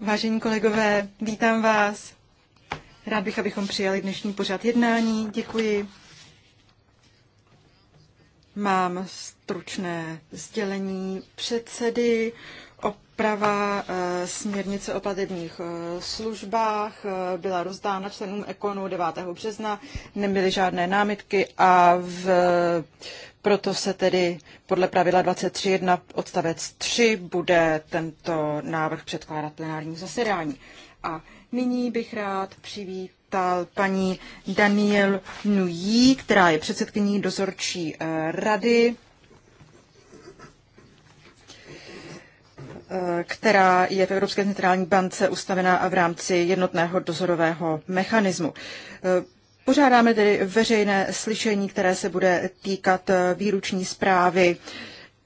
Vážení kolegové, vítám vás. Rád bych, abychom přijali dnešní pořad jednání. Děkuji. Mám stručné sdělení předsedy úprava eh, směrnice o platebních eh, službách eh, byla rozdána členům Ekonu 9. března, nebyly žádné námitky a v, proto se tedy podle pravidla 23.1 odstavec 3 bude tento návrh předkládat plenárnímu zasedání. A nyní bych rád přivítal paní Daniel Nují, která je předsedkyní dozorčí rady Eh, která je v Evropské centrální bance ustavená v rámci jednotného dozorového mechanismu. Eh, pořádáme tedy veřejné slyšení, které se bude týkat eh, výruční zprávy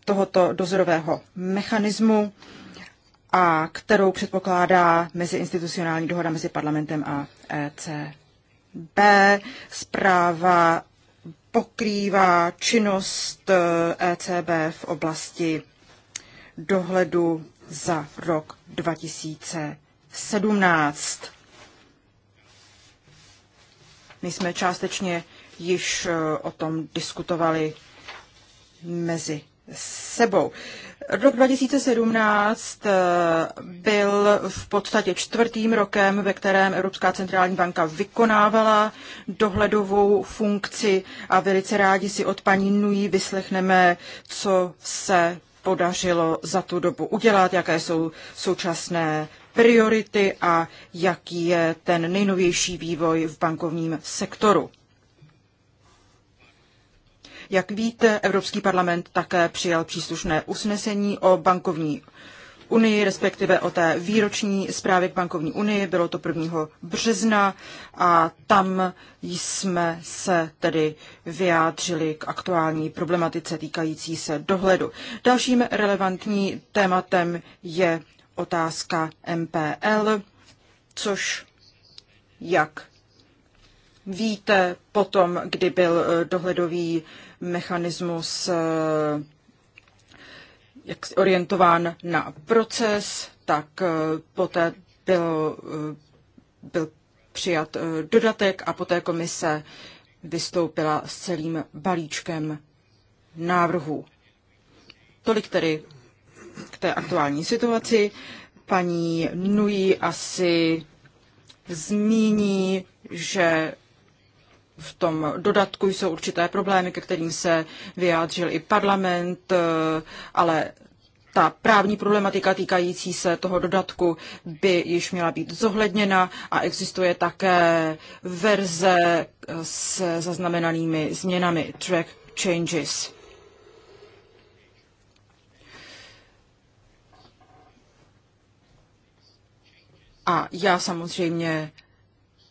tohoto dozorového mechanismu a kterou předpokládá meziinstitucionální dohoda mezi parlamentem a ECB. Zpráva pokrývá činnost ECB e v oblasti dohledu za rok 2017. My jsme částečně již eh, o tom diskutovali mezi sebou. Rok 2017 eh, byl v podstatě čtvrtým rokem, ve kterém Evropská centrální banka vykonávala dohledovou funkci a velice rádi si od paní nují vyslechneme, co se podařilo za tu dobu udělat, jaké jsou současné priority a jaký je ten nejnovější vývoj v bankovním sektoru. Jak víte, Evropský parlament také přijal příslušné usnesení o bankovní unii, respektive o té výroční zprávě k bankovní unii. Bylo to 1. března a tam jsme se tedy vyjádřili k aktuální problematice týkající se dohledu. Dalším relevantní tématem je otázka MPL, což jak víte, potom, kdy byl dohledový mechanismus jak orientován na proces, tak eh, poté byl, eh, byl přijat eh, dodatek a poté komise vystoupila s celým balíčkem návrhů. Tolik tedy k té aktuální situaci. Paní Nui asi zmíní, že v tom dodatku jsou určité problémy, ke kterým se vyjádřil i parlament, eh, ale ta právní problematika týkající se toho dodatku by již měla být zohledněna a existuje také verze eh, s zaznamenanými změnami track changes. A já samozřejmě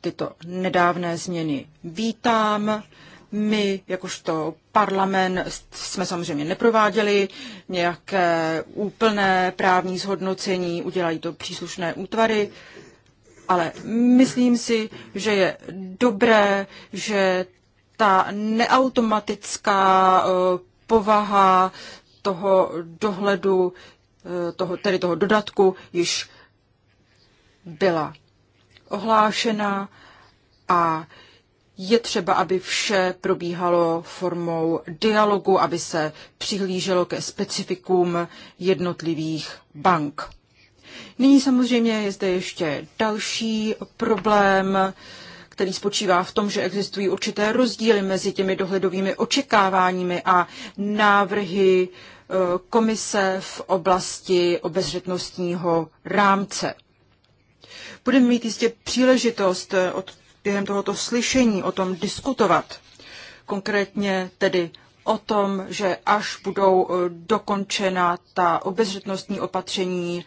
tyto nedávné změny vítám. My, jakožto parlament, jsme samozřejmě neprováděli nějaké úplné právní zhodnocení, udělají to příslušné útvary, ale myslím si, že je dobré, že ta neautomatická eh, povaha toho dohledu, eh, toho, tedy toho dodatku, již byla ohlášena a je třeba, aby vše probíhalo formou dialogu, aby se přihlíželo ke specifikům jednotlivých bank. Nyní samozřejmě je zde ještě další problém, který spočívá v tom, že existují určité rozdíly mezi těmi dohledovými očekáváními a návrhy eh, komise v oblasti obezřetnostního rámce. Budeme mít jistě příležitost eh, od, během tohoto slyšení o tom diskutovat. Konkrétně tedy o tom, že až budou eh, dokončena ta obezřetnostní opatření,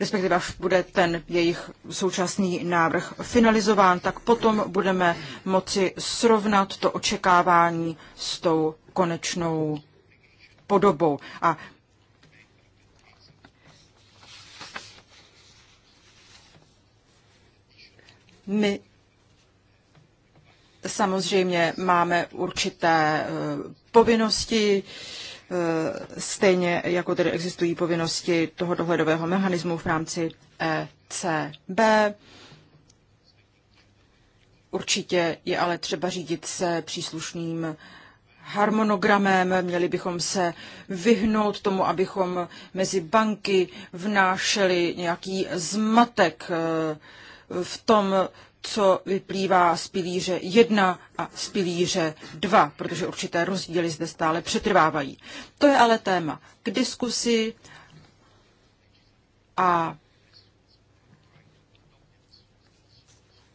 respektive až bude ten jejich současný návrh finalizován, tak potom budeme moci srovnat to očekávání s tou konečnou podobou. A My samozřejmě máme určité eh, povinnosti, eh, stejně jako tedy existují povinnosti toho dohledového mechanismu v rámci ECB. Určitě je ale třeba řídit se příslušným harmonogramem, měli bychom se vyhnout tomu, abychom mezi banky vnášeli nějaký zmatek, eh, v tom, co vyplývá z pilíře 1 a z pilíře 2, protože určité rozdíly zde stále přetrvávají. To je ale téma k diskusi a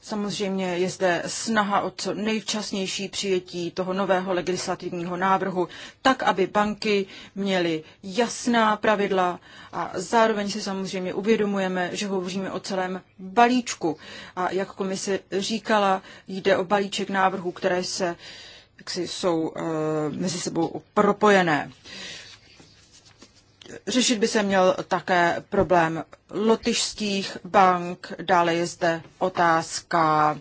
Samozřejmě je zde snaha o co nejvčasnější přijetí toho nového legislativního návrhu, tak aby banky měly jasná pravidla a zároveň si samozřejmě uvědomujeme, že hovoříme o celém balíčku. A jak komise říkala, jde o balíček návrhů, které se jak si, jsou e, mezi sebou propojené. E, Řešit by se měl také problém lotyšských bank, dále je zde otázka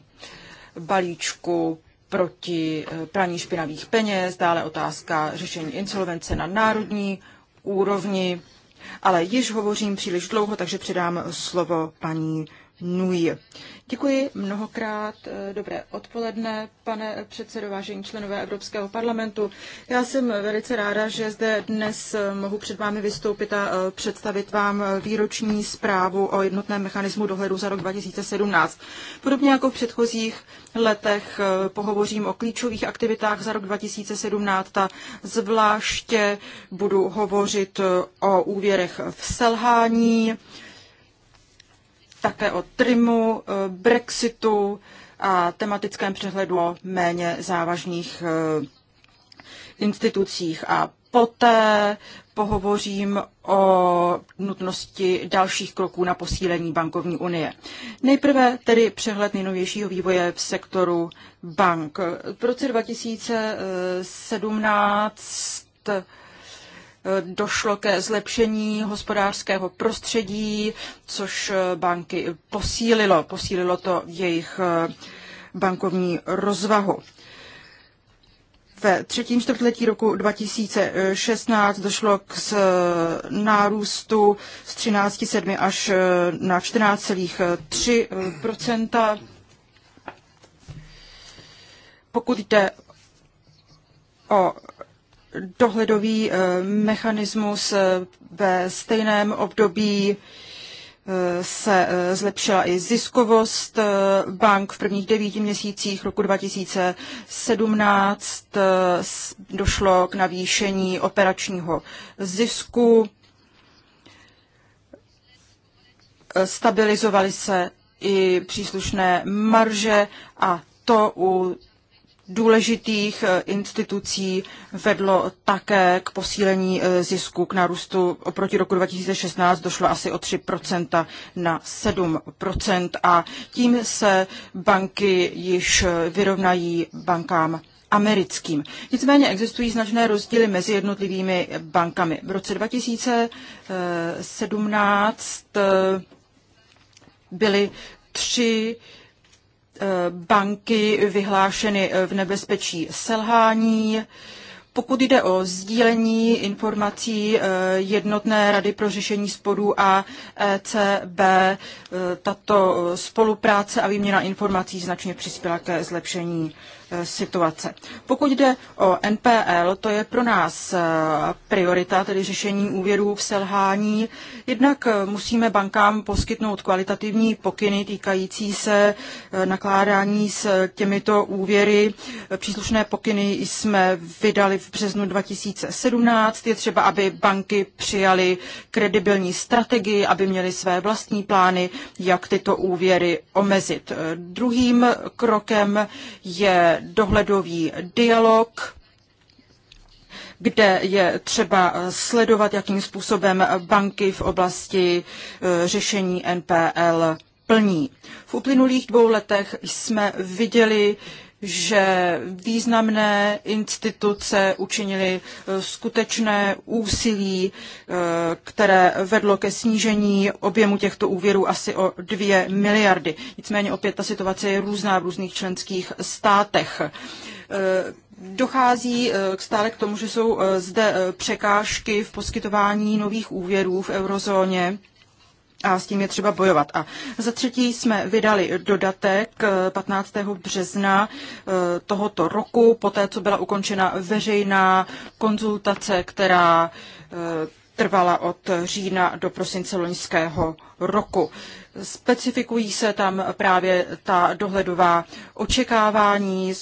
balíčku proti eh, praní špinavých peněz, dále otázka řešení insolvence na národní úrovni. Ale již hovořím příliš dlouho, takže předám slovo paní Nui. Děkuji mnohokrát. Dobré odpoledne, pane předsedo, vážení členové Evropského parlamentu. Já jsem velice ráda, že zde dnes mohu před vámi vystoupit a představit vám výroční zprávu o jednotném mechanismu dohledu za rok 2017. Podobně jako v předchozích letech pohovořím o klíčových aktivitách za rok 2017 a zvláště budu hovořit o úvěrech v selhání, také o Trimu, eh, Brexitu a tematickém přehledu o méně závažných eh, institucích. A poté pohovořím o nutnosti dalších kroků na posílení bankovní unie. Nejprve tedy přehled nejnovějšího vývoje v sektoru bank. V roce 2017 došlo ke zlepšení hospodářského prostředí, což eh, banky posílilo. Posílilo to jejich eh, bankovní rozvahu. Ve třetím čtvrtletí roku 2016 došlo k nárůstu z 13,7 až eh, na 14,3 Pokud jde o dohledový eh, mechanismus eh, ve stejném období eh, se zlepšila i ziskovost bank v prvních devíti měsících roku 2017. Došlo k navýšení operačního zisku. Stabilizovaly se i příslušné marže a to u důležitých eh, institucí vedlo také k posílení eh, zisku, k nárůstu oproti roku 2016 došlo asi o 3% na 7% a tím se banky již eh, vyrovnají bankám americkým. Nicméně existují značné rozdíly mezi jednotlivými bankami. V roce 2017 byly tři Eh, banky vyhlášeny eh, v nebezpečí selhání. Pokud jde o sdílení informací eh, jednotné rady pro řešení sporů a ECB, tato spolupráce a výměna informací značně přispěla ke zlepšení Eh, situace. Pokud jde o NPL, to je pro nás eh, priorita, tedy řešení úvěrů v selhání. Jednak eh, musíme bankám poskytnout kvalitativní pokyny týkající se nakládání s těmito úvěry. Příslušné pokyny jsme vydali v březnu 2017. Je třeba, aby banky přijaly kredibilní strategii, aby měly své vlastní plány, jak tyto úvěry omezit. Druhým krokem je dohledový dialog, kde je třeba sledovat, jakým způsobem banky v oblasti eh, řešení NPL plní. V uplynulých dvou letech jsme viděli, že významné instituce učinily eh, skutečné úsilí, eh, které vedlo ke snížení objemu těchto úvěrů asi o 2 miliardy. Nicméně opět ta situace je různá v různých členských státech. Eh, dochází stále k tomu, že jsou zde překážky v poskytování nových úvěrů v eurozóně a s tím je třeba bojovat. A za třetí jsme vydali dodatek 15. Eh, března eh, tohoto roku, poté co byla ukončena veřejná konzultace, která eh, trvala od října do prosince loňského roku. Specifikují se tam právě ta dohledová očekávání,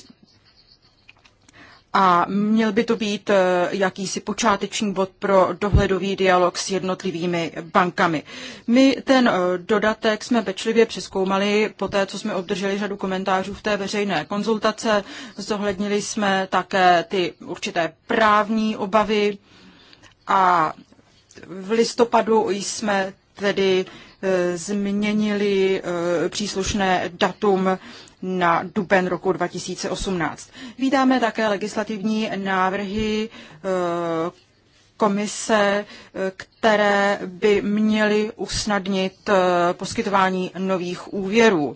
a měl by to být eh, jakýsi počáteční bod pro dohledový dialog s jednotlivými bankami. My ten eh, dodatek jsme pečlivě přeskoumali po té, co jsme obdrželi řadu komentářů v té veřejné konzultace. Zohlednili jsme také ty určité právní obavy a v listopadu jsme tedy eh, změnili příslušné datum na duben roku 2018. Vítáme také legislativní návrhy eh, komise, eh, které by měly usnadnit eh, poskytování nových úvěrů.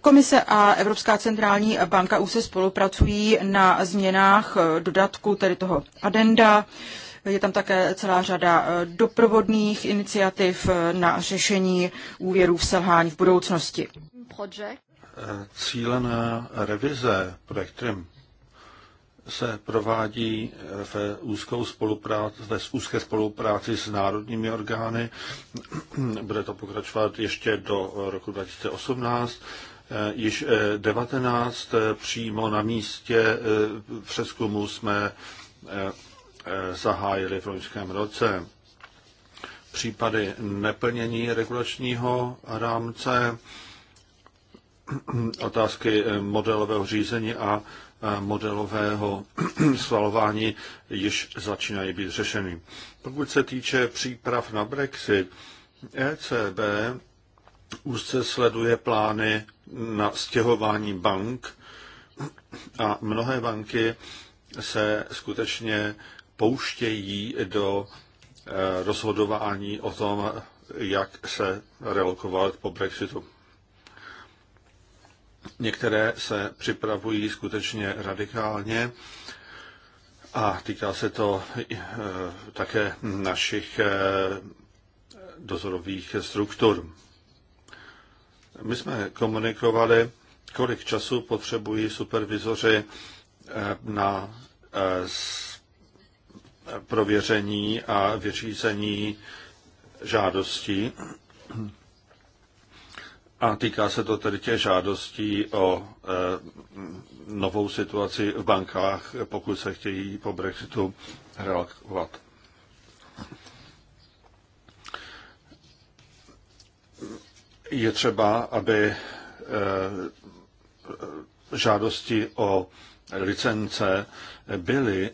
Komise a Evropská centrální banka už se spolupracují na změnách dodatku, tedy toho adenda. Je tam také celá řada doprovodných iniciativ na řešení úvěrů v selhání v budoucnosti. Project. Cílená revize projektem se provádí ve, úzkou spolupráci, ve úzké spolupráci s národními orgány. Bude to pokračovat ještě do roku 2018. Již 19 přímo na místě přeskumu jsme zahájili v loňském roce. Případy neplnění regulačního rámce otázky eh, modelového řízení a eh, modelového svalování již začínají být řešeny. Pokud se týče příprav na Brexit, ECB úzce sleduje plány na stěhování bank a mnohé banky se skutečně pouštějí do eh, rozhodování o tom, jak se relokovat po Brexitu. Některé se připravují skutečně radikálně a týká se to eh, také našich eh, dozorových struktur. My jsme komunikovali, kolik času potřebují supervizoři eh, na prověření a vyřízení žádostí. A týká se to tedy těch žádostí o e, novou situaci v bankách, pokud se chtějí po Brexitu relakovat. Je třeba, aby e, žádosti o licence byly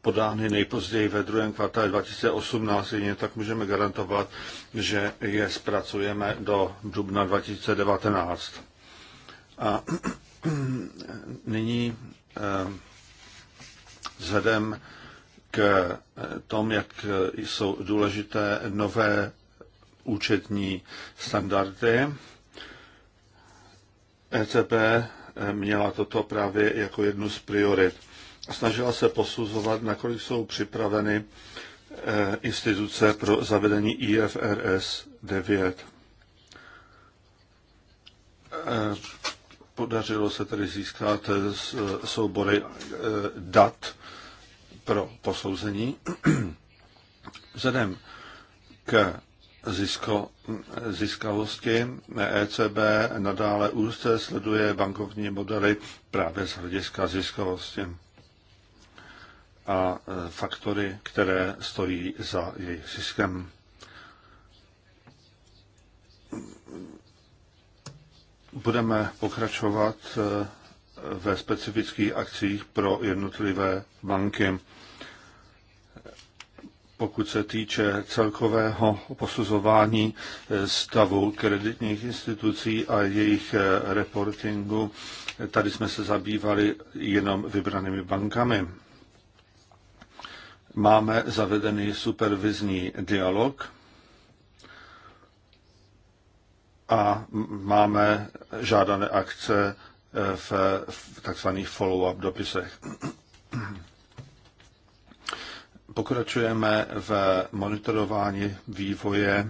podány nejpozději ve druhém kvartále 2018, jině tak můžeme garantovat, že je zpracujeme do dubna 2019. A nyní eh, vzhledem k eh, tom, jak eh, jsou důležité nové účetní standardy, ECB měla toto právě jako jednu z priorit snažila se posuzovat, nakolik jsou připraveny eh, instituce pro zavedení IFRS 9. Eh, podařilo se tedy získat eh, soubory dat pro posouzení. Vzhledem k zisko, ziskavosti ECB nadále úzce sleduje bankovní modely právě z hlediska ziskavosti a e, faktory, které stojí za jejich ziskem. Budeme pokračovat e, ve specifických akcích pro jednotlivé banky. Pokud se týče celkového posuzování e, stavu kreditních institucí a jejich reportingu, tady jsme se zabývali jenom vybranými bankami. Máme zavedený supervizní dialog a máme žádané akce eh, v, takzvaných follow-up dopisech. Pokračujeme v monitorování vývoje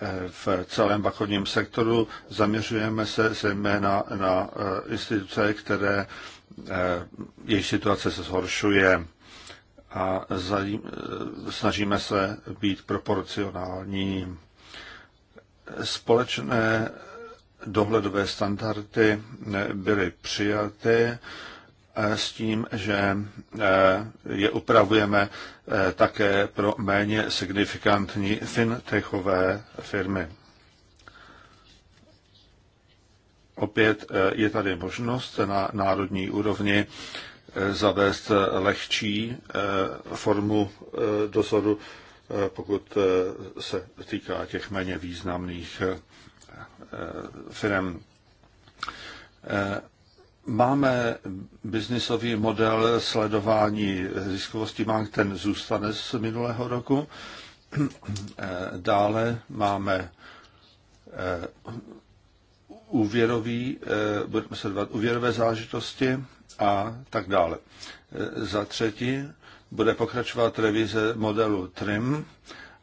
eh, v celém bankovním sektoru. Zaměřujeme se zejména na eh, instituce, které jejich situace se zhoršuje a snažíme se být proporcionální. Společné dohledové standardy byly přijaty eh, s tím, že eh, je upravujeme eh, také pro méně signifikantní fintechové firmy. Opět je tady možnost na národní úrovni zavést lehčí eh, formu eh, dozoru, eh, pokud se týká těch méně významných firm. Máme biznisový model sledování ziskovosti bank, ten zůstane z minulého roku. Dále máme úvěrový, budeme sledovat úvěrové zážitosti a tak dále. E, za třetí bude pokračovat revize modelu TRIM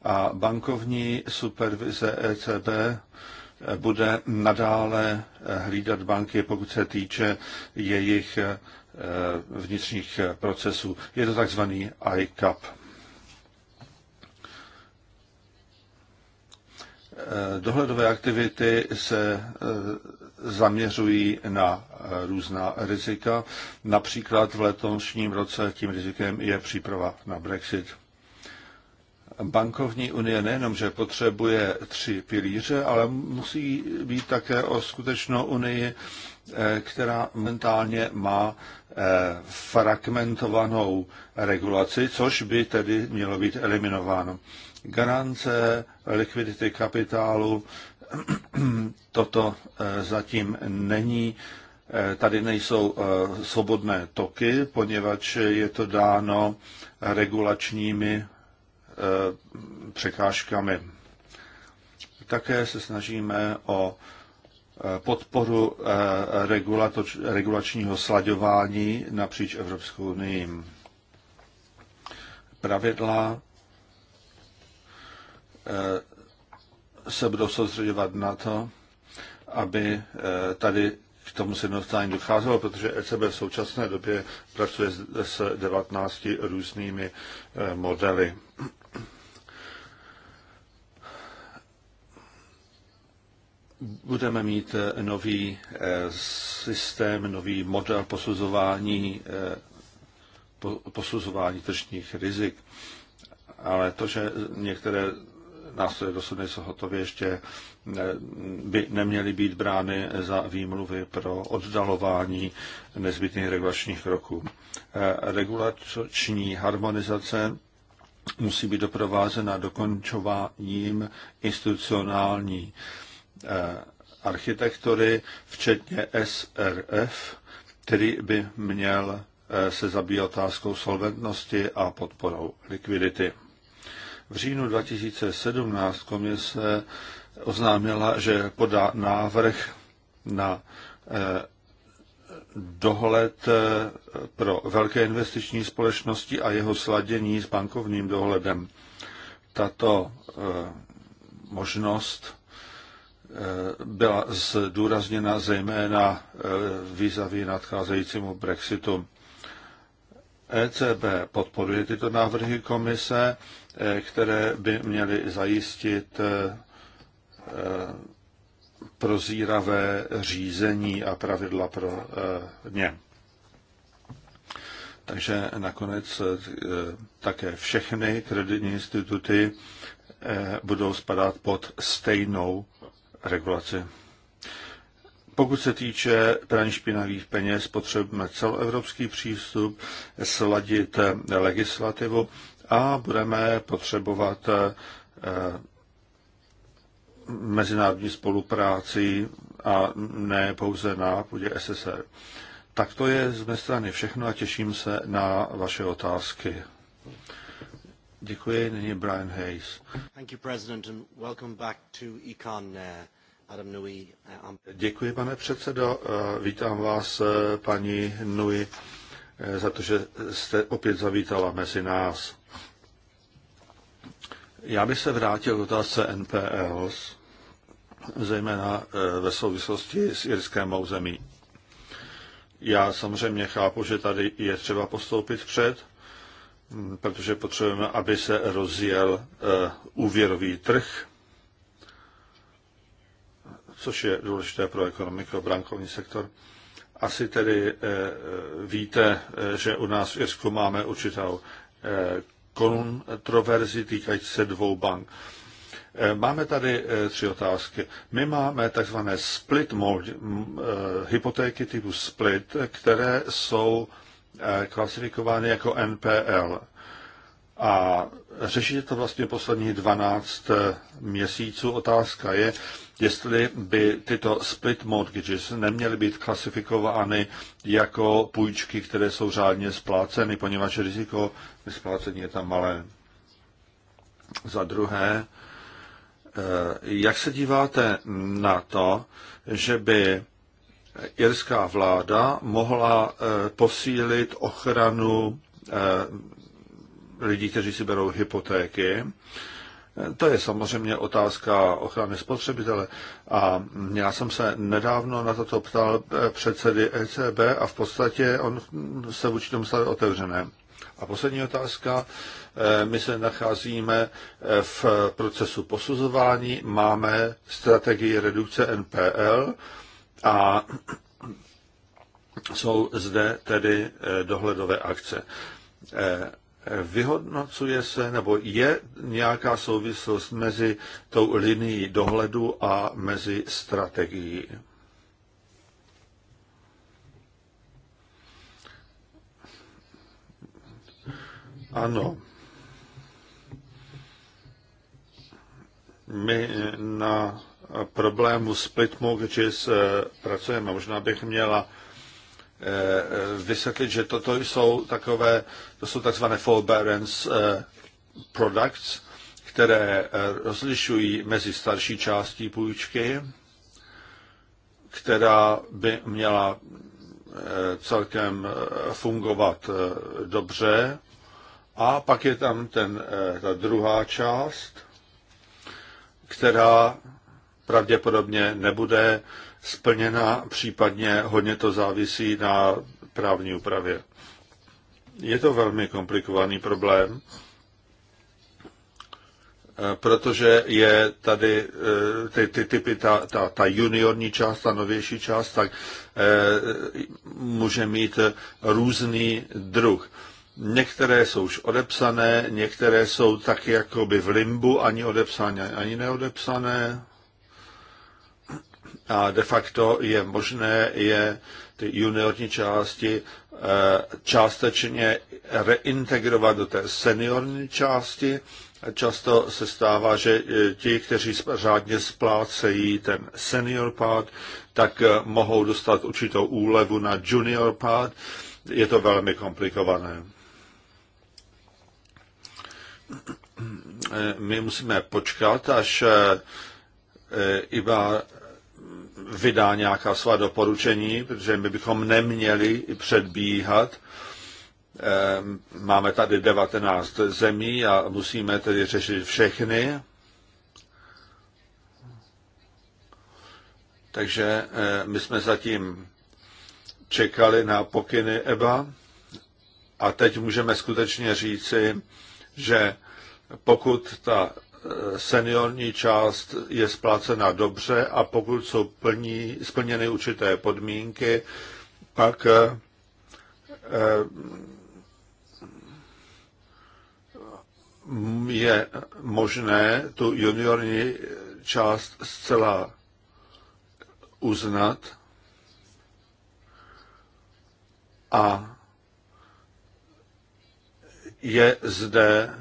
a bankovní supervize ECB bude nadále e, hlídat banky, pokud se týče jejich e, vnitřních procesů. Je to takzvaný ICAP. Dohledové aktivity se zaměřují na různá rizika. Například v letošním roce tím rizikem je příprava na Brexit. Bankovní unie nejenom, že potřebuje tři pilíře, ale musí být také o skutečnou unii, eh, která mentálně má eh, fragmentovanou regulaci, což by tedy mělo být eliminováno. Garance likvidity kapitálu, toto eh, zatím není Eh, tady nejsou eh, svobodné toky, poněvadž je to dáno regulačními eh, překážkami. Také se snažíme o podporu regulačního slaďování napříč Evropskou unii. Pravidla se budou soustředovat na to, aby tady k tomu sjednocování docházelo, protože ECB v současné době pracuje s 19 různými eh, modely. Budeme mít eh, nový eh, systém, nový model posuzování, posuzování tržních rizik. Ale to, že některé nástroje dosud nejsou hotově, ještě by neměly být brány za výmluvy pro oddalování nezbytných regulačních kroků. E, regulační harmonizace musí být doprovázena dokončováním institucionální e, architektury, včetně SRF, který by měl e, se zabývá otázkou solventnosti a podporou likvidity. V říjnu 2017 komise oznámila, že podá návrh na eh, dohled eh, pro velké investiční společnosti a jeho sladění s bankovním dohledem. Tato eh, možnost byla zdůrazněna zejména výzavy nadcházejícímu Brexitu. ECB podporuje tyto návrhy komise Eh, které by měly zajistit eh, prozíravé řízení a pravidla pro eh, ně. Takže nakonec také všechny kreditní instituty budou spadat pod stejnou regulaci. Pokud se týče praní špinavých peněz, potřebujeme celoevropský přístup, sladit legislativu a budeme potřebovat eh, mezinárodní spolupráci a ne pouze na půdě SSR. Tak to je z mé strany všechno a těším se na vaše otázky. Děkuji, nyní Brian Hayes. Thank you, President, and welcome back to Econ, uh, Adam Nui. Uh, Děkuji, pane předsedo. Uh, vítám vás, paní Nui, za to, že jste opět zavítala mezi nás. Já bych se vrátil k otázce NPLs, zejména eh, ve souvislosti s irském území. Já samozřejmě chápu, že tady je třeba postoupit před, hm, protože potřebujeme, aby se rozjel eh, úvěrový trh, což je důležité pro ekonomiku a bankovní sektor. Asi tedy eh, víte, že u nás v Irsku máme určitou kontroverzi týkající se dvou bank. Eh, máme tady eh, tři otázky. My máme takzvané split mode, eh, hypotéky typu split, které jsou klasifikovány jako NPL. A řešíte to vlastně posledních 12 měsíců. Otázka je, jestli by tyto split mortgages neměly být klasifikovány jako půjčky, které jsou řádně spláceny, poněvadž riziko splácení je tam malé. Za druhé, eh, jak se díváte na to, že by irská vláda mohla eh, posílit ochranu eh, lidí, kteří si berou hypotéky, to je samozřejmě otázka ochrany spotřebitele. A já jsem se nedávno na toto ptal předsedy ECB a v podstatě on se vůči tomu stavil otevřené. A poslední otázka. Eh, my se nacházíme eh, v procesu posuzování, máme strategii redukce NPL a jsou zde tedy eh, dohledové akce. Vyhodnocuje se, nebo je nějaká souvislost mezi tou linií dohledu a mezi strategií? Ano. My na problému split mortgages eh, pracujeme. Možná bych měla Eh, vysvětlit, že toto jsou takové, to jsou takzvané forbearance eh, products, které eh, rozlišují mezi starší částí půjčky, která by měla celkem fungovat dobře. A pak je tam ten, ta druhá část, která pravděpodobně nebude splněna, případně hodně to závisí na právní úpravě. Je to velmi komplikovaný problém, eh, protože je tady eh, ty, ty typy, ta, ta, ta juniorní část, ta novější část, tak eh, může mít různý druh. Některé jsou už odepsané, některé jsou tak jakoby v limbu, ani odepsané, ani neodepsané a de facto je možné je ty juniorní části eh, částečně reintegrovat do té seniorní části. Často se stává, že eh, ti, kteří řádně splácejí ten senior part, tak eh, mohou dostat určitou úlevu na junior part. Je to velmi komplikované. My musíme počkat, až IBA vydá nějaká svá doporučení, protože my bychom neměli předbíhat. Ehm, máme tady 19 zemí a musíme tedy řešit všechny. Takže eh, my jsme zatím čekali na pokyny EBA a teď můžeme skutečně říci, že pokud ta seniorní část je splácena dobře a pokud jsou plní, splněny určité podmínky, pak eh, eh, je možné tu juniorní část zcela uznat a je zde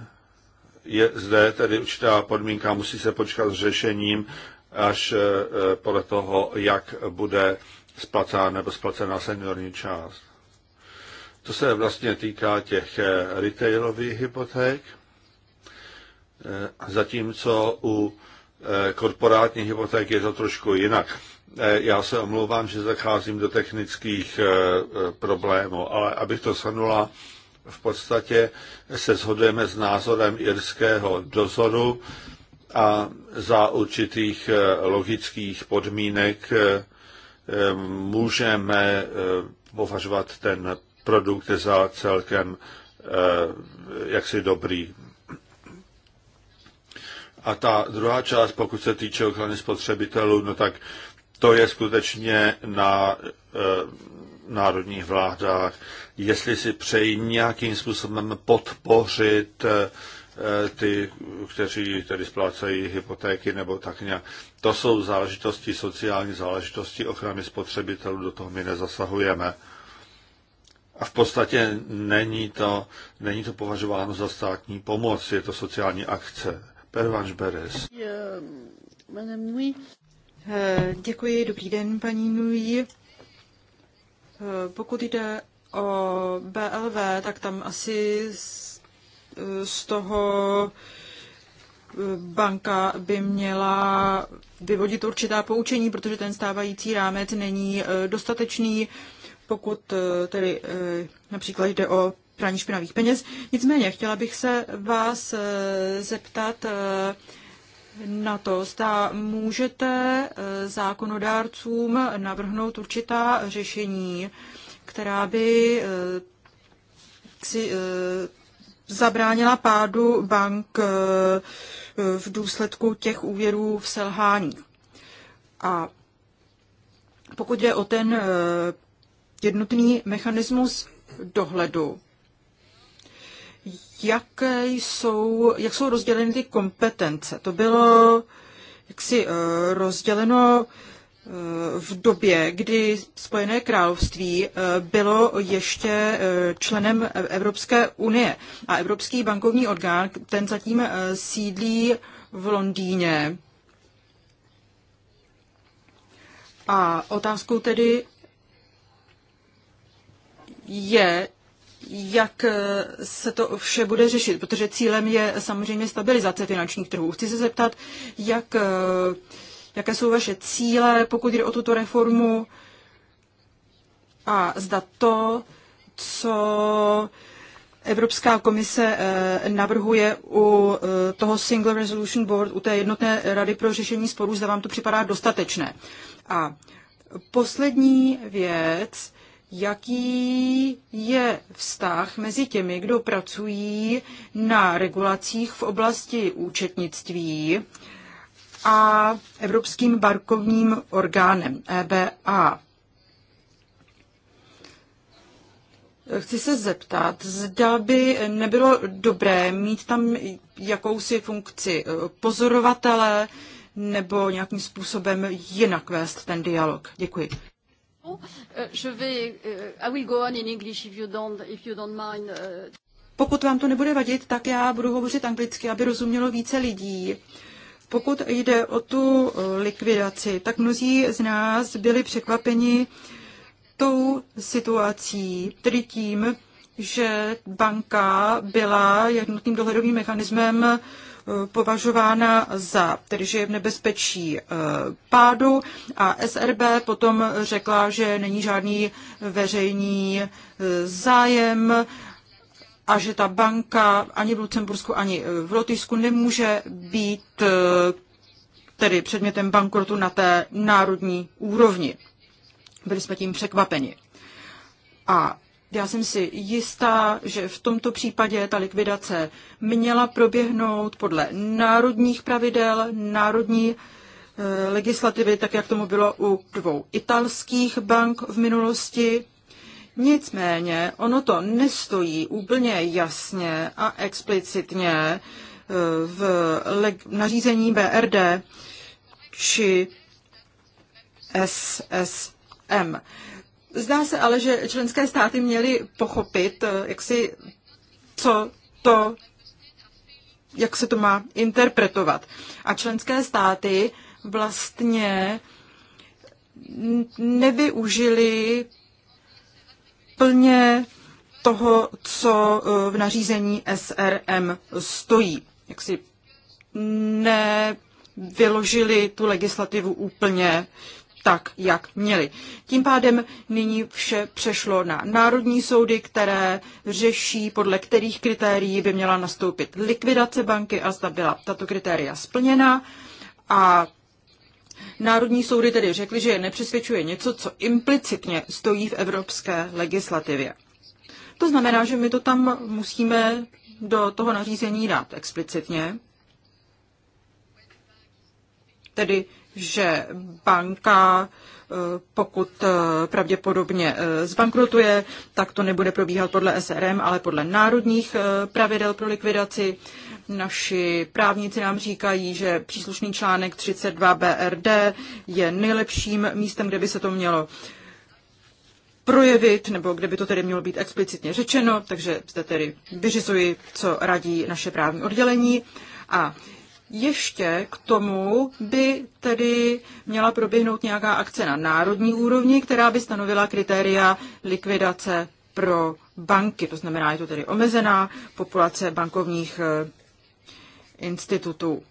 je zde tedy určitá podmínka, musí se počkat s řešením až eh, eh, podle toho, jak bude splacena nebo splacená seniorní část. To se vlastně týká těch eh, retailových hypoték, zatímco u korporátních hypoték je to trošku jinak. Já se omlouvám, že zacházím do technických problémů, ale abych to shrnula, v podstatě se shodujeme s názorem irského dozoru a za určitých eh, logických podmínek eh, eh, můžeme považovat ten produkt za celkem jaksi dobrý. A ta druhá část, pokud se týče ochrany spotřebitelů, no tak to je skutečně na národních vládách, jestli si přejí nějakým způsobem podpořit eh, eh, ty, kteří tedy splácejí hypotéky nebo tak nějak. To jsou záležitosti, sociální záležitosti ochrany spotřebitelů, do toho my nezasahujeme. A v podstatě není to, není to považováno za státní pomoc, je to sociální akce. Pervanš Beres. Eh, děkuji, dobrý den, paní Nui. Eh, pokud jde o BLV, tak tam asi z toho eh, banka by měla vyvodit určitá poučení, protože ten stávající rámec není eh, dostatečný, pokud tedy například jde o praní špinavých peněz. Nicméně, chtěla bych se vás zeptat, na to, zda můžete eh, zákonodárcům navrhnout určitá řešení, která by eh, si eh, zabránila pádu bank v důsledku těch úvěrů v selhání. A pokud jde o ten jednotný mechanismus dohledu, jaké jsou, jak jsou rozděleny ty kompetence. To bylo jaksi eh, rozděleno eh, v době, kdy Spojené království eh, bylo ještě členem Evropské unie a Evropský bankovní orgán, ten zatím sídlí v Londýně. A otázkou tedy je, jak eh, se to vše bude řešit, protože cílem je samozřejmě stabilizace finančních trhů. Chci se zeptat, jak, eh, jaké jsou vaše cíle, pokud jde o tuto reformu a zda to, co Evropská komise eh, navrhuje u toho Single Resolution Board, u té jednotné rady pro řešení sporů, zda vám to připadá dostatečné. A poslední věc, jaký je vztah mezi těmi, kdo pracují na regulacích v oblasti účetnictví a Evropským bankovním orgánem EBA. Chci se zeptat, zda by nebylo dobré mít tam jakousi funkci pozorovatele nebo nějakým způsobem jinak vést ten dialog. Děkuji. Pokud vám to nebude vadit, tak já budu hovořit anglicky, aby rozumělo více lidí. Pokud jde o tu uh, likvidaci, tak mnozí z nás byli překvapeni tou situací, tedy tím, že banka byla jednotným dohledovým mechanismem považována za, tedy že je v nebezpečí eh, pádu a SRB potom řekla, že není žádný veřejný eh, zájem a že ta banka ani v Lucembursku, ani eh, v Lotyšsku nemůže být tedy předmětem bankrotu na té národní úrovni. Byli jsme tím překvapeni. A já jsem si jistá, že v tomto případě ta likvidace měla proběhnout podle národních pravidel, národní eh, legislativy, tak jak tomu bylo u dvou italských bank v minulosti. Nicméně ono to nestojí úplně jasně a explicitně eh, v nařízení BRD či SSM. Zdá se ale, že členské státy měly pochopit, eh, jak si, co to, jak se to má interpretovat. A členské státy vlastně nevyužili plně toho, co eh, v nařízení SRM stojí. Jak si nevyložili tu legislativu úplně uh, tak, jak měly. Tím pádem nyní vše přešlo na národní soudy, které řeší, podle kterých kritérií by měla nastoupit likvidace banky a zda byla tato kritéria splněna. A Národní soudy tedy řekly, že je nepřesvědčuje něco, co implicitně stojí v evropské legislativě. To znamená, že my to tam musíme do toho nařízení dát explicitně. Tedy že banka, eh, pokud eh, pravděpodobně eh, zbankrutuje, tak to nebude probíhat podle SRM, ale podle národních pravidel pro likvidaci. Naši právníci nám říkají, že příslušný článek 32 BRD je nejlepším místem, kde by se to mělo projevit, nebo kde by to tedy mělo být explicitně řečeno, takže zde tedy vyřizuji, co radí naše právní oddělení. A ještě k tomu by tedy měla proběhnout nějaká akce na národní úrovni, která by stanovila kritéria likvidace pro banky. To znamená, je to tedy omezená populace bankovních eh, institutů.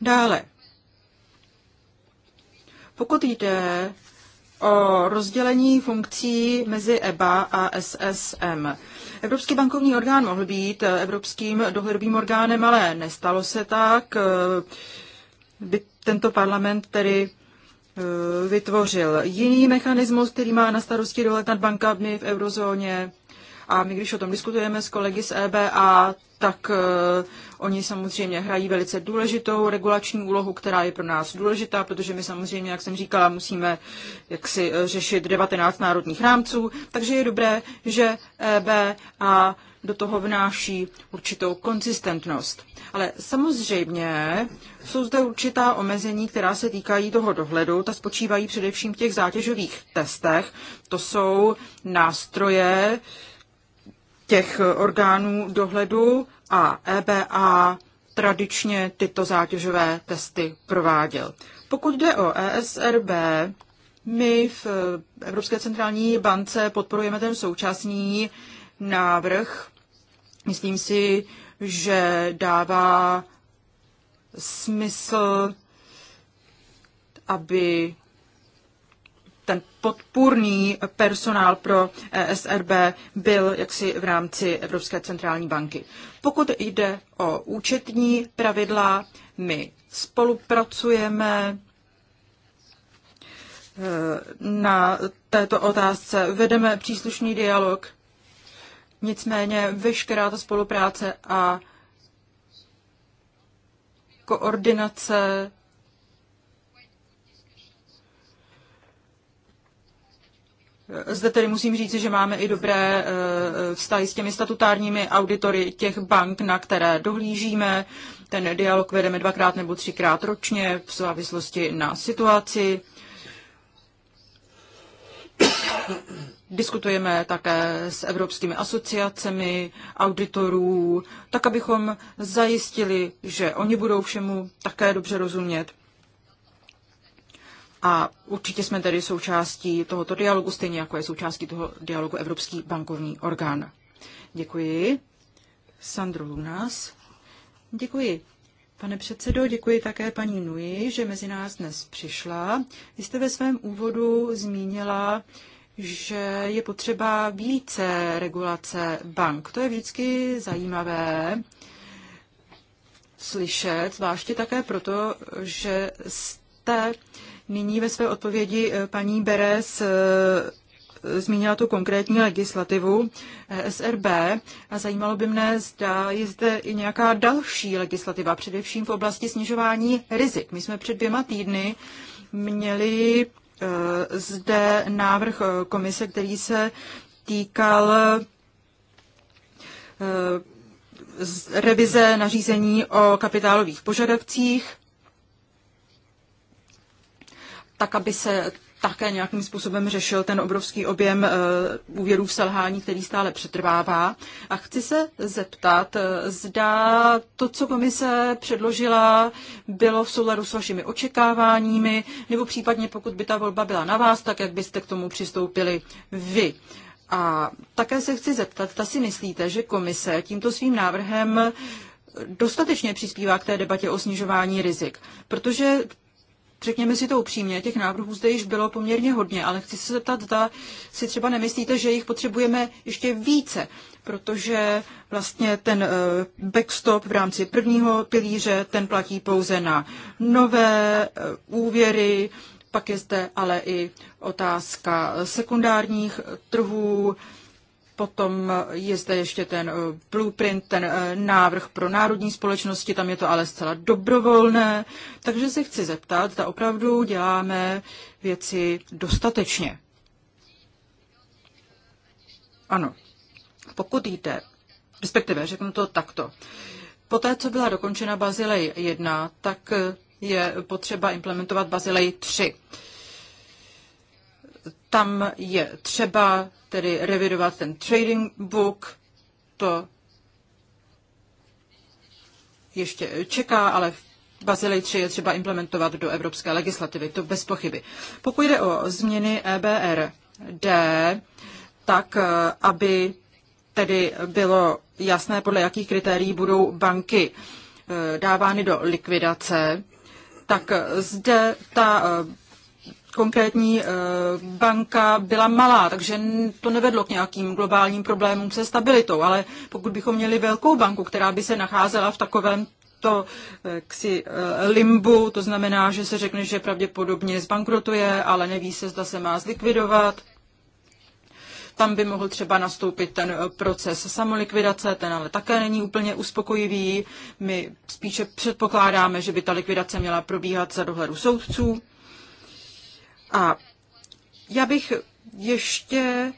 Dále, pokud jde o rozdělení funkcí mezi EBA a SSM, Evropský bankovní orgán mohl být eh, evropským dohledovým orgánem, ale nestalo se tak. Eh, by tento parlament tedy eh, vytvořil jiný mechanismus, který má na starosti dohled nad bankami v eurozóně. A my, když o tom diskutujeme s kolegy z EBA, tak eh, oni samozřejmě hrají velice důležitou regulační úlohu, která je pro nás důležitá, protože my samozřejmě, jak jsem říkala, musíme jaksi eh, řešit 19 národních rámců, takže je dobré, že EB a do toho vnáší určitou konzistentnost. Ale samozřejmě jsou zde určitá omezení, která se týkají toho dohledu. Ta spočívají především v těch zátěžových testech. To jsou nástroje, těch orgánů dohledu a EBA tradičně tyto zátěžové testy prováděl. Pokud jde o ESRB, my v Evropské centrální bance podporujeme ten současný návrh. Myslím si, že dává smysl, aby ten podpůrný personál pro eh, SRB byl jaksi v rámci Evropské centrální banky. Pokud jde o účetní pravidla, my spolupracujeme eh, na této otázce, vedeme příslušný dialog, nicméně veškerá ta spolupráce a koordinace Eh, zde tedy musím říci, že máme i dobré eh, eh, vztahy s těmi statutárními auditory těch bank, na které dohlížíme. Ten dialog vedeme dvakrát nebo třikrát ročně v závislosti na situaci. Diskutujeme také s evropskými asociacemi auditorů, tak abychom zajistili, že oni budou všemu také dobře rozumět a určitě jsme tedy součástí tohoto dialogu, stejně jako je součástí toho dialogu Evropský bankovní orgán. Děkuji. Sandro Lunas. Děkuji. Pane předsedo, děkuji také paní Nui, že mezi nás dnes přišla. Vy jste ve svém úvodu zmínila, že je potřeba více regulace bank. To je vždycky zajímavé slyšet, zvláště také proto, že jste Nyní ve své odpovědi eh, paní Beres eh, zmínila tu konkrétní legislativu eh, SRB a zajímalo by mne, zda je zde i nějaká další legislativa, především v oblasti snižování rizik. My jsme před dvěma týdny měli zde návrh komise, který se týkal revize nařízení o kapitálových požadavcích tak aby se také nějakým způsobem řešil ten obrovský objem eh, úvěrů v selhání, který stále přetrvává. A chci se zeptat, eh, zda to, co komise předložila, bylo v souladu s vašimi očekáváními, nebo případně pokud by ta volba byla na vás, tak jak byste k tomu přistoupili vy. A také se chci zeptat, ta si myslíte, že komise tímto svým návrhem dostatečně přispívá k té debatě o snižování rizik, protože Řekněme si to upřímně, těch návrhů zde již bylo poměrně hodně, ale chci se zeptat, zda si třeba nemyslíte, že jich potřebujeme ještě více, protože vlastně ten eh, backstop v rámci prvního pilíře, ten platí pouze na nové eh, úvěry, pak je zde ale i otázka sekundárních trhů, Potom je zde ještě ten eh, blueprint, ten eh, návrh pro národní společnosti, tam je to ale zcela dobrovolné. Takže se chci zeptat, zda opravdu děláme věci dostatečně. Ano, pokud jde, respektive řeknu to takto. Poté, co byla dokončena Bazilej 1, tak je potřeba implementovat Bazilej 3. Tam je třeba tedy revidovat ten trading book, to ještě čeká, ale Bazilej 3 je třeba implementovat do evropské legislativy, to bez pochyby. Pokud jde o změny EBRD, tak eh, aby tedy bylo jasné, podle jakých kritérií budou banky eh, dávány do likvidace, tak eh, zde ta konkrétní eh, banka byla malá, takže to nevedlo k nějakým globálním problémům se stabilitou, ale pokud bychom měli velkou banku, která by se nacházela v takovém to eh, ksi eh, limbu, to znamená, že se řekne, že pravděpodobně zbankrotuje, ale neví se, zda se má zlikvidovat. Tam by mohl třeba nastoupit ten proces samolikvidace, ten ale také není úplně uspokojivý. My spíše předpokládáme, že by ta likvidace měla probíhat za dohledu soudců. A já bych ještě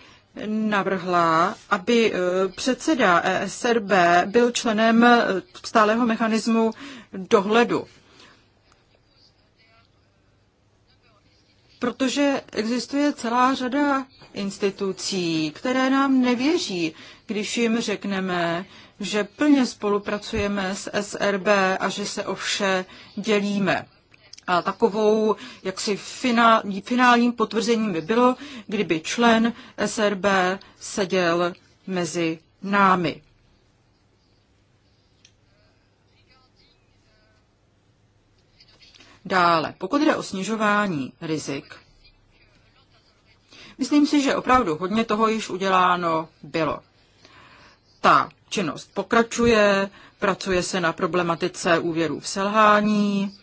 navrhla, aby e, předseda ESRB byl členem e, stáleho mechanismu dohledu. Protože existuje celá řada institucí, které nám nevěří, když jim řekneme, že plně spolupracujeme s SRB a že se o vše dělíme. A takovou jaksi finál, finálním potvrzením by bylo, kdyby člen SRB seděl mezi námi. Dále, pokud jde o snižování rizik, myslím si, že opravdu hodně toho již uděláno bylo. Ta činnost pokračuje, pracuje se na problematice úvěrů v selhání,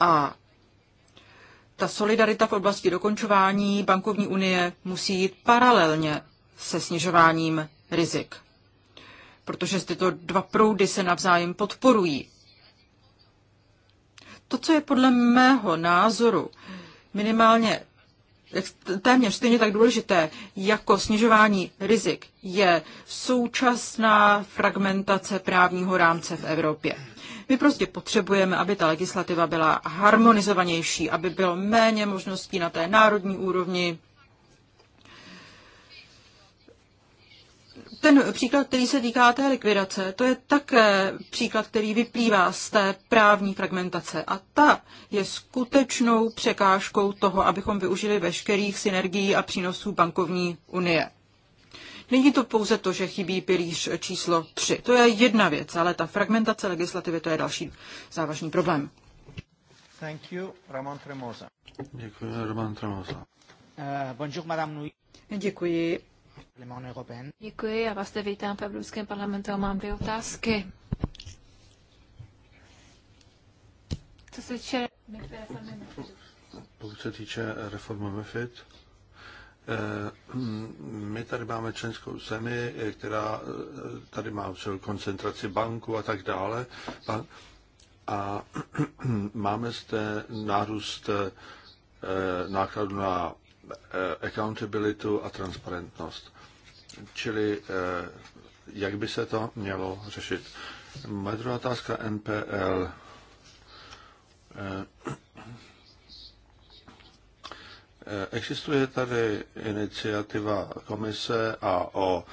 a ta solidarita v oblasti dokončování bankovní unie musí jít paralelně se snižováním rizik, protože tyto dva proudy se navzájem podporují. To, co je podle mého názoru minimálně téměř stejně tak důležité jako snižování rizik, je současná fragmentace právního rámce v Evropě. My prostě potřebujeme, aby ta legislativa byla harmonizovanější, aby bylo méně možností na té národní úrovni. Ten příklad, který se týká té likvidace, to je také příklad, který vyplývá z té právní fragmentace. A ta je skutečnou překážkou toho, abychom využili veškerých synergií a přínosů bankovní unie. Není to pouze to, že chybí pilíř číslo 3. To je jedna věc, ale ta fragmentace legislativy, to je další závažný problém. Thank you, Ramon Tremosa. Děkuji, Roman Tremosa. Uh, bonjour, madame Nui. Děkuji. Děkuji, já vás zde vítám v Evropském parlamentu a mám dvě otázky. Co se týče... Pokud se týče reformy MIFID, Eh, my tady máme členskou zemi, eh, která eh, tady má koncentraci banku a tak dále. A máme zde nárůst nákladu na accountability a transparentnost. Čili jak by se to mělo řešit? Moje druhá otázka NPL. Existuje tady iniciativa komise a o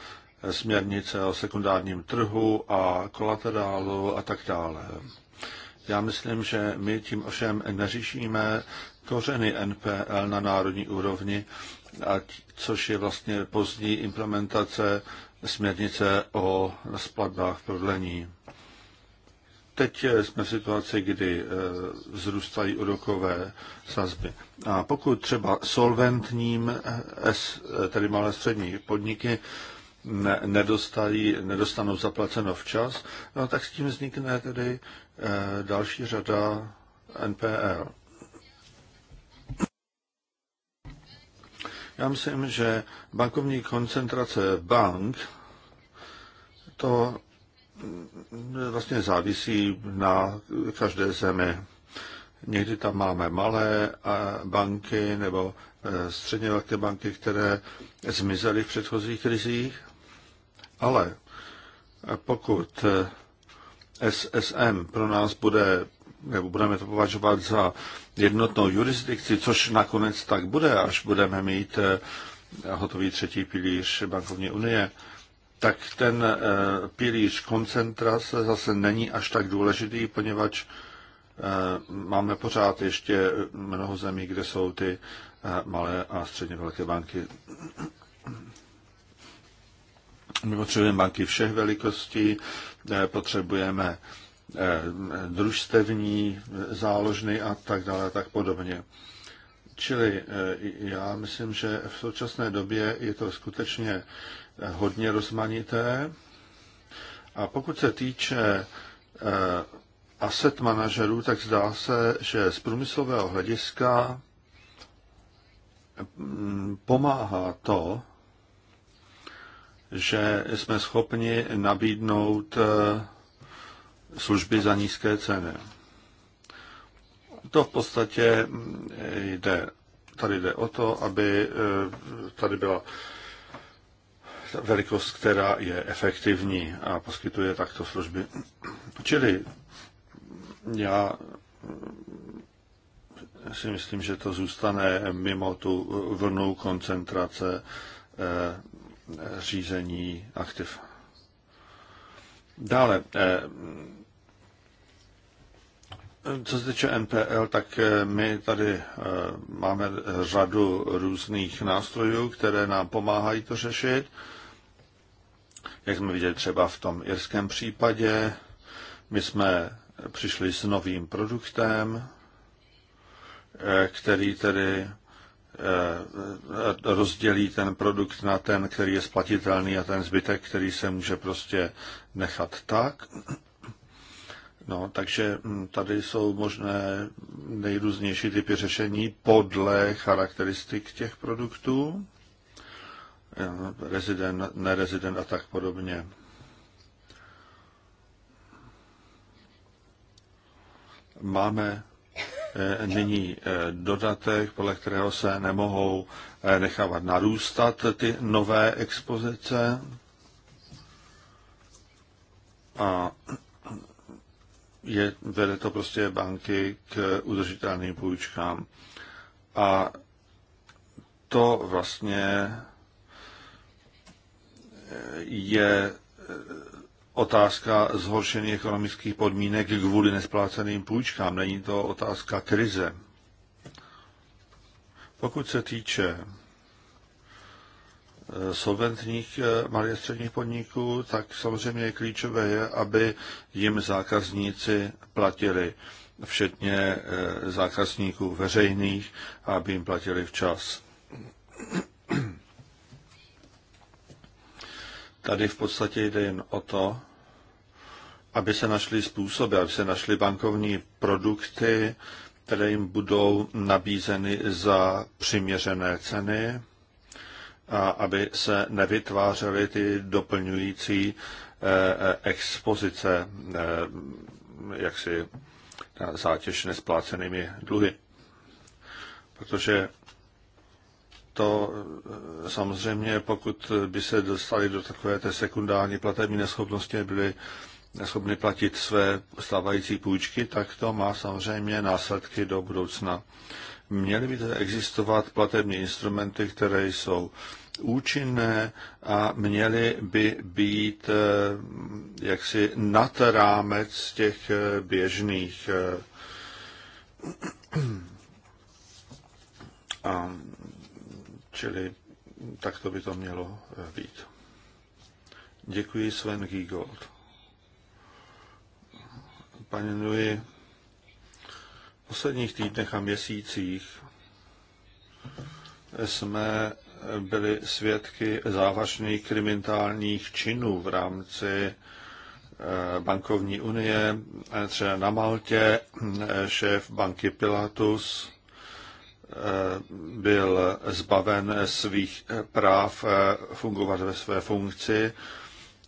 směrnice o sekundárním trhu a kolaterálu a tak dále. Já myslím, že my tím ovšem neřešíme kořeny NPL na národní úrovni, což je vlastně pozdní implementace směrnice o splatbách prodlení. Teď eh, jsme v situaci, kdy eh, vzrůstají úrokové sazby. A pokud třeba solventním, eh, tedy malé střední podniky, nedostají, nedostanou zaplaceno včas, no, tak s tím vznikne tedy další řada NPL. Já myslím, že bankovní koncentrace bank to vlastně závisí na každé zemi. Někdy tam máme malé banky nebo e, středně velké banky, které zmizely v předchozích krizích, ale pokud e, SSM pro nás bude, nebo budeme to považovat za jednotnou jurisdikci, což nakonec tak bude, až budeme mít e, hotový třetí pilíř bankovní unie, tak ten eh, pilíř koncentrace zase není až tak důležitý, poněvadž eh, máme pořád ještě mnoho zemí, kde jsou ty eh, malé a středně velké banky. My potřebujeme banky všech velikostí, potřebujeme družstevní záložny a tak dále a tak podobně. Čili já myslím, že v současné době je to skutečně hodně rozmanité. A pokud se týče eh, asset manažerů, tak zdá se, že z průmyslového hlediska mm, pomáhá to, že jsme schopni nabídnout eh, služby za nízké ceny. To v podstatě mm, jde. Tady jde o to, aby eh, tady byla velikost, která je efektivní a poskytuje takto služby. Čili já si myslím, že to zůstane mimo tu vlnu koncentrace eh, řízení aktiv. Dále, eh, co se týče NPL, tak eh, my tady máme řadu různých nástrojů, které nám pomáhají to řešit. Jak jsme viděli třeba v tom irském případě, my jsme přišli s novým produktem, eh, který tedy eh, rozdělí ten produkt na ten, který je splatitelný a ten zbytek, který se může prostě nechat tak. No, takže hm, tady jsou možné nejrůznější typy řešení podle charakteristik těch produktů. Eh, rezident, nerezident a tak podobně. Máme eh, nyní eh, dodatek, podle kterého se nemohou nechávat narůstat ty nové expozice. A je, vede to prostě banky k udržitelným půjčkám. A to vlastně je e, otázka zhoršení ekonomických podmínek kvůli nespláceným půjčkám. Není to otázka krize. Pokud se týče e, solventních e, malých středních podniků, tak samozřejmě klíčové je, aby jim zákazníci platili, všetně zákazníků veřejných, aby jim platili včas. Tady v podstatě jde jen o to, aby se našly způsoby, aby se našly bankovní produkty, které jim budou nabízeny za přiměřené ceny a aby se nevytvářely ty doplňující eh, eh, expozice, eh, jaksi zátěž nesplácenými dluhy. Protože to eh, samozřejmě, pokud by se dostali do takové té sekundární platební neschopnosti, byli neschopni platit své stávající půjčky, tak to má samozřejmě následky do budoucna. Měly by tedy existovat platební instrumenty, které jsou účinné a měly by být eh, jaksi nad rámec těch eh, běžných. Čili tak to by to mělo eh, být. Děkuji Sven Giegold. Pane Nui, v posledních týdnech a měsících jsme byli svědky závažných kriminálních činů v rámci eh, bankovní unie, eh, třeba na Maltě šéf banky Pilatus byl zbaven svých práv eh, fungovat ve své funkci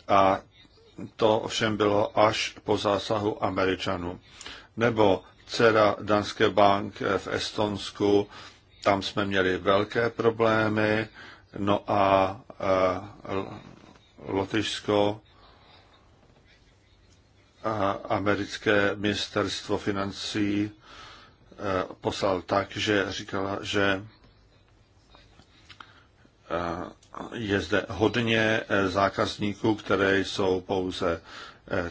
a to ovšem bylo až po zásahu Američanů. Nebo dcera Danske bank v Estonsku, tam jsme měli velké problémy, no a eh, Lotyšsko, a eh, americké ministerstvo financí Eh, poslal tak, že říkala, že eh, je zde hodně eh, zákazníků, které jsou pouze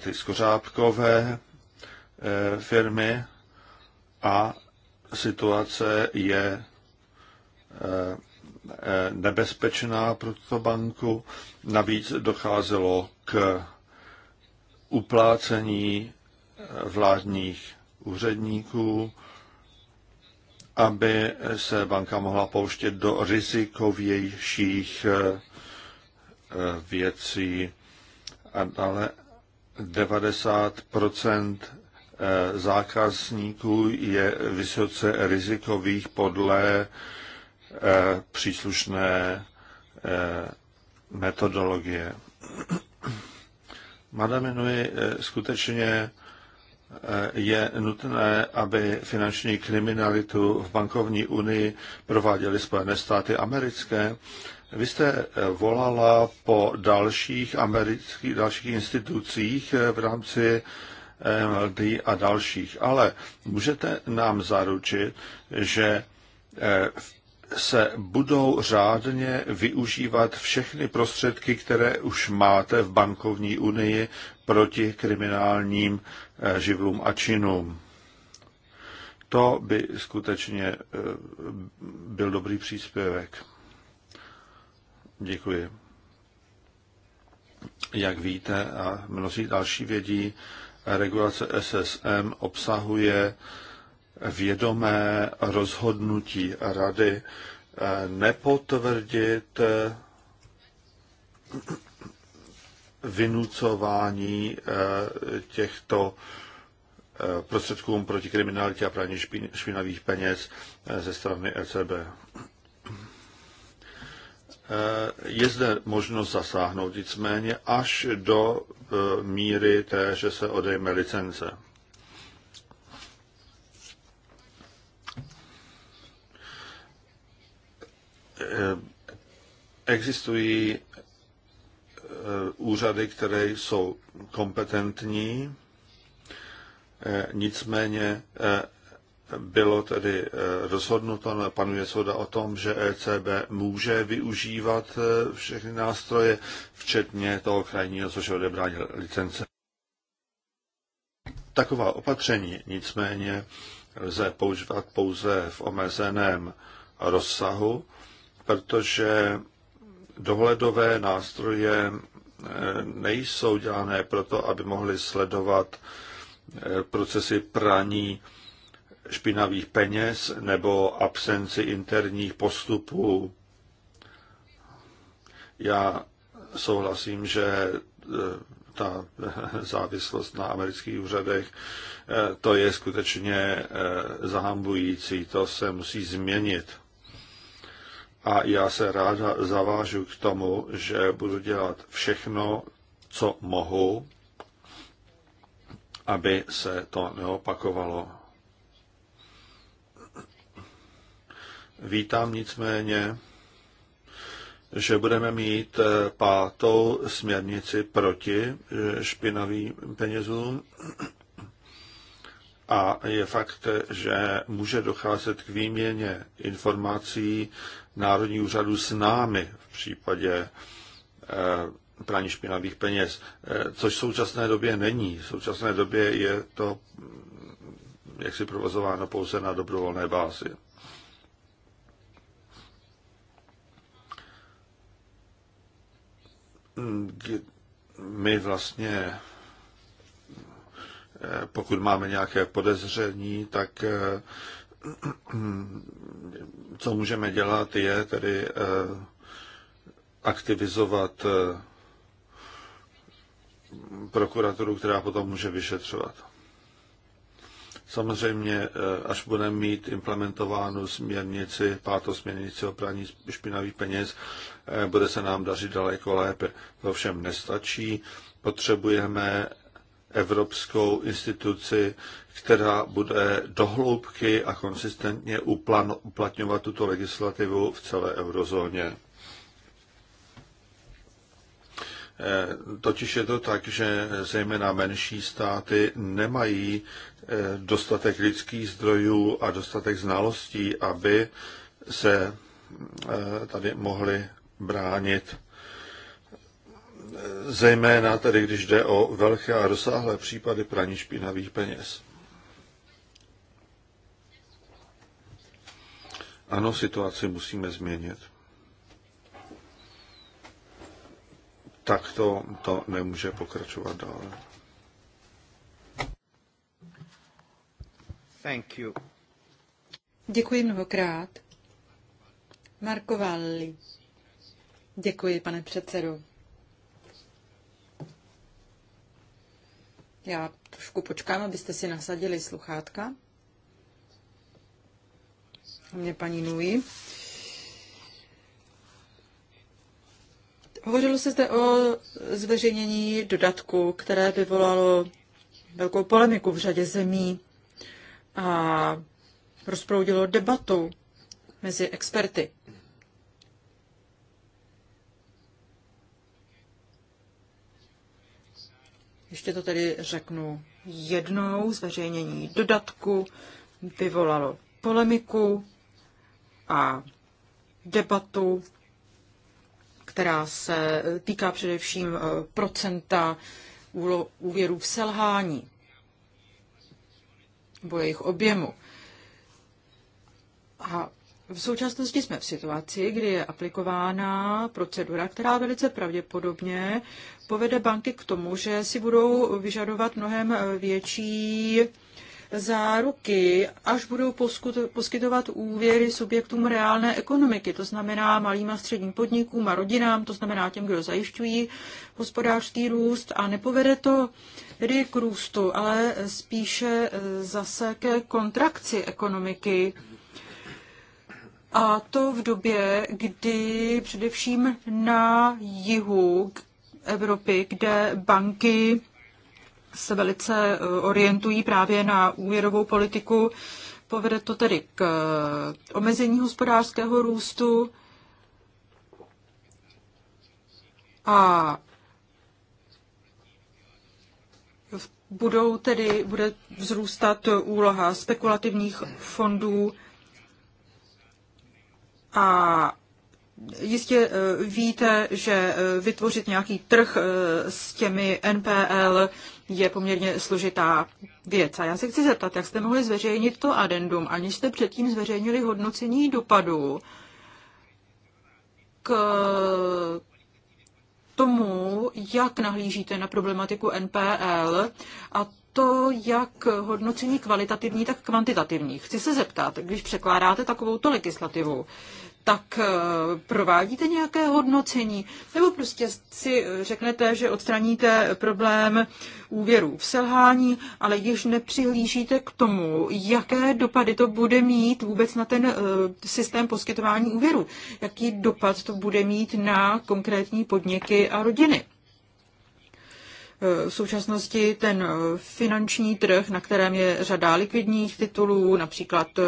ty skořápkové firmy a situace je nebezpečná pro tuto banku. Navíc docházelo k uplácení vládních úředníků aby se banka mohla pouštět do rizikovějších eh, eh, věcí, ale 90 eh, zákazníků je vysoce rizikových podle příslušné metodologie. Madame Nui skutečně je nutné, aby finanční kriminalitu v bankovní unii prováděly Spojené státy americké. Vy jste eh, volala po dalších amerických, dalších institucích eh, v rámci eh, MLD a dalších, ale můžete nám zaručit, že se budou řádně využívat všechny prostředky, které už máte v bankovní unii proti kriminálním Eh, živlům a činům. To by skutečně eh, byl dobrý příspěvek. Děkuji. Jak víte a mnozí další vědí, regulace SSM obsahuje vědomé rozhodnutí rady eh, nepotvrdit vynucování eh, těchto eh, prostředkům proti kriminalitě a praní špinavých peněz eh, ze strany ECB. Je zde možnost zasáhnout nicméně až do míry té, že se odejme licence. Existují Eh, úřady, které jsou kompetentní, eh, nicméně eh, bylo tedy rozhodnuto, no, panuje souda o tom, že ECB může využívat všechny nástroje, včetně toho krajního, což odebrání licence. Taková opatření nicméně lze používat pouze v omezeném rozsahu, protože dohledové nástroje eh, nejsou dělané proto, aby mohly sledovat eh, procesy praní špinavých peněz nebo absenci interních postupů. Já souhlasím, že eh, ta závislost na amerických úřadech, to je skutečně zahambující, to se musí změnit a já se ráda zavážu k tomu, že budu dělat všechno, co mohu, aby se to neopakovalo. Vítám nicméně, že budeme mít eh, pátou směrnici proti eh, špinavým penězům. A je fakt, že může docházet k výměně informací Národní úřadu s námi v případě eh, praní špinavých peněz, eh, což v současné době není. V současné době je to hm, jaksi provozováno pouze na dobrovolné bázi. Hm, my vlastně, eh, pokud máme nějaké podezření, tak co můžeme dělat, je tedy eh, aktivizovat eh, prokuraturu, která potom může vyšetřovat. Samozřejmě, eh, až budeme mít implementovánu směrnici, pátou směrnici o praní špinavých peněz, bude se nám dařit daleko lépe. To všem nestačí. Potřebujeme evropskou instituci, která bude dohloubky a konsistentně uplatňovat tuto legislativu v celé eurozóně. Eh, totiž je to tak, že zejména menší státy nemají eh, dostatek lidských zdrojů a dostatek znalostí, aby se eh, tady mohli bránit. Zejména tedy, když jde o velké a rozsáhlé případy praní špinavých peněz. Ano, situaci musíme změnit. Tak to, to nemůže pokračovat dále. Thank you. Děkuji mnohokrát. Marko Valli. Děkuji, pane předsedo. Já trošku počkám, abyste si nasadili sluchátka mě paní Nui. Hovořilo se zde o zveřejnění dodatku, které vyvolalo velkou polemiku v řadě zemí a rozproudilo debatu mezi experty. Ještě to tedy řeknu jednou, zveřejnění dodatku vyvolalo polemiku a debatu, která se týká především eh, procenta úvěrů v selhání nebo jejich objemu. A v současnosti jsme v situaci, kdy je aplikována procedura, která velice pravděpodobně povede banky k tomu, že si budou vyžadovat mnohem eh, větší záruky, až budou poskytovat úvěry subjektům reálné ekonomiky, to znamená malým a středním podnikům a rodinám, to znamená těm, kdo zajišťují hospodářský růst a nepovede to tedy k růstu, ale spíše eh, zase ke kontrakci ekonomiky. A to v době, kdy především na jihu Evropy, kde banky se velice eh, orientují právě na úvěrovou politiku. Povede to tedy k eh, omezení hospodářského růstu a budou tedy, bude vzrůstat úloha spekulativních fondů a Jistě eh, víte, že eh, vytvořit nějaký trh eh, s těmi NPL je poměrně složitá věc. A já se chci zeptat, jak jste mohli zveřejnit to adendum, aniž jste předtím zveřejnili hodnocení dopadů k tomu, jak nahlížíte na problematiku NPL a to jak hodnocení kvalitativní, tak kvantitativní. Chci se zeptat, když překládáte takovouto legislativu, tak eh, provádíte nějaké hodnocení? Nebo prostě si řeknete, že odstraníte problém úvěrů v selhání, ale již nepřihlížíte k tomu, jaké dopady to bude mít vůbec na ten eh, systém poskytování úvěru? Jaký dopad to bude mít na konkrétní podniky a rodiny? Eh, v současnosti ten eh, finanční trh, na kterém je řada likvidních titulů, například eh,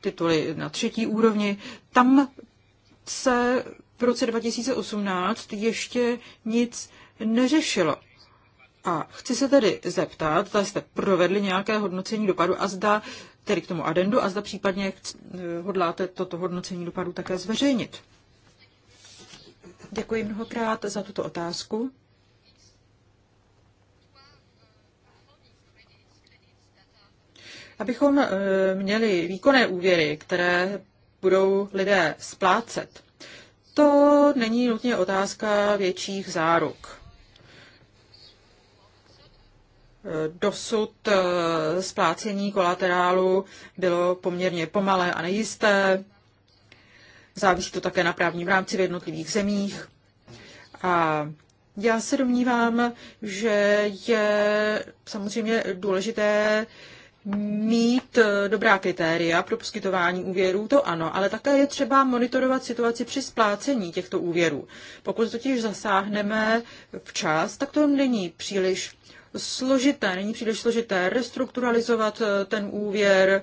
tituly na třetí úrovni, tam se v roce 2018 ještě nic neřešilo. A chci se tedy zeptat, zda jste provedli nějaké hodnocení dopadu a zda, tedy k tomu adendu, a zda případně hodláte toto hodnocení dopadu také zveřejnit. Děkuji mnohokrát za tuto otázku. Abychom eh, měli výkonné úvěry, které budou lidé splácet, to není nutně otázka větších záruk. Eh, dosud eh, splácení kolaterálu bylo poměrně pomalé a nejisté. Závisí to také na právním rámci v jednotlivých zemích. A já se domnívám, že je samozřejmě důležité mít eh, dobrá kritéria pro poskytování úvěrů, to ano, ale také je třeba monitorovat situaci při splácení těchto úvěrů. Pokud totiž zasáhneme včas, tak to není příliš složité, není příliš složité restrukturalizovat eh, ten úvěr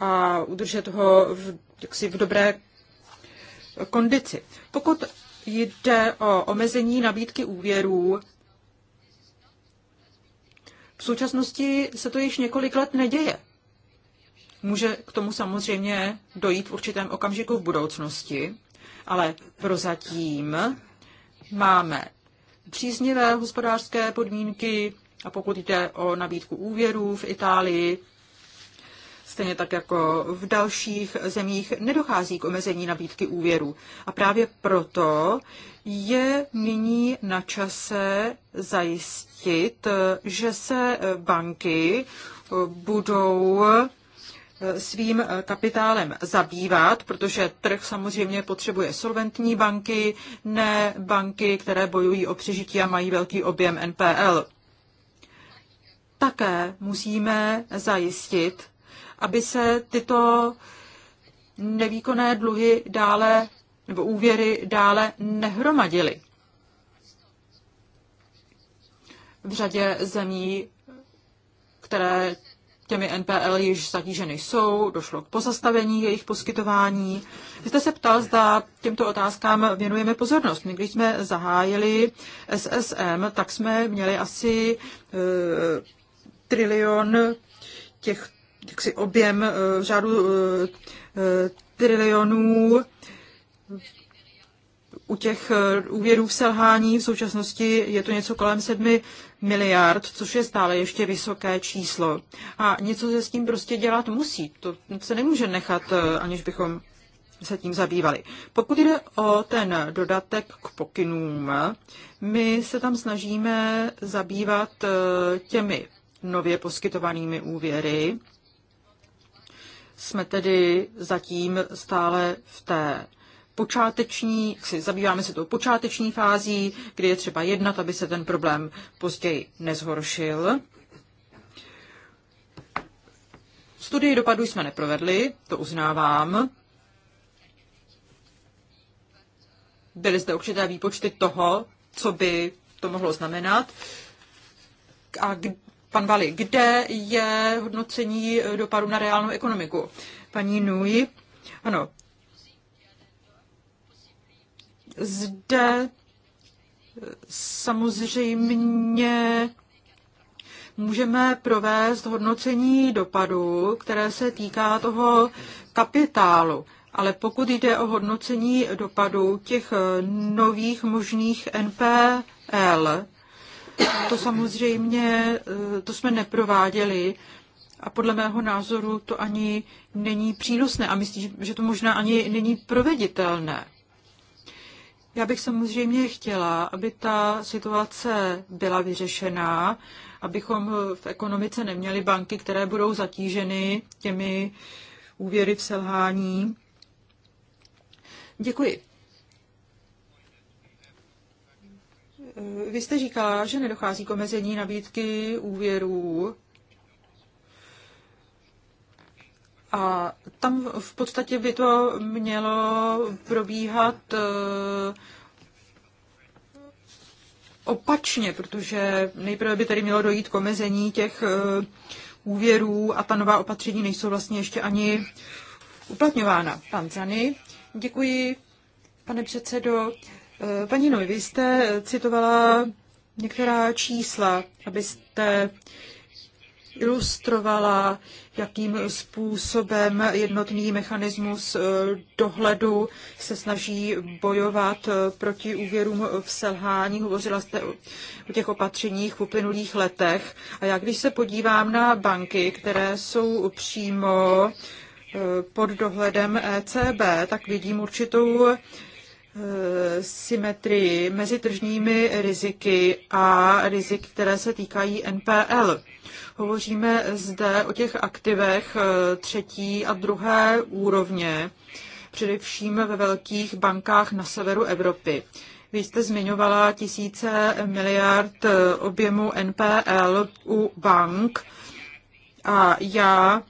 a udržet ho v, jaksi v dobré kondici. Pokud jde o omezení nabídky úvěrů, v současnosti se to již několik let neděje. Může k tomu samozřejmě dojít v určitém okamžiku v budoucnosti, ale prozatím máme příznivé hospodářské podmínky a pokud jde o nabídku úvěrů v Itálii, Stejně tak jako v dalších zemích nedochází k omezení nabídky úvěru. A právě proto je nyní na čase zajistit, že se banky budou svým kapitálem zabývat, protože trh samozřejmě potřebuje solventní banky, ne banky, které bojují o přežití a mají velký objem NPL. Také musíme zajistit, aby se tyto nevýkonné dluhy dále nebo úvěry dále nehromadily. V řadě zemí, které těmi NPL již zatíženy jsou, došlo k pozastavení jejich poskytování. Vy jste se ptal, zda těmto otázkám věnujeme pozornost. My, když jsme zahájili SSM, tak jsme měli asi e, trilion těch jaksi objem eh, v řádu eh, eh, trilionů u těch úvěrů v selhání v současnosti je to něco kolem 7 miliard, což je stále ještě vysoké číslo. A něco se s tím prostě dělat musí. To se nemůže nechat, aniž bychom se tím zabývali. Pokud jde o ten dodatek k pokynům, my se tam snažíme zabývat těmi nově poskytovanými úvěry jsme tedy zatím stále v té počáteční, zabýváme se tou počáteční fází, kdy je třeba jednat, aby se ten problém později nezhoršil. Studii dopadů jsme neprovedli, to uznávám. Byly zde určité výpočty toho, co by to mohlo znamenat. A pan Vali, kde je hodnocení dopadu na reálnou ekonomiku? Paní Nui, ano. Zde eh, samozřejmě můžeme provést hodnocení dopadu, které se týká toho kapitálu. Ale pokud jde o hodnocení dopadu těch nových možných NPL, to samozřejmě, eh, to jsme neprováděli a podle mého názoru to ani není přínosné a myslím, že to možná ani není proveditelné. Já bych samozřejmě chtěla, aby ta situace byla vyřešená, abychom v ekonomice neměli banky, které budou zatíženy těmi úvěry v selhání. Děkuji. vy jste říkala, že nedochází k omezení nabídky úvěrů. A tam v podstatě by to mělo probíhat eh, opačně, protože nejprve by tady mělo dojít k omezení těch eh, úvěrů a ta nová opatření nejsou vlastně ještě ani uplatňována. Pan Zany, děkuji, pane předsedo. Eh, paní Noj, vy jste citovala některá čísla, abyste ilustrovala, jakým způsobem jednotný mechanismus eh, dohledu se snaží bojovat eh, proti úvěrům v selhání. Hovořila jste o těch opatřeních v uplynulých letech. A já když se podívám na banky, které jsou přímo pod dohledem ECB, tak vidím určitou Eh, symetrii mezi tržními riziky a rizik, které se týkají NPL. Hovoříme zde o těch aktivech eh, třetí a druhé úrovně, především ve velkých bankách na severu Evropy. Vy jste zmiňovala tisíce miliard eh, objemu NPL u bank a já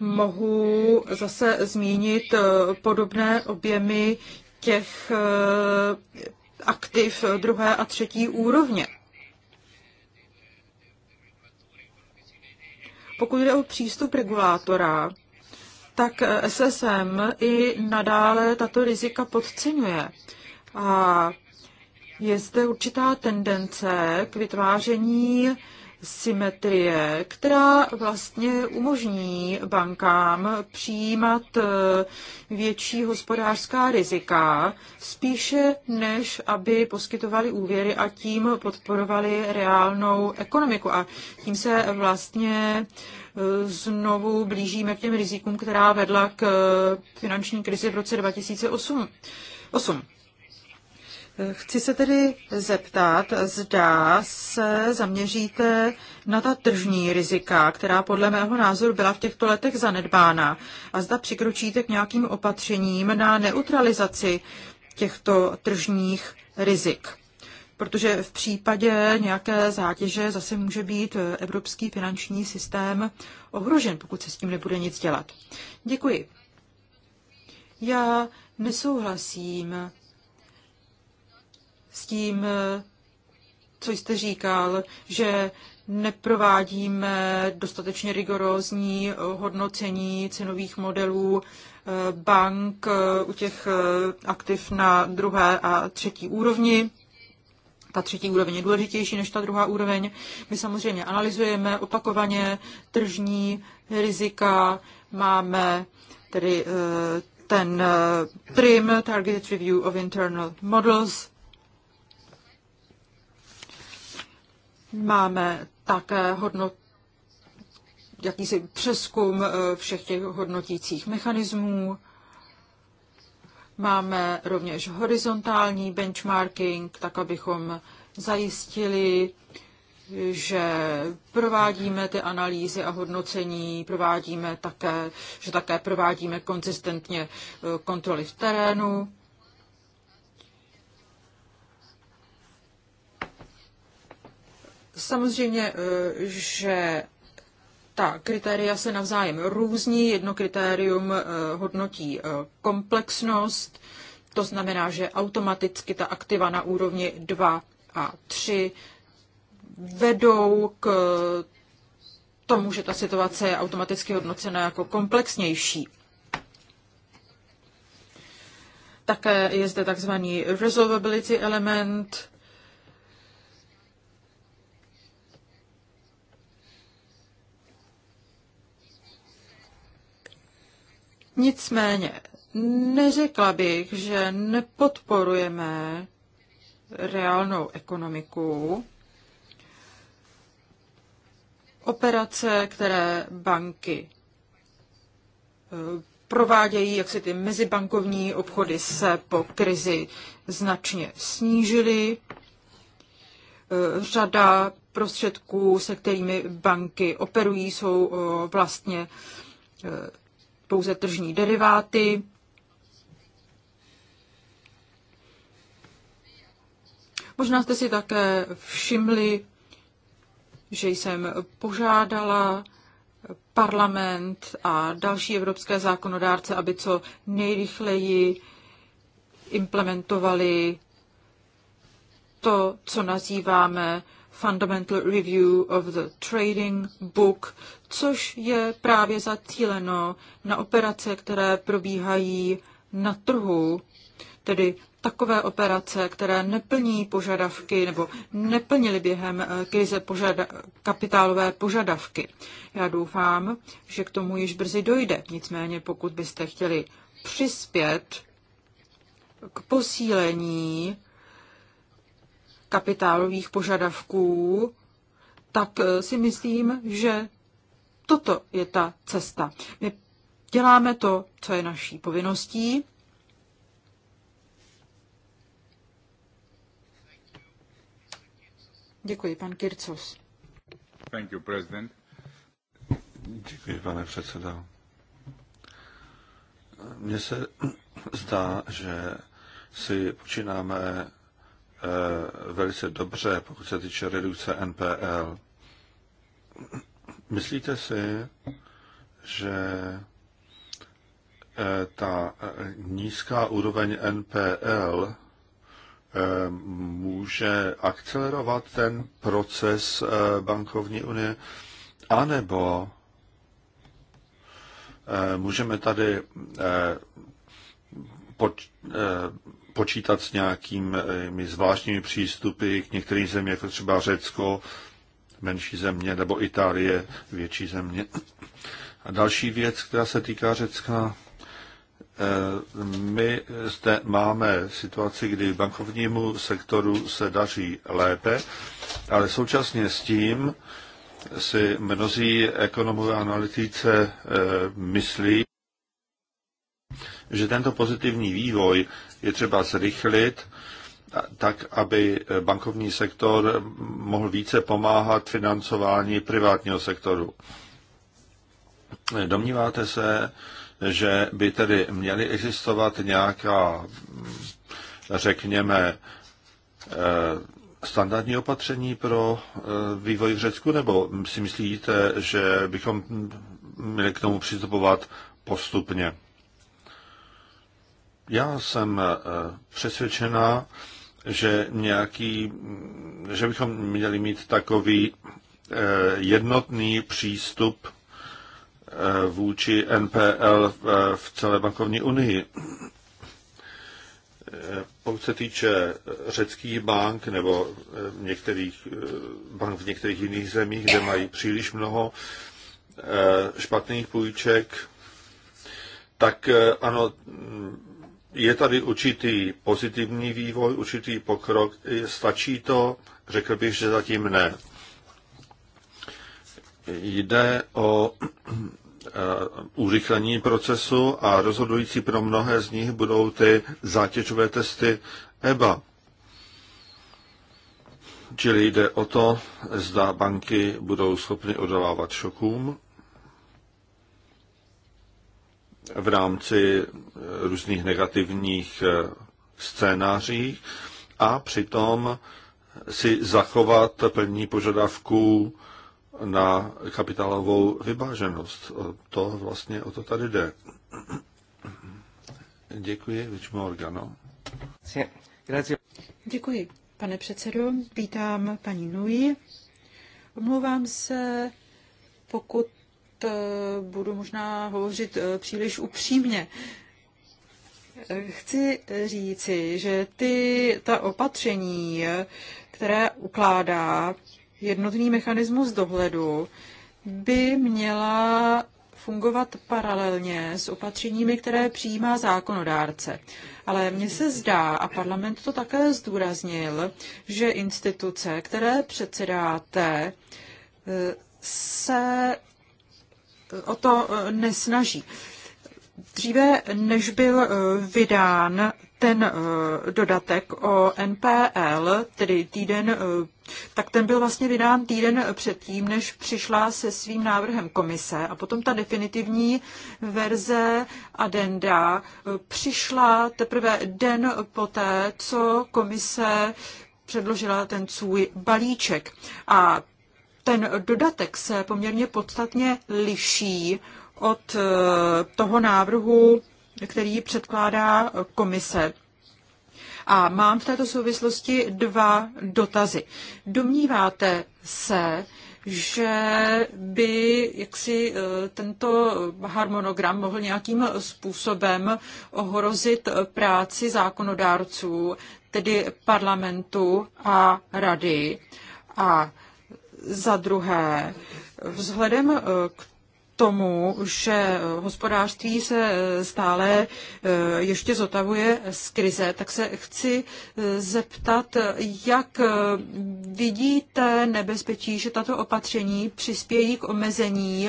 mohu zase zmínit eh, podobné objemy těch eh, aktiv druhé a třetí úrovně. Pokud jde o přístup regulátora, tak eh, SSM i nadále tato rizika podceňuje. A je zde určitá tendence k vytváření symetrie, která vlastně umožní bankám přijímat eh, větší hospodářská rizika, spíše než aby poskytovali úvěry a tím podporovali reálnou ekonomiku. A tím se vlastně eh, znovu blížíme k těm rizikům, která vedla k eh, finanční krizi v roce 2008. 8. Chci se tedy zeptat, zda se zaměříte na ta tržní rizika, která podle mého názoru byla v těchto letech zanedbána, a zda přikročíte k nějakým opatřením na neutralizaci těchto tržních rizik. Protože v případě nějaké zátěže zase může být evropský finanční systém ohrožen, pokud se s tím nebude nic dělat. Děkuji. Já nesouhlasím s tím, eh, co jste říkal, že neprovádíme dostatečně rigorózní hodnocení cenových modelů eh, bank eh, u těch aktiv na druhé a třetí úrovni. Ta třetí úroveň je důležitější než ta druhá úroveň. My samozřejmě analyzujeme opakovaně tržní rizika, máme tedy ten TRIM, Targeted Review of Internal Models, Máme také hodnot, jakýsi přeskum eh, všech těch hodnotících mechanismů. Máme rovněž horizontální benchmarking, tak abychom zajistili, že provádíme ty analýzy a hodnocení, provádíme také, že také provádíme konzistentně eh, kontroly v terénu. Samozřejmě, eh, že ta kritéria se navzájem různí. Jedno kritérium eh, hodnotí eh, komplexnost, to znamená, že automaticky ta aktiva na úrovni 2 a 3 vedou k tomu, že ta situace je automaticky hodnocena jako komplexnější. Také je zde takzvaný resolvability element, Nicméně neřekla bych, že nepodporujeme reálnou ekonomiku, operace, které banky eh, provádějí, jak se ty mezibankovní obchody se po krizi značně snížily. Eh, řada prostředků, se kterými banky operují, jsou eh, vlastně pouze tržní deriváty. Možná jste si také všimli, že jsem požádala parlament a další evropské zákonodárce, aby co nejrychleji implementovali to, co nazýváme Fundamental Review of the Trading Book, což je právě zacíleno na operace, které probíhají na trhu, tedy takové operace, které neplní požadavky nebo neplnily během eh, krize požada- kapitálové požadavky. Já doufám, že k tomu již brzy dojde. Nicméně, pokud byste chtěli přispět k posílení kapitálových požadavků, tak eh, si myslím, že toto je ta cesta. My děláme to, co je naší povinností. Děkuji, pan Kircos. Thank you, president. Děkuji, pane předsedo. Mně se zdá, že si počínáme Eh, velice dobře, pokud se týče redukce NPL. Myslíte si, že eh, ta eh, nízká úroveň NPL může akcelerovat ten proces bankovní unie, anebo můžeme tady pod, počítat s nějakými eh, zvláštními přístupy k některým zemím, jako třeba Řecko, menší země, nebo Itálie, větší země. A další věc, která se týká Řecka, eh, my zde máme situaci, kdy bankovnímu sektoru se daří lépe, ale současně s tím si mnozí ekonomové analytice eh, myslí, že tento pozitivní vývoj je třeba zrychlit, tak, aby bankovní sektor mohl více pomáhat financování privátního sektoru. Domníváte se, že by tedy měly existovat nějaká, řekněme, eh, standardní opatření pro eh, vývoj v Řecku, nebo si myslíte, že bychom měli k tomu přistupovat postupně? Já jsem eh, přesvědčená, že, nějaký, že bychom měli mít takový eh, jednotný přístup eh, vůči NPL v celé bankovní unii. Pokud se týče řeckých bank nebo některých bank v některých jiných zemích, kde mají příliš mnoho špatných půjček, tak ano, je tady určitý pozitivní vývoj, určitý pokrok. Stačí to? Řekl bych, že zatím ne. Jde o eh, urychlení procesu a rozhodující pro mnohé z nich budou ty zátěžové testy EBA. Čili jde o to, zda banky budou schopny odolávat šokům v rámci eh, různých negativních eh, scénáří a přitom si zachovat plní požadavků na kapitálovou vyváženost. To vlastně o to tady jde. Děkuji, Vičmo Organo. Děkuji, pane předsedo. Vítám paní Nui. Omlouvám se, pokud Eh, budu možná hovořit eh, příliš upřímně. Chci říci, že ty, ta opatření, které ukládá jednotný mechanismus dohledu, by měla fungovat paralelně s opatřeními, které přijímá zákonodárce. Ale mně se zdá, a parlament to také zdůraznil, že instituce, které předsedáte, eh, se o to e, nesnaží. Dříve, než byl e, vydán ten e, dodatek o NPL, tedy týden, tak ten byl vlastně vydán týden předtím, než přišla se svým návrhem komise. A potom ta definitivní verze adenda přišla teprve den poté, co komise předložila ten svůj balíček. A ten dodatek se poměrně podstatně liší od eh, toho návrhu, který předkládá komise. A mám v této souvislosti dva dotazy. Domníváte se, že by jaksi eh, tento harmonogram mohl nějakým způsobem ohrozit práci zákonodárců, tedy parlamentu a rady. A za druhé, vzhledem eh, k tomu, že eh, hospodářství se eh, stále ještě zotavuje z krize, tak se chci zeptat, jak vidíte nebezpečí, že tato opatření přispějí k omezení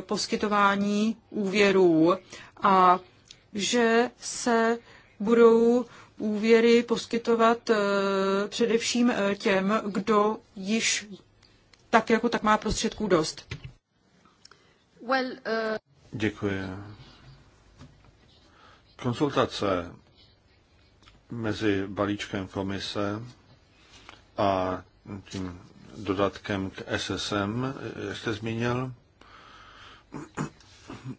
poskytování úvěrů a že se budou úvěry poskytovat především těm, kdo již tak jako tak má prostředků dost. Well, uh... Děkuji. Konsultace mezi balíčkem komise a tím dodatkem k SSM, jak eh, jste zmínil,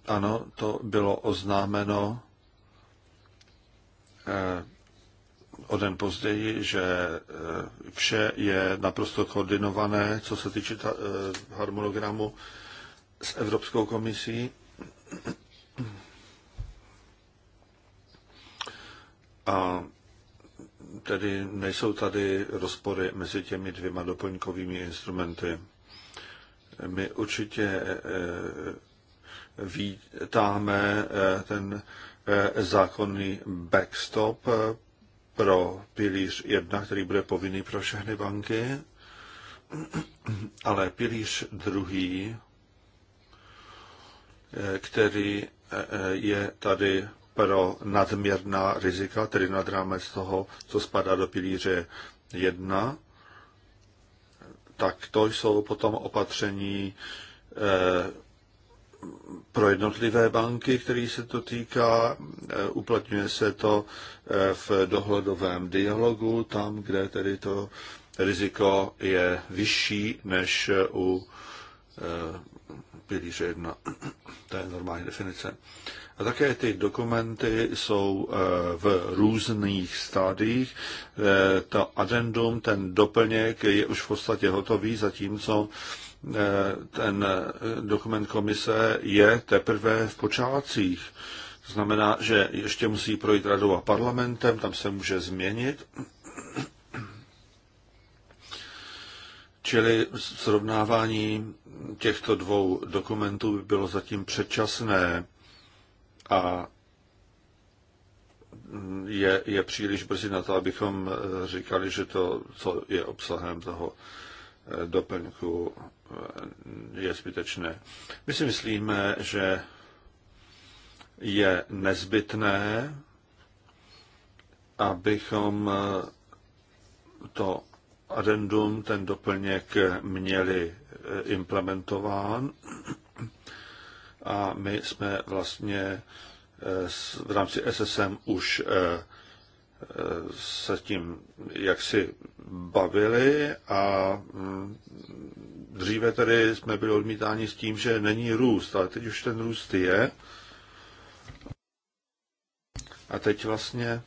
ano, to bylo oznámeno eh, o den později, že eh, vše je naprosto koordinované, co se týče ta, eh, harmonogramu s Evropskou komisí. A tedy nejsou tady rozpory mezi těmi dvěma doplňkovými instrumenty. My určitě eh, vítáme ten zákonný backstop pro pilíř 1, který bude povinný pro všechny banky, ale pilíř druhý, eh, který eh, je tady pro nadměrná rizika, tedy nad rámec toho, co spadá do pilíře 1, tak to jsou potom opatření eh, pro jednotlivé banky, který se to týká, e, uplatňuje se to e, v dohledovém dialogu, tam, kde tedy to riziko je vyšší než u e, pilíře 1. To je normální definice. A také ty dokumenty jsou v různých stádiích. To addendum, ten doplněk je už v podstatě hotový, zatímco Eh, ten eh, dokument komise je teprve v počátcích. To znamená, že ještě musí projít radou a parlamentem, tam se může změnit. Čili srovnávání těchto dvou dokumentů by bylo zatím předčasné a je, je příliš brzy na to, abychom eh, říkali, že to, co je obsahem toho doplňku eh, je zbytečné. My si myslíme, že je nezbytné, abychom eh, to addendum, ten doplněk, měli eh, implementován. A my jsme vlastně v rámci SSM už se tím jaksi bavili a mm, dříve tedy jsme byli odmítáni s tím, že není růst, ale teď už ten růst je. A teď vlastně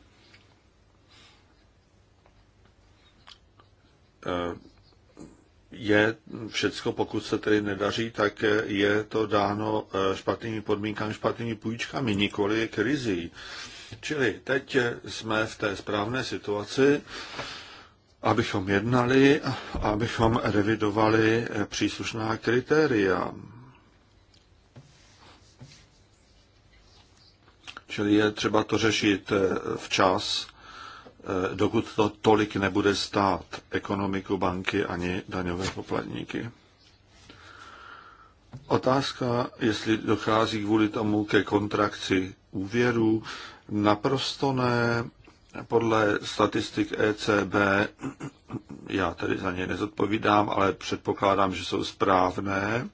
eh, je všecko, pokud se tedy nedaří, tak je to dáno eh, špatnými podmínkami, špatnými půjčkami, nikoli krizí. Čili teď jsme v té správné situaci, abychom jednali, a abychom revidovali příslušná kritéria. Čili je třeba to řešit včas, dokud to tolik nebude stát ekonomiku banky ani daňové poplatníky. Otázka, jestli dochází kvůli tomu ke kontrakci úvěrů, Naprosto ne. Podle statistik ECB, já tedy za ně nezodpovídám, ale předpokládám, že jsou správné.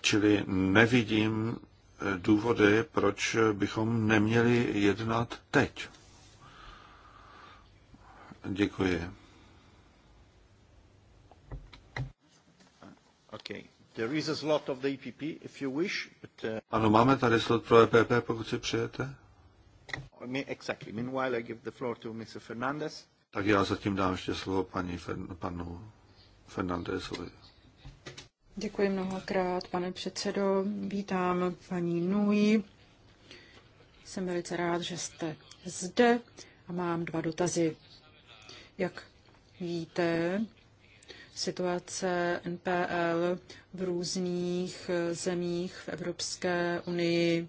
Čili nevidím eh, důvody, proč bychom neměli jednat teď. Děkuji. Okay. E uh, ano, máme tady slot pro EPP, pokud si přijete. Tak já zatím dám ještě slovo paní Fern, panu Fernandezovi. Děkuji mnohokrát, pane předsedo. Vítám paní Nui. Jsem velice rád, že jste zde a mám dva dotazy. Jak víte, situace NPL v různých eh, zemích v Evropské unii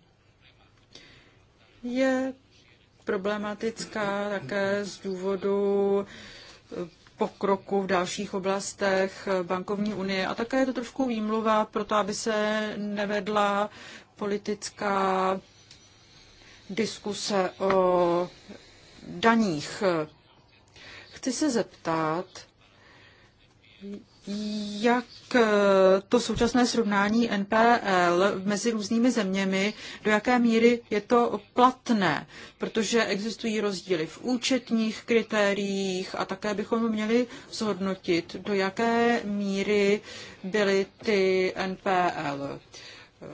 je problematická také z důvodu eh, pokroku v dalších oblastech eh, bankovní unie. A také je to trošku výmluva pro to, aby se nevedla politická diskuse o daních. Chci se zeptat, jak eh, to současné srovnání NPL mezi různými zeměmi, do jaké míry je to platné, protože existují rozdíly v účetních kritériích a také bychom měli zhodnotit, do jaké míry byly ty NPL eh,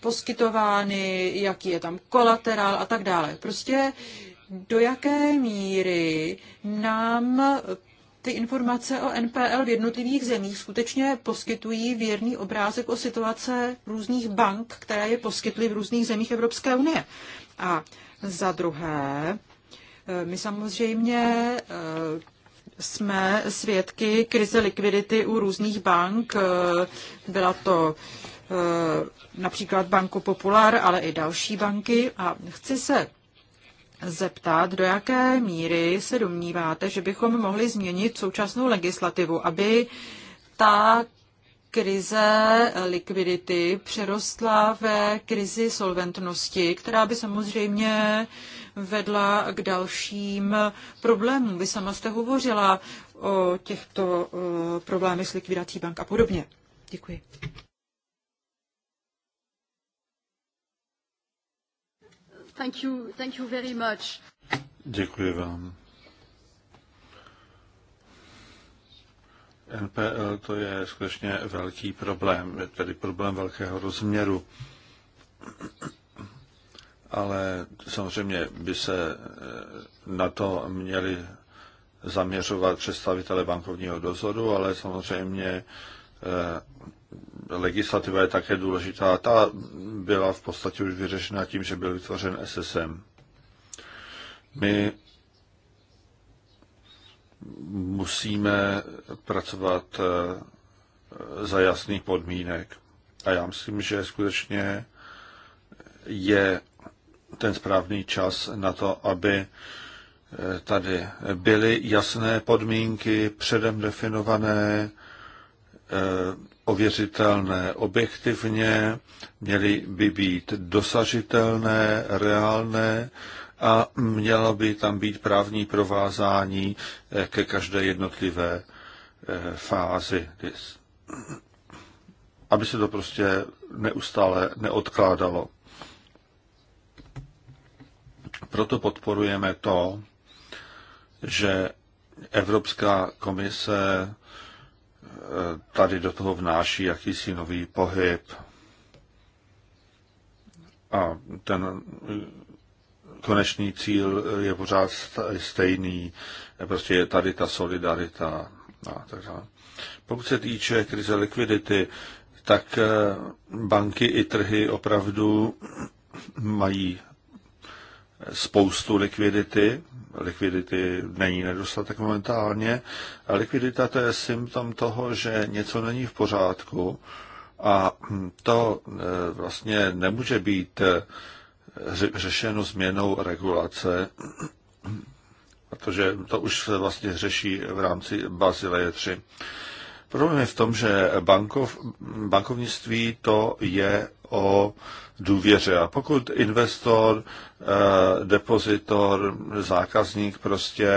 poskytovány, jaký je tam kolaterál a tak dále. Prostě do jaké míry nám ty informace o NPL v jednotlivých zemích skutečně poskytují věrný obrázek o situace různých bank, které je poskytly v různých zemích Evropské unie. A za druhé, eh, my samozřejmě eh, jsme svědky krize likvidity u různých bank. Eh, byla to například Banko Popular, ale i další banky. A chci se zeptat, do jaké míry se domníváte, že bychom mohli změnit současnou legislativu, aby ta krize likvidity přerostla ve krizi solventnosti, která by samozřejmě vedla k dalším problémům. Vy sama jste hovořila o těchto eh, problémech s likvidací bank a podobně. Děkuji. Thank you, thank you very much. Děkuji vám. NPL to je skutečně velký problém, je tedy problém velkého rozměru. Ale samozřejmě by se eh, na to měli zaměřovat představitele bankovního dozoru, ale samozřejmě eh, legislativa je také důležitá. Ta byla v podstatě už vyřešena tím, že byl vytvořen SSM. My musíme pracovat eh, za jasných podmínek. A já myslím, že skutečně je ten správný čas na to, aby eh, tady byly jasné podmínky, předem definované, eh, ověřitelné objektivně, měly by být dosažitelné, reálné a mělo by tam být právní provázání eh, ke každé jednotlivé eh, fázi, aby se to prostě neustále neodkládalo. Proto podporujeme to, že Evropská komise tady do toho vnáší jakýsi nový pohyb. A ten konečný cíl je pořád stejný, prostě je tady ta solidarita a tak dále. Pokud se týče krize likvidity, tak eh, banky i trhy opravdu mají spoustu likvidity. Likvidity není nedostatek momentálně. Likvidita to je symptom toho, že něco není v pořádku a to e, vlastně nemůže být e, řešeno změnou regulace, protože to už se vlastně řeší v rámci Bazileje 3. Problém je v tom, že bankov, bankovnictví to je o důvěře. A pokud investor, eh, depozitor, zákazník prostě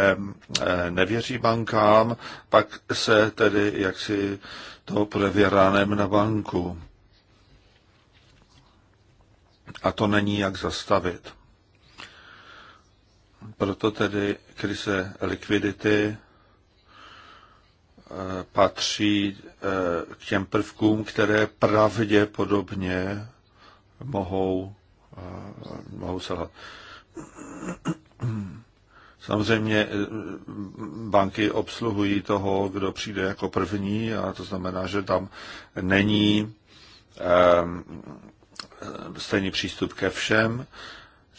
eh, nevěří bankám, pak se tedy jaksi to projeví ránem na banku. A to není jak zastavit. Proto tedy krize likvidity patří eh, k těm prvkům, které pravděpodobně mohou, eh, mohou selhat. Samozřejmě eh, banky obsluhují toho, kdo přijde jako první, a to znamená, že tam není stejný přístup ke všem.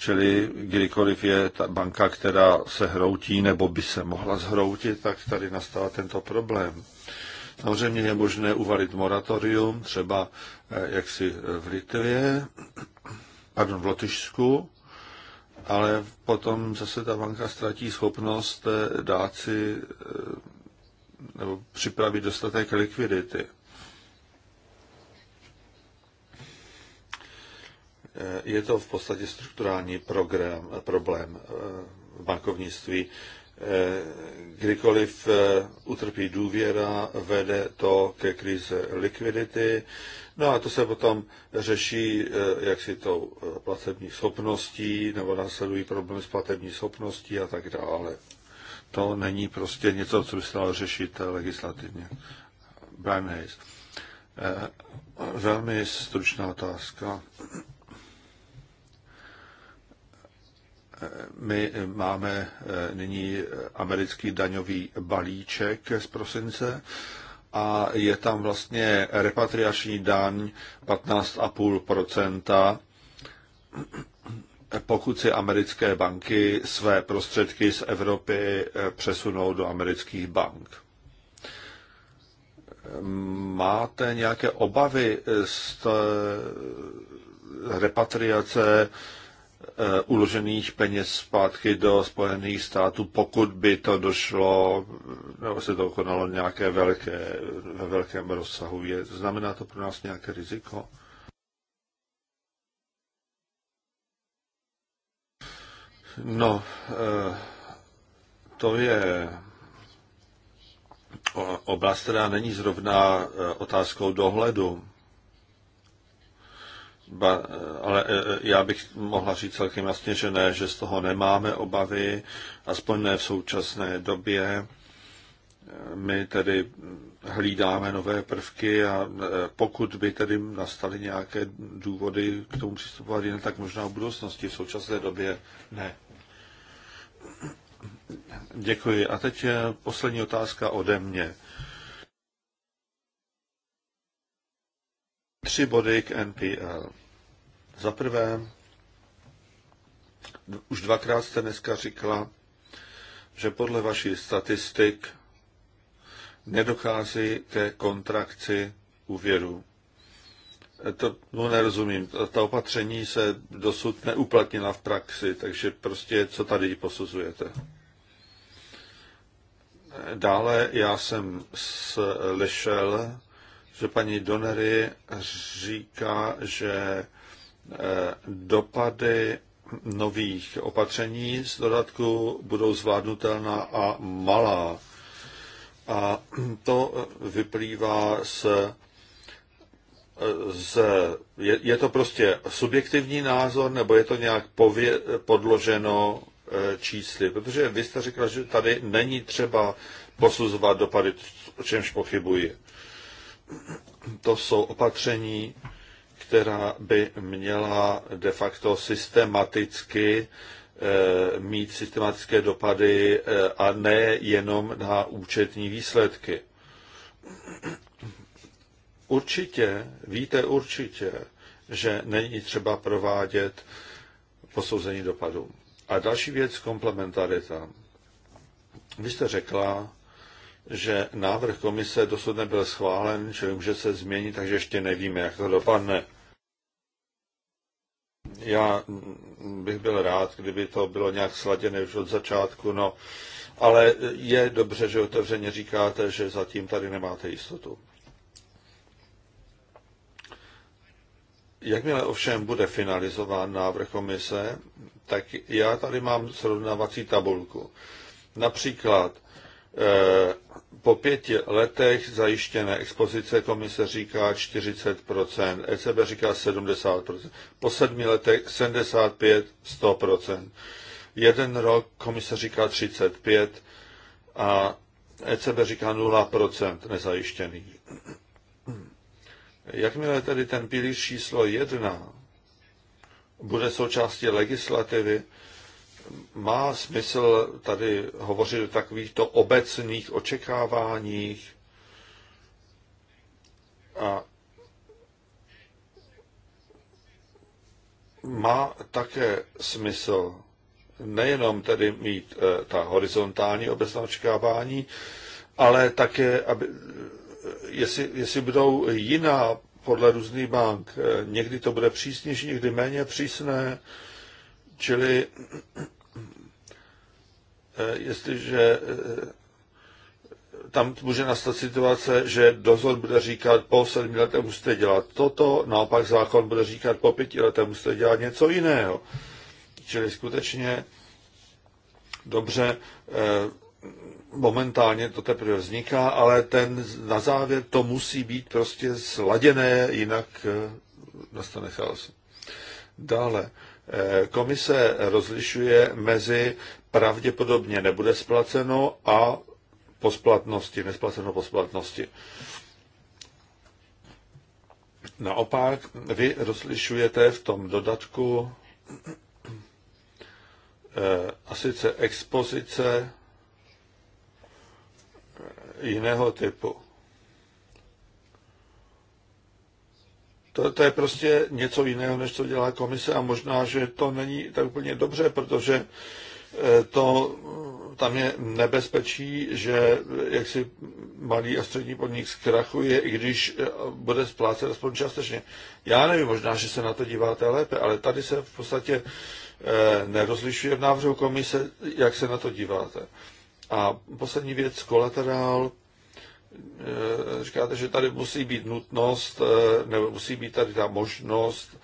Čili kdykoliv je ta banka, která se hroutí nebo by se mohla zhroutit, tak tady nastává tento problém. Samozřejmě je možné uvalit moratorium, třeba eh, jaksi v Litvě, pardon, v Lotyšsku, ale potom zase ta banka ztratí schopnost eh, dát si eh, nebo připravit dostatek likvidity. Eh, je to v podstatě strukturální program, problém eh, v bankovnictví. Eh, kdykoliv utrpí důvěra, vede to ke krize likvidity. No a to se potom řeší jak si tou platební schopností, nebo následují problémy s platební schopností a tak dále. To není prostě něco, co by se dalo řešit legislativně. Brian Hayes. Velmi stručná otázka. My máme eh, nyní americký daňový balíček z prosince a je tam vlastně repatriační daň 15,5%, pokud si americké banky své prostředky z Evropy eh, přesunou do amerických bank. Máte nějaké obavy z repatriace Eh, uložených peněz zpátky do Spojených států, pokud by to došlo, nebo se to konalo nějaké velké, ve velkém rozsahu. Je, znamená to pro nás nějaké riziko? No, eh, to je oblast, která není zrovna eh, otázkou dohledu. Ba, eh, ale eh, eh, já bych mohla říct celkem jasně, že ne, že z toho nemáme obavy, aspoň ne v současné době. My tedy hlídáme nové prvky a pokud by tedy nastaly nějaké důvody k tomu přistupovat jinak, tak možná v budoucnosti, v současné době ne. Děkuji. A teď je poslední otázka ode mě. Tři body k NPL. Za prvé, už dvakrát jste dneska říkala, že podle vaší statistik nedochází ke kontrakci úvěru. E, to no, nerozumím. Ta opatření se dosud neuplatnila v praxi, takže prostě co tady posuzujete? E, dále já jsem slyšel, že paní Donery říká, že eh, dopady nových opatření z dodatku budou zvládnutelná a malá. A to vyplývá z, eh, z je, je to prostě subjektivní názor, nebo je to nějak pově, podloženo eh, čísly? Protože vy jste řekla, že tady není třeba posuzovat dopady, o čemž pochybuji to jsou opatření, která by měla de facto systematicky eh, mít systematické dopady eh, a ne jenom na účetní výsledky. Určitě, víte určitě, že není třeba provádět posouzení dopadů. A další věc, komplementarita. Vy jste řekla, že návrh komise dosud nebyl schválen, čili může se změnit, takže ještě nevíme, jak to dopadne. Já bych byl rád, kdyby to bylo nějak sladěné už od začátku, no, ale je dobře, že otevřeně říkáte, že zatím tady nemáte jistotu. Jakmile ovšem bude finalizován návrh komise, tak já tady mám srovnávací tabulku. Například Eh, po pěti letech zajištěné expozice komise říká 40%, ECB říká 70%, po sedmi letech 75, 100%. Jeden rok komise říká 35 a ECB říká 0% nezajištěný. Jakmile tedy ten pilíř číslo jedna bude součástí legislativy, má smysl tady hovořit o takovýchto obecných očekáváních a má také smysl nejenom tedy mít eh, ta horizontální obecná očekávání, ale také, aby, eh, jestli, jestli budou jiná podle různých bank, eh, někdy to bude přísnější, někdy méně přísné, čili Eh, jestliže eh, tam může nastat situace, že dozor bude říkat, po sedmi letech musíte dělat toto, naopak zákon bude říkat, po pěti letech musíte dělat něco jiného. Čili skutečně dobře, eh, momentálně to teprve vzniká, ale ten na závěr to musí být prostě sladěné, jinak nastane chaos. Dále, Komise rozlišuje mezi pravděpodobně nebude splaceno a po splatnosti, nesplaceno po splatnosti. Naopak, vy rozlišujete v tom dodatku eh, a sice expozice jiného typu. To, to je prostě něco jiného, než co dělá komise a možná, že to není tak úplně dobře, protože eh, to, tam je nebezpečí, že eh, jaksi malý a střední podnik zkrachuje, i když eh, bude splácet aspoň částečně. Já nevím, možná, že se na to díváte lépe, ale tady se v podstatě nerozlišuje v návrhu komise, jak se na to díváte. A poslední věc, kolaterál, Eh, říkáte, že tady musí být nutnost, eh, nebo musí být tady ta možnost,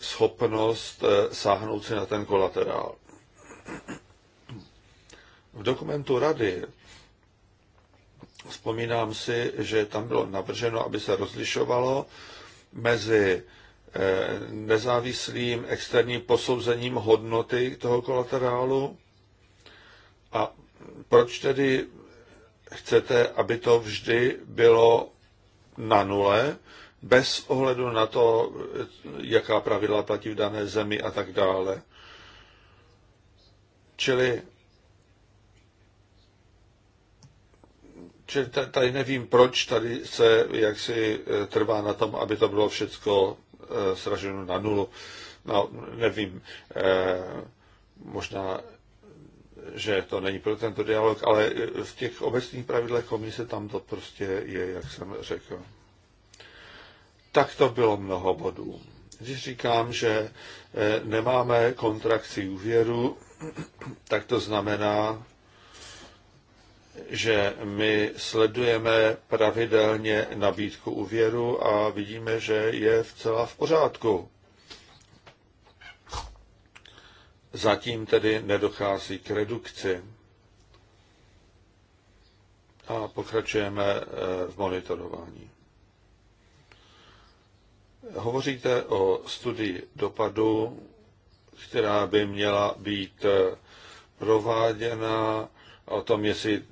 schopnost eh, sáhnout si na ten kolaterál. V dokumentu rady vzpomínám si, že tam bylo navrženo, aby se rozlišovalo mezi nezávislým externím posouzením hodnoty toho kolaterálu a proč tedy chcete, aby to vždy bylo na nule, bez ohledu na to, jaká pravidla platí v dané zemi a tak dále. Čili, čili tady nevím, proč tady se jaksi eh, trvá na tom, aby to bylo všecko eh, sraženo na nulu. No, nevím. Eh, možná že to není pro tento dialog, ale v těch obecných pravidlech komise tam to prostě je, jak jsem řekl. Tak to bylo mnoho bodů. Když říkám, že e, nemáme kontrakci úvěru, tak to znamená, že my sledujeme pravidelně nabídku úvěru a vidíme, že je vcela v pořádku. Zatím tedy nedochází k redukci. A pokračujeme eh, v monitorování. Hovoříte o studii dopadu, která by měla být eh, prováděna, o tom, jestli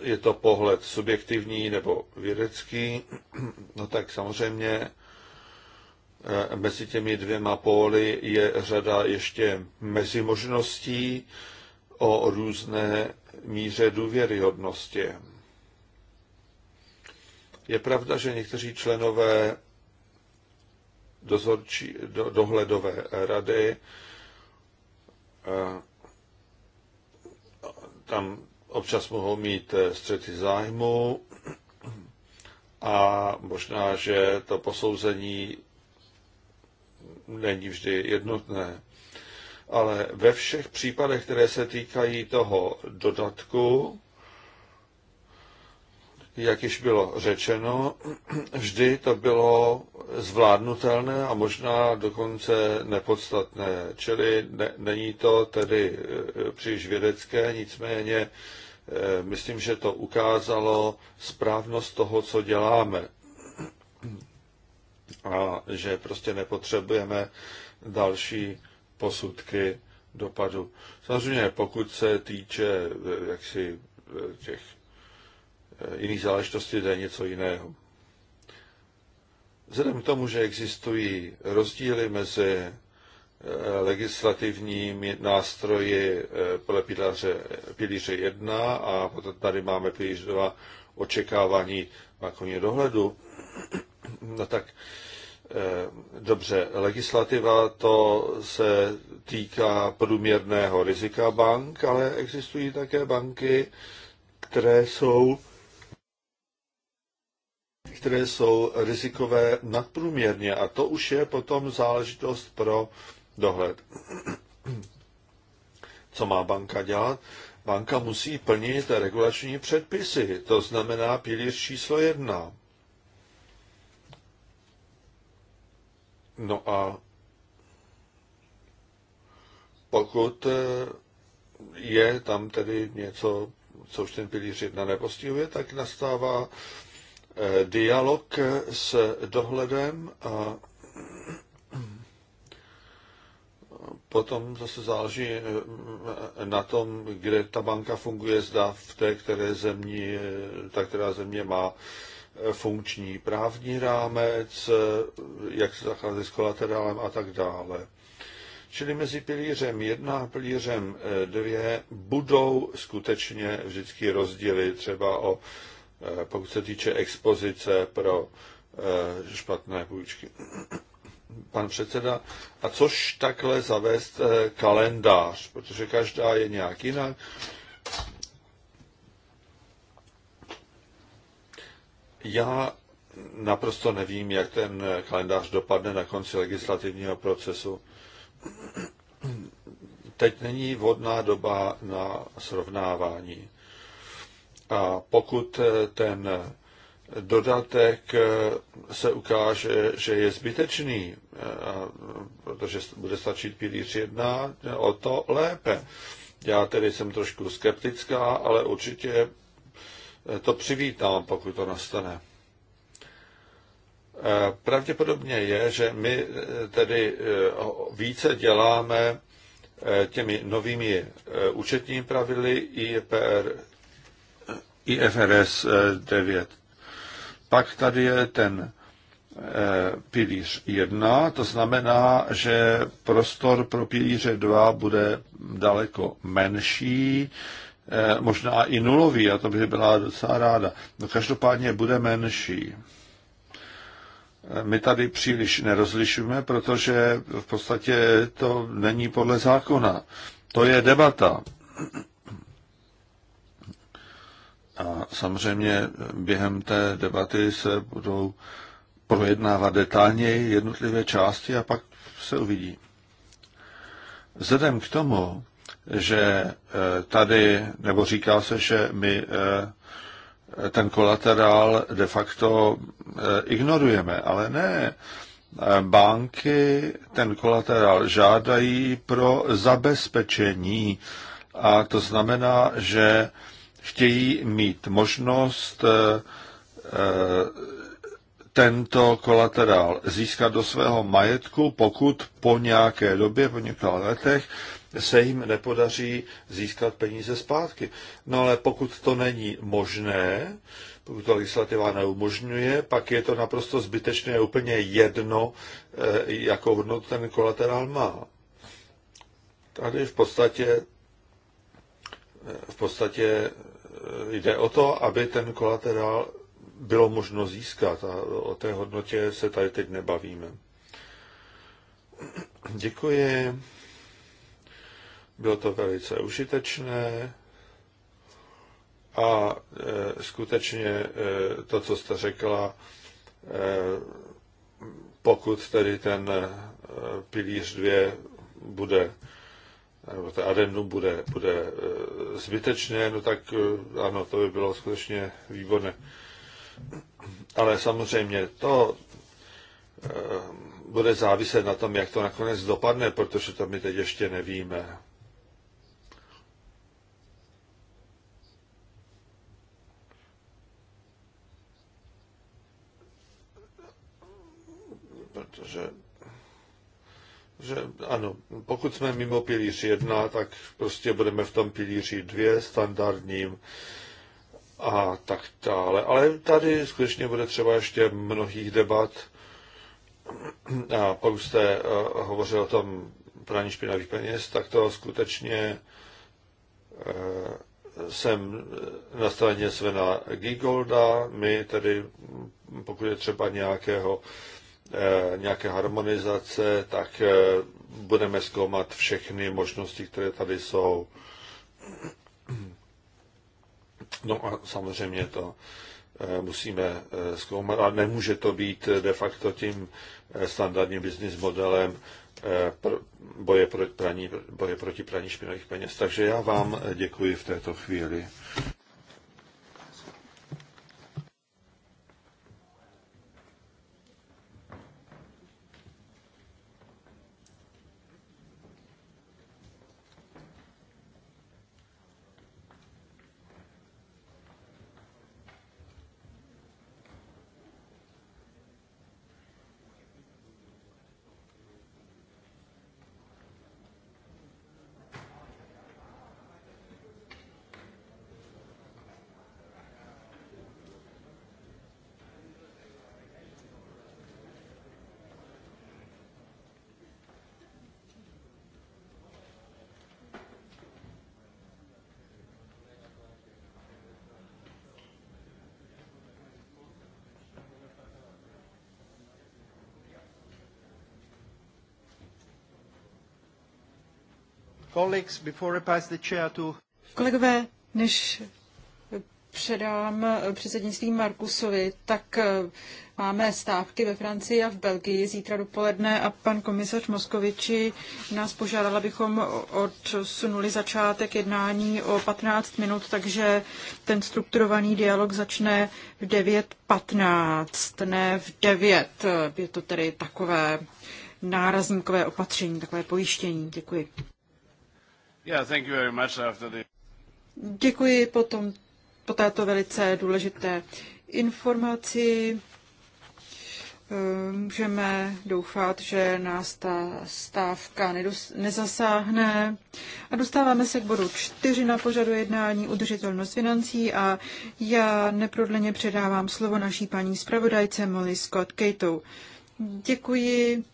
je to pohled subjektivní nebo vědecký, no tak samozřejmě Eh, mezi těmi dvěma póly je řada ještě mezimožností o různé míře důvěryhodnosti. Je pravda, že někteří členové dozorčí, do, dohledové rady eh, tam občas mohou mít eh, střety zájmu a možná, že to posouzení není vždy jednotné. Ale ve všech případech, které se týkají toho dodatku, jak již bylo řečeno, vždy to bylo zvládnutelné a možná dokonce nepodstatné. Čili ne, není to tedy e, příliš vědecké, nicméně e, myslím, že to ukázalo správnost toho, co děláme a že prostě nepotřebujeme další posudky dopadu. Samozřejmě, pokud se týče eh, jaksi eh, těch eh, jiných záležitostí, to je něco jiného. Vzhledem k tomu, že existují rozdíly mezi legislativními nástroji podle pilíře, pilíře 1 a potom tady máme pilíř 2 očekávání koně dohledu, No tak eh, dobře, legislativa to se týká průměrného rizika bank, ale existují také banky, které jsou které jsou rizikové nadprůměrně a to už je potom záležitost pro dohled. Co má banka dělat? Banka musí plnit regulační předpisy, to znamená pilíř číslo jedna. No a pokud eh, je tam tedy něco, co už ten pilíř jedna nepostihuje, tak nastává eh, dialog s dohledem a potom zase záleží eh, na tom, kde ta banka funguje, zda v té které země, ta která země má funkční právní rámec, jak se zachází s kolaterálem a tak dále. Čili mezi pilířem 1 a pilířem 2 eh, budou skutečně vždycky rozdíly třeba o, eh, pokud se týče expozice pro eh, špatné půjčky. Pan předseda, a což takhle zavést kalendář, protože každá je nějak jinak. Já naprosto nevím, jak ten kalendář dopadne na konci legislativního procesu. Teď není vhodná doba na srovnávání. A pokud ten dodatek se ukáže, že je zbytečný, protože bude stačit pilíř jedna, o to lépe. Já tedy jsem trošku skeptická, ale určitě Eh, to přivítám, pokud to nastane. Eh, pravděpodobně je, že my eh, tedy více děláme těmi novými účetními pravidly IPR, IFRS 9. Pak tady je ten pilíř 1, to znamená, že prostor pro pilíře 2 bude daleko menší, Eh, možná i nulový, a to by byla docela ráda. No každopádně bude menší. Eh, my tady příliš nerozlišujeme, protože v podstatě to není podle zákona. To je debata. A samozřejmě eh, během té debaty se budou projednávat detailněji jednotlivé části a pak se uvidí. Vzhledem k tomu, že eh, tady, nebo říká se, že my eh, ten kolaterál de facto eh, ignorujeme, ale ne. Banky ten kolaterál žádají pro zabezpečení a to znamená, že chtějí mít možnost tento kolaterál získat do svého majetku, pokud po nějaké době, po několika letech, se jim nepodaří získat peníze zpátky. No ale pokud to není možné, pokud to legislativa neumožňuje, pak je to naprosto zbytečné, úplně jedno, eh, jakou hodnotu ten kolaterál má. Tady v podstatě, v podstatě eh, jde o to, aby ten kolaterál bylo možno získat a o té hodnotě se tady teď nebavíme. Děkuji. Bylo to velice užitečné a e, skutečně e, to, co jste řekla, e, pokud tedy ten e, pilíř 2 bude nebo ten adendum bude, bude e, zbytečné, no tak e, ano, to by bylo skutečně výborné. Ale samozřejmě to e, bude záviset na tom, jak to nakonec dopadne, protože to my teď ještě nevíme. protože že ano, pokud jsme mimo pilíř 1, tak prostě budeme v tom pilíři 2 standardním a tak dále. Ale tady skutečně bude třeba ještě mnohých debat. A pokud jste eh, hovořil o tom praní špinavých peněz, tak to skutečně eh, jsem na straně Svena Gigolda. My tedy, pokud je třeba nějakého Eh, nějaké harmonizace, tak eh, budeme zkoumat všechny možnosti, které tady jsou. No a samozřejmě to eh, musíme zkoumat, ale nemůže to být de facto tím standardním business modelem boje, proti praní, boje proti praní špinavých peněz. Takže já vám děkuji v této chvíli. Kolegové, než předám eh, předsednictví Markusovi, tak eh, máme stávky ve Francii a v Belgii zítra dopoledne a pan komisař Moskoviči nás požádal, abychom odsunuli začátek jednání o 15 minut, takže ten strukturovaný dialog začne v 9.15, ne v 9. Je to tedy takové nárazníkové opatření, takové pojištění. Děkuji. Děkuji potom po této velice důležité informaci. Můžeme doufat, že nás ta stávka nezasáhne. A dostáváme se k bodu čtyři na pořadu jednání udržitelnost financí a já neprodleně předávám slovo naší paní zpravodajce Molly Scott Kejtou. Děkuji.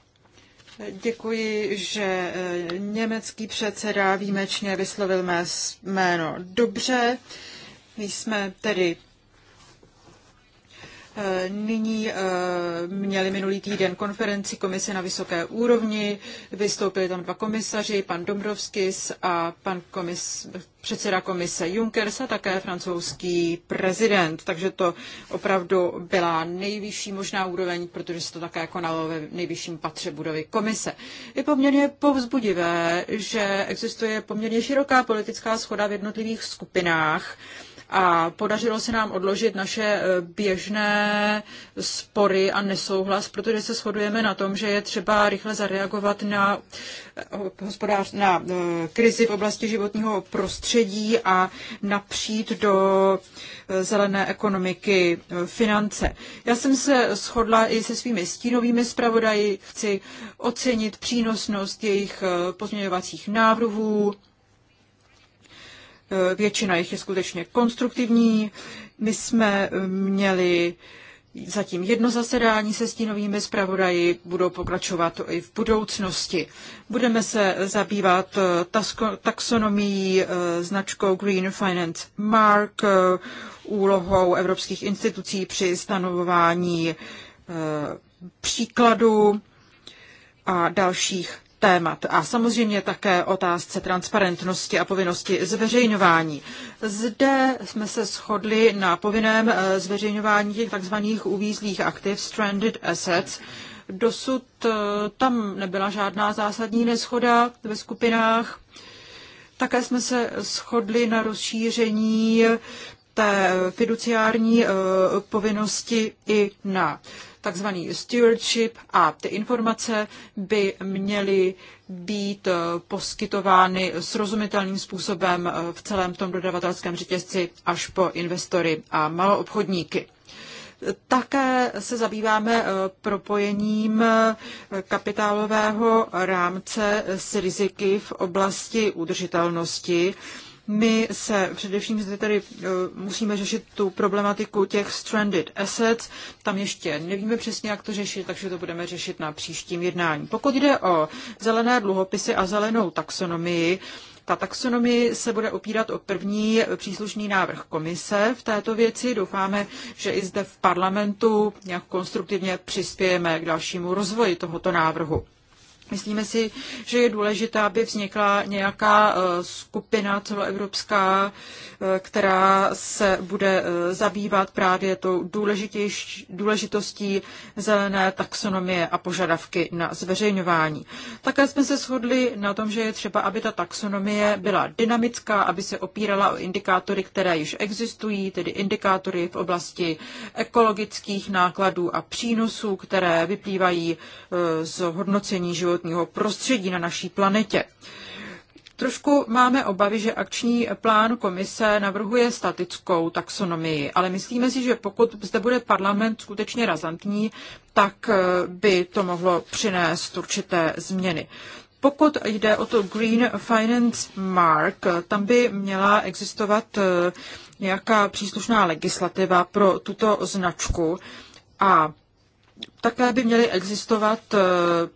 Děkuji, že eh, německý předseda výjimečně vyslovil mé jméno dobře. My jsme tedy Nyní eh, měli minulý týden konferenci komise na vysoké úrovni, vystoupili tam dva komisaři, pan Dombrovskis a pan komis, předseda komise Junckers a také francouzský prezident. Takže to opravdu byla nejvyšší možná úroveň, protože se to také konalo ve nejvyšším patře budovy komise. Je poměrně povzbudivé, že existuje poměrně široká politická schoda v jednotlivých skupinách, a podařilo se nám odložit naše e, běžné spory a nesouhlas, protože se shodujeme na tom, že je třeba rychle zareagovat na, e, hospodář, na e, krizi v oblasti životního prostředí a napřít do zelené ekonomiky finance. Já jsem se shodla i se svými stínovými zpravodaji, chci ocenit přínosnost jejich pozměňovacích návrhů, Eh, většina jich je skutečně konstruktivní. My jsme eh, měli zatím jedno zasedání se stínovými zpravodaji, budou pokračovat i v budoucnosti. Budeme se zabývat eh, taxonomií, značkou Green Finance Mark, úlohou evropských institucí při stanovování příkladu a dalších témat a samozřejmě také otázce transparentnosti a povinnosti zveřejňování. Zde jsme se shodli na povinném eh, zveřejňování těch tzv. uvízlých aktiv, stranded assets. Dosud eh, tam nebyla žádná zásadní neschoda ve skupinách. Také jsme se shodli na rozšíření té fiduciární eh, povinnosti i na takzvaný stewardship a ty informace by měly být eh, poskytovány srozumitelným způsobem eh, v celém tom dodavatelském řetězci až po investory a maloobchodníky. Také se zabýváme propojením kapitálového rámce s riziky v oblasti udržitelnosti. My se především zde tedy eh, musíme řešit tu problematiku těch stranded assets. Tam ještě nevíme přesně, jak to řešit, takže to budeme řešit na příštím jednání. Pokud jde o zelené dluhopisy a zelenou taxonomii, ta taxonomie se bude opírat o první příslušný návrh komise v této věci. Doufáme, že i zde v parlamentu nějak konstruktivně přispějeme k dalšímu rozvoji tohoto návrhu. Myslíme si, že je důležité, aby vznikla nějaká eh, skupina celoevropská, eh, která se bude eh, zabývat právě tou důležitostí zelené taxonomie a požadavky na zveřejňování. Také jsme se shodli na tom, že je třeba, aby ta taxonomie byla dynamická, aby se opírala o indikátory, které již existují, tedy indikátory v oblasti ekologických nákladů a přínosů, které vyplývají z hodnocení životního životního prostředí na naší planetě. Trošku máme obavy, že akční plán komise navrhuje statickou taxonomii, ale myslíme si, že pokud zde bude parlament skutečně razantní, tak eh, by to mohlo přinést určité změny. Pokud jde o to Green Finance Mark, tam by měla existovat eh, nějaká příslušná legislativa pro tuto značku a také by měly existovat eh,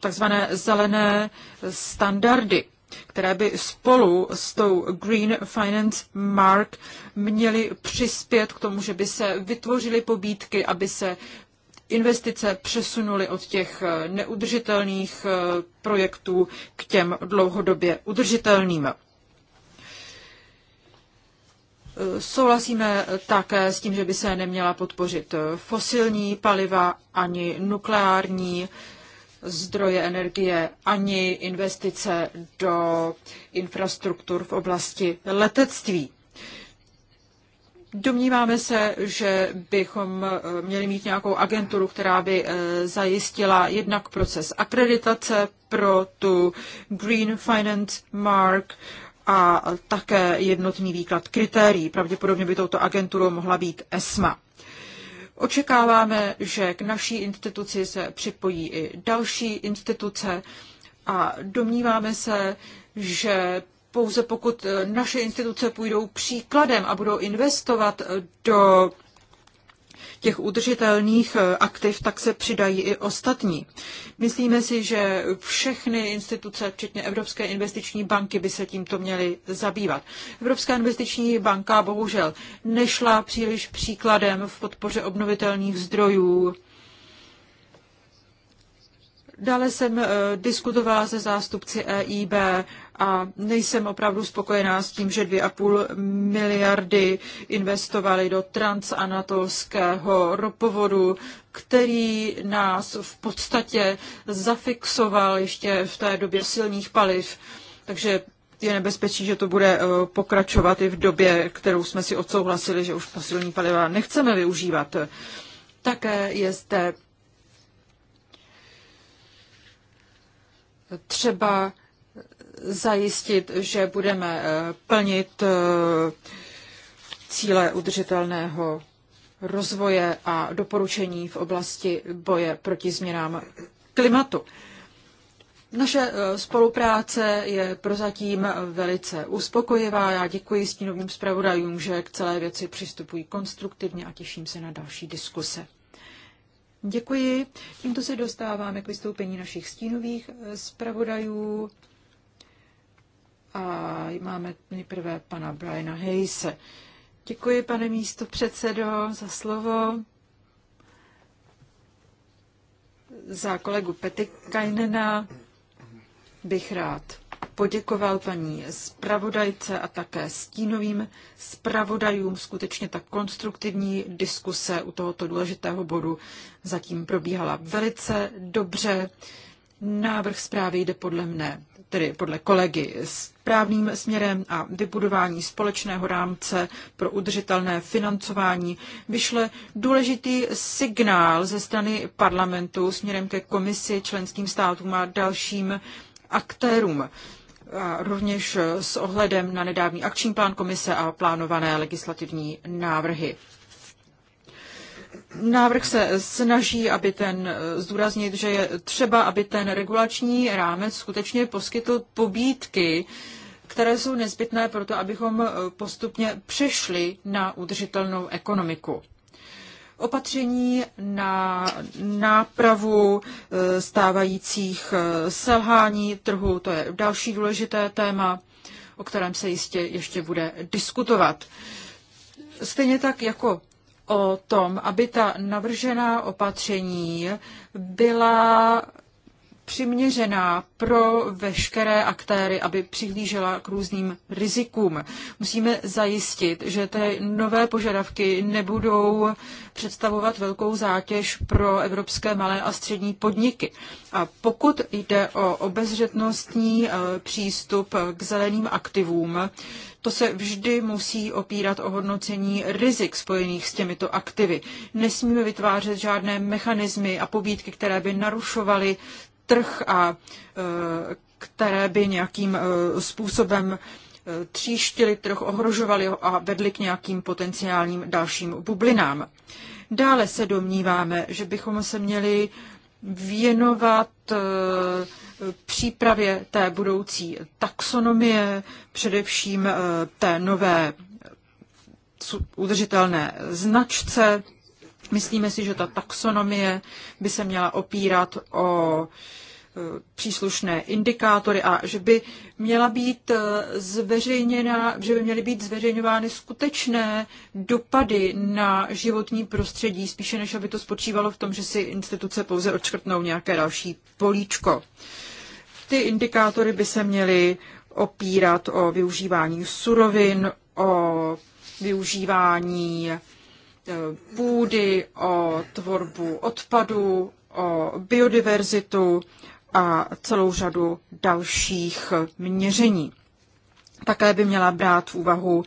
takzvané zelené standardy, které by spolu s tou Green Finance Mark měly přispět k tomu, že by se vytvořily pobídky, aby se investice přesunuly od těch eh, neudržitelných eh, projektů k těm dlouhodobě udržitelným. Souhlasíme také s tím, že by se neměla podpořit fosilní paliva, ani nukleární zdroje energie, ani investice do infrastruktur v oblasti letectví. Domníváme se, že bychom měli mít nějakou agenturu, která by eh, zajistila jednak proces akreditace pro tu Green Finance Mark a také jednotný výklad kritérií. Pravděpodobně by touto agenturou mohla být ESMA. Očekáváme, že k naší instituci se připojí i další instituce a domníváme se, že pouze pokud naše instituce půjdou příkladem a budou investovat do těch udržitelných eh, aktiv, tak se přidají i ostatní. Myslíme si, že všechny instituce, včetně Evropské investiční banky, by se tímto měly zabývat. Evropská investiční banka bohužel nešla příliš příkladem v podpoře obnovitelných zdrojů. Dále jsem eh, diskutovala se zástupci EIB a nejsem opravdu spokojená s tím, že 2,5 miliardy investovali do transanatolského ropovodu, který nás v podstatě zafixoval ještě v té době silných paliv. Takže je nebezpečí, že to bude eh, pokračovat i v době, kterou jsme si odsouhlasili, že už fosilní paliva nechceme využívat. Také je zde třeba zajistit, že budeme eh, plnit eh, cíle udržitelného rozvoje a doporučení v oblasti boje proti změnám klimatu. Naše eh, spolupráce je prozatím velice uspokojivá. Já děkuji stínovým zpravodajům, že k celé věci přistupují konstruktivně a těším se na další diskuse. Děkuji. Tímto se dostáváme k vystoupení našich stínových zpravodajů. A máme nejprve pana Briana Hayse. Děkuji, pane místo předsedo, za slovo. Za kolegu Kajnena bych rád poděkoval paní zpravodajce a také stínovým zpravodajům. Skutečně ta konstruktivní diskuse u tohoto důležitého bodu zatím probíhala velice dobře. Návrh zprávy jde podle mne, tedy podle kolegy z správným směrem a vybudování společného rámce pro udržitelné financování vyšle důležitý signál ze strany parlamentu směrem ke komisi, členským státům a dalším aktérům. A rovněž s ohledem na nedávný akční plán komise a plánované legislativní návrhy. Návrh se snaží, aby ten, eh, zdůraznit, že je třeba, aby ten regulační rámec skutečně poskytl pobídky, které jsou nezbytné pro to, abychom eh, postupně přešli na udržitelnou ekonomiku. Opatření na nápravu eh, stávajících selhání trhu, to je další důležité téma, o kterém se jistě ještě bude diskutovat. Stejně tak jako o tom, aby ta navržená opatření byla přiměřená pro veškeré aktéry, aby přihlížela k různým rizikům. Musíme zajistit, že ty nové požadavky nebudou představovat velkou zátěž pro evropské malé a střední podniky. A pokud jde o obezřetnostní eh, přístup k zeleným aktivům, to se vždy musí opírat o hodnocení rizik spojených s těmito aktivy. Nesmíme vytvářet žádné mechanismy a pobídky, které by narušovaly trh a e, které by nějakým e, způsobem e, tříštily trh, ohrožovaly ho a vedly k nějakým potenciálním dalším bublinám. Dále se domníváme, že bychom se měli věnovat přípravě té budoucí taxonomie, především eh, té nové eh, udržitelné značce. Myslíme si, že ta taxonomie by se měla opírat o eh, příslušné indikátory a že by měla být zveřejněna, že by měly být zveřejňovány skutečné dopady na životní prostředí, spíše než aby to spočívalo v tom, že si instituce pouze odškrtnou nějaké další políčko. Ty indikátory by se měly opírat o využívání surovin, o využívání e, půdy, o tvorbu odpadu, o biodiverzitu a celou řadu dalších měření. Také by měla brát v úvahu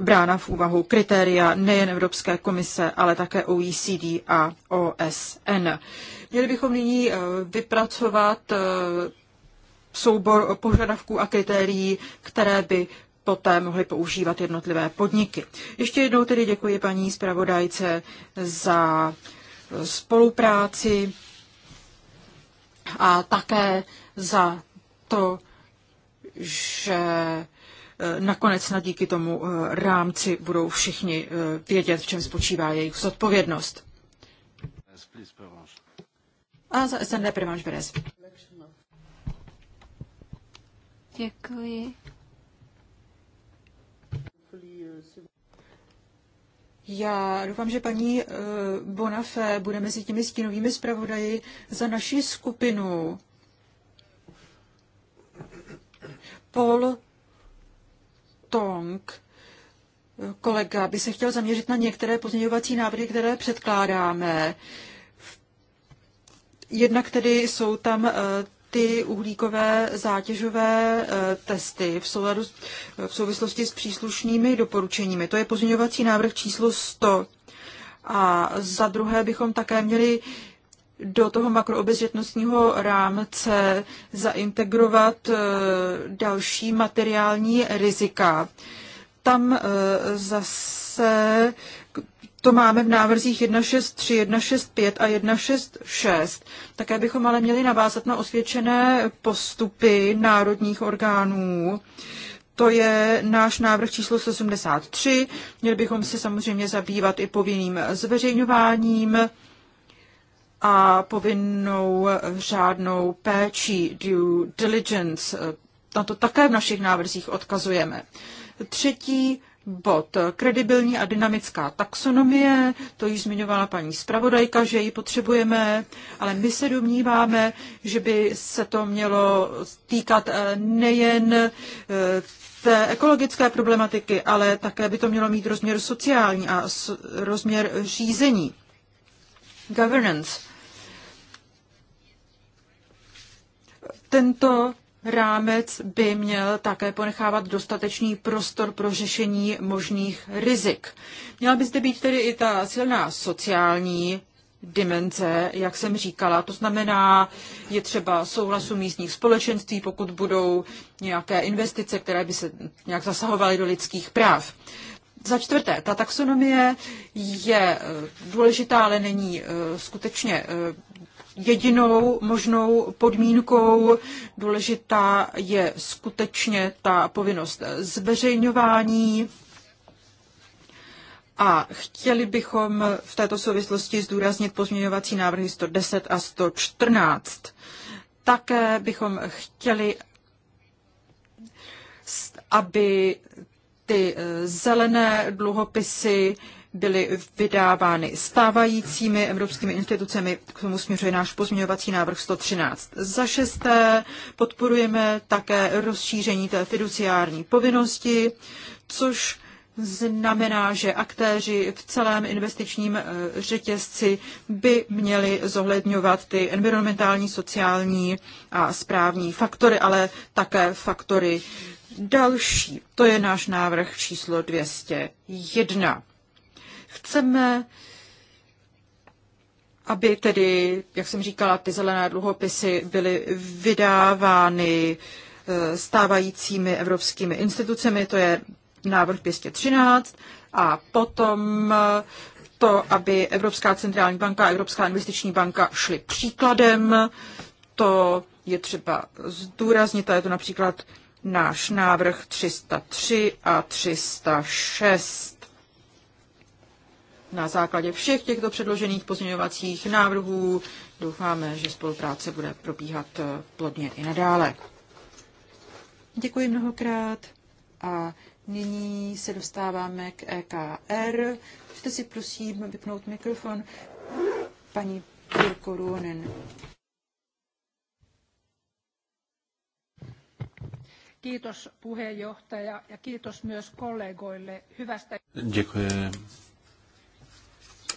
brána v úvahu kritéria nejen Evropské komise, ale také OECD a OSN. Měli bychom nyní e, vypracovat e, soubor požadavků a kritérií, které by poté mohly používat jednotlivé podniky. Ještě jednou tedy děkuji paní zpravodajce za spolupráci a také za to, že eh, nakonec na díky tomu eh, rámci budou všichni eh, vědět, v čem spočívá jejich zodpovědnost. A za SND Primáš Berez. Děkuji. Já doufám, že paní eh, Bonafé bude mezi těmi stínovými zpravodaji za naši skupinu. Paul Tong, kolega, by se chtěl zaměřit na některé pozměňovací návrhy, které předkládáme. Jednak tedy jsou tam eh, ty uhlíkové zátěžové eh, testy v, souladu, v souvislosti s příslušnými doporučeními. To je pozměňovací návrh číslo 100. A za druhé bychom také měli do toho makroobezřetnostního rámce zaintegrovat eh, další materiální rizika. Tam eh, zase to máme v návrzích 163, 165 a 166. Také bychom ale měli navázat na osvědčené postupy národních orgánů. To je náš návrh číslo 73. Měli bychom se samozřejmě zabývat i povinným zveřejňováním a povinnou řádnou péčí due diligence. Eh, na to také v našich návrzích odkazujeme. Třetí bod kredibilní a dynamická taxonomie, to již zmiňovala paní zpravodajka, že ji potřebujeme, ale my se domníváme, že by se to mělo týkat eh, nejen eh, té ekologické problematiky, ale také by to mělo mít rozměr sociální a rozměr řízení. Governance. Tento rámec by měl také ponechávat dostatečný prostor pro řešení možných rizik. Měla by zde být tedy i ta silná sociální dimenze, jak jsem říkala. To znamená, je třeba souhlasu místních společenství, pokud budou nějaké investice, které by se nějak zasahovaly do lidských práv. Za čtvrté, ta taxonomie je eh, důležitá, ale není eh, skutečně eh, jedinou možnou podmínkou. Důležitá je skutečně ta povinnost zveřejňování. A chtěli bychom v této souvislosti zdůraznit pozměňovací návrhy 110 a 114. Také bychom chtěli, aby ty eh, zelené dluhopisy byly vydávány stávajícími evropskými institucemi. K tomu směřuje náš pozměňovací návrh 113. Za šesté podporujeme také rozšíření té fiduciární povinnosti, což znamená, že aktéři v celém investičním eh, řetězci by měli zohledňovat ty environmentální, sociální a správní faktory, ale také faktory další. To je náš návrh číslo 201 chceme, aby tedy, jak jsem říkala, ty zelené dluhopisy byly vydávány eh, stávajícími evropskými institucemi, to je návrh 213, a potom eh, to, aby Evropská centrální banka a Evropská investiční banka šly příkladem, to je třeba zdůraznit, a je to například náš návrh 303 a 306 na základě všech těchto předložených pozměňovacích návrhů doufáme, že spolupráce bude probíhat eh, plodně i nadále. Děkuji mnohokrát a nyní se dostáváme k EKR. Můžete si prosím vypnout mikrofon paní Pirko Ruonen. puheenjohtaja ja myös kollegoille hyvästä. Děkuji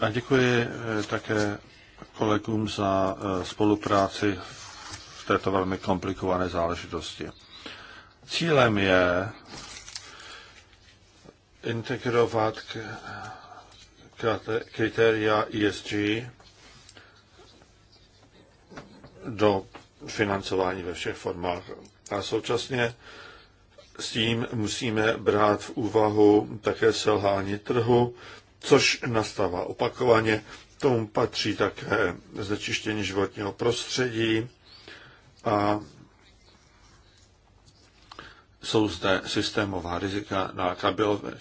a děkuji eh, také kolegům za eh, spolupráci v této velmi komplikované záležitosti. Cílem je integrovat kritéria ESG do financování ve všech formách. A současně s tím musíme brát v úvahu také selhání trhu, což nastává opakovaně. Tomu patří také znečištění životního prostředí a jsou zde systémová rizika na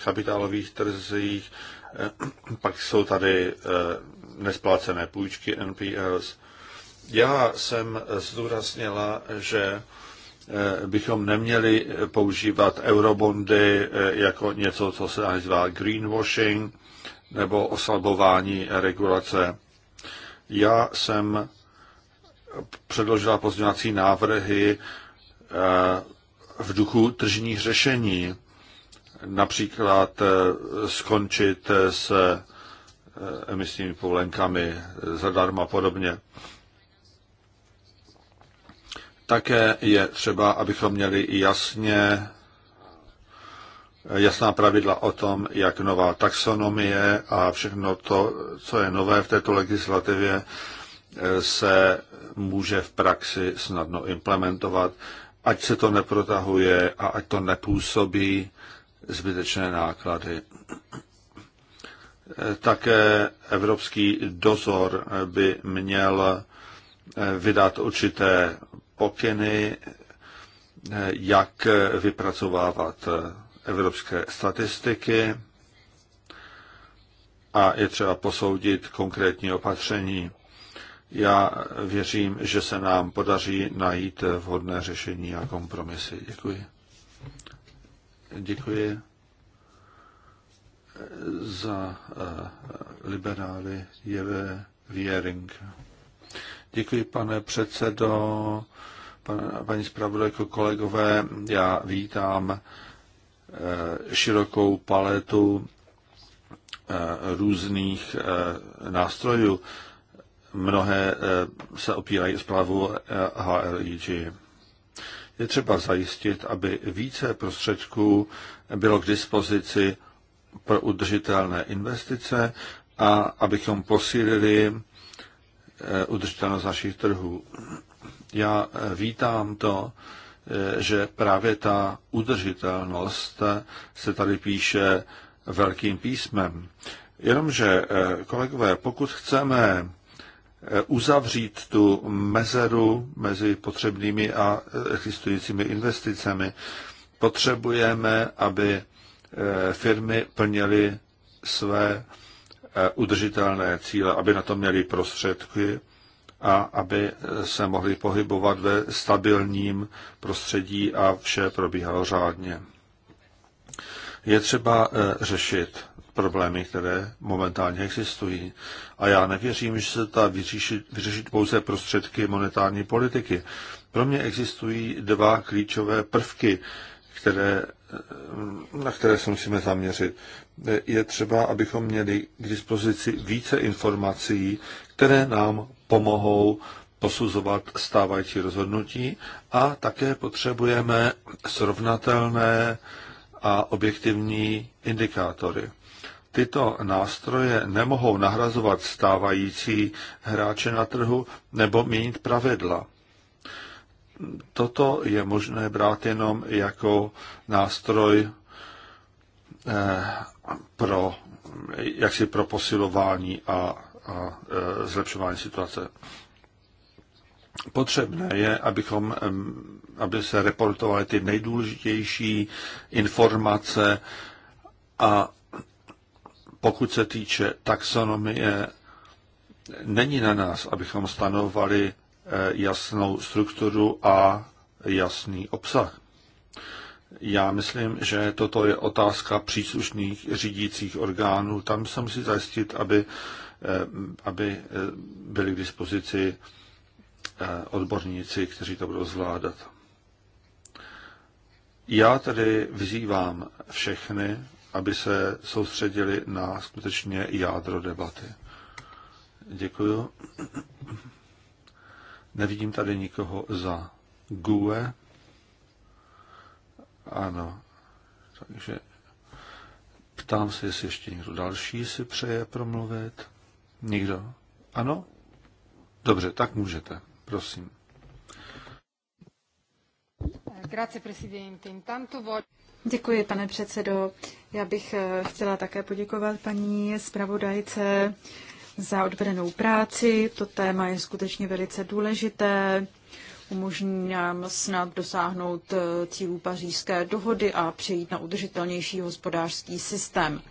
kapitálových trzích, eh, pak jsou tady eh, nesplácené půjčky NPLs. Já jsem zdůraznila, že Eh, bychom neměli eh, používat eurobondy eh, jako něco, co se nazývá greenwashing nebo oslabování regulace. Já jsem předložila pozměňovací návrhy v duchu tržních řešení, například skončit s emisními povolenkami zadarmo a podobně. Také je třeba, abychom měli jasně jasná pravidla o tom, jak nová taxonomie a všechno to, co je nové v této legislativě, eh, se může v praxi snadno implementovat, ať se to neprotahuje a ať to nepůsobí zbytečné náklady. Eh, také evropský dozor by měl eh, vydat určité pokyny, jak vypracovávat evropské statistiky a je třeba posoudit konkrétní opatření. Já věřím, že se nám podaří najít vhodné řešení a kompromisy. Děkuji. Děkuji za eh, liberály Jeve Věring. Děkuji, pane předsedo paní zpravodajko, kolegové, já vítám eh, širokou paletu eh, různých eh, nástrojů. Mnohé se opírají zprávu HLIG. Je třeba zajistit, aby více prostředků bylo k dispozici pro udržitelné investice a abychom posílili udržitelnost našich trhů. Já eh, vítám to, eh, že právě ta udržitelnost eh, se tady píše velkým písmem. Jenomže, kolegové, pokud chceme uzavřít tu mezeru mezi potřebnými a existujícími investicemi, potřebujeme, aby firmy plnily své udržitelné cíle, aby na to měly prostředky a aby se mohli pohybovat ve stabilním prostředí a vše probíhalo řádně. Je třeba eh, řešit problémy, které momentálně existují. A já nevěřím, že se ta vyřešit, vyřešit pouze prostředky monetární politiky. Pro mě existují dva klíčové prvky, které, eh, na které se musíme zaměřit. Eh, je třeba, abychom měli k dispozici více informací, které nám pomohou posuzovat stávající rozhodnutí a také potřebujeme srovnatelné a objektivní indikátory. Tyto nástroje nemohou nahrazovat stávající hráče na trhu nebo měnit pravidla. Toto je možné brát jenom jako nástroj eh, pro, jaksi pro posilování a a e, zlepšování situace. Potřebné je, abychom, aby se reportovaly ty nejdůležitější informace a pokud se týče taxonomie, není na nás, abychom stanovali e, jasnou strukturu a jasný obsah. Já myslím, že toto je otázka příslušných řídících orgánů. Tam se musí zajistit, aby Eh, aby eh, byli k dispozici eh, odborníci, kteří to budou zvládat. Já tedy vyzývám všechny, aby se soustředili na skutečně jádro debaty. Děkuju. Nevidím tady nikoho za GUE. Ano, takže ptám se, jestli ještě někdo další si přeje promluvit. Nikdo? Ano? Dobře, tak můžete. Prosím. Děkuji, pane předsedo. Já bych eh, chtěla také poděkovat paní zpravodajce za odvedenou práci. To téma je skutečně velice důležité umožní nám snad dosáhnout eh, cílů pařížské dohody a přejít na udržitelnější hospodářský systém.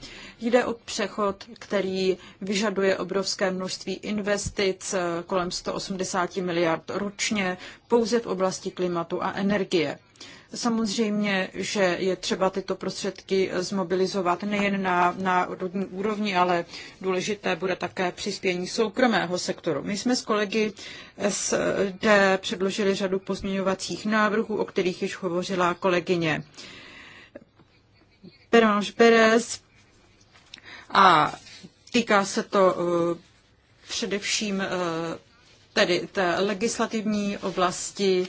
Jde o přechod, který vyžaduje obrovské množství investic, eh, kolem 180 miliard ročně, pouze v oblasti klimatu a energie. Samozřejmě, že je třeba tyto prostředky zmobilizovat nejen na národní úrovni, ale důležité bude také přispění soukromého sektoru. My jsme s kolegy SD předložili řadu pozměňovacích návrhů, o kterých již hovořila kolegyně Perange Perez a týká se to uh, především uh, tedy té legislativní oblasti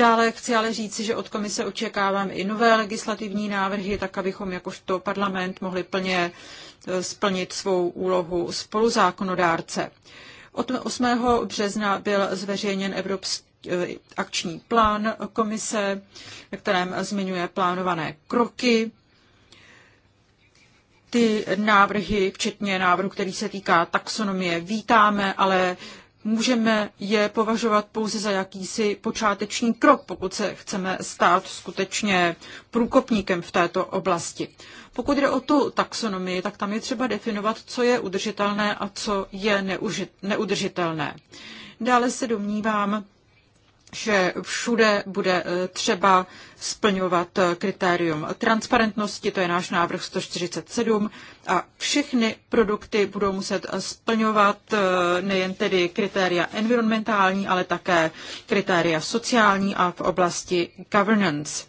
Dále chci ale říci, že od komise očekávám i nové legislativní návrhy, tak abychom jakožto parlament mohli plně e, splnit svou úlohu spoluzákonodárce. Od 8. března byl zveřejněn Evropský e, akční plán komise, ve kterém zmiňuje plánované kroky. Ty návrhy, včetně návrhu, který se týká taxonomie, vítáme, ale můžeme je považovat pouze za jakýsi počáteční krok, pokud se chceme stát skutečně průkopníkem v této oblasti. Pokud jde o tu taxonomii, tak tam je třeba definovat, co je udržitelné a co je neužit, neudržitelné. Dále se domnívám, že všude bude e, třeba splňovat e, kritérium transparentnosti, to je náš návrh 147, a všechny produkty budou muset e, splňovat nejen tedy kritéria environmentální, ale také kritéria sociální a v oblasti governance.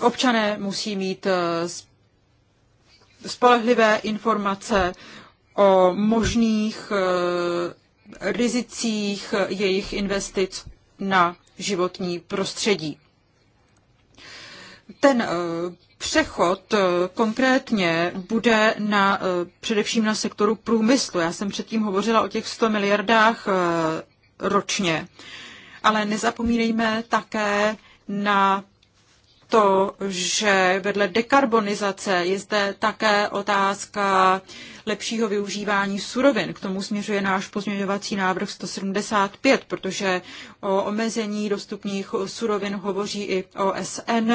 Občané musí mít spolehlivé informace o možných rizicích jejich investic na životní prostředí. Ten eh, přechod eh, konkrétně bude na, eh, především na sektoru průmyslu. Já jsem předtím hovořila o těch 100 miliardách ročně, ale nezapomínejme také na to, že vedle dekarbonizace je zde také otázka lepšího využívání surovin. K tomu směřuje náš pozměňovací návrh 175, protože o omezení dostupných surovin hovoří i OSN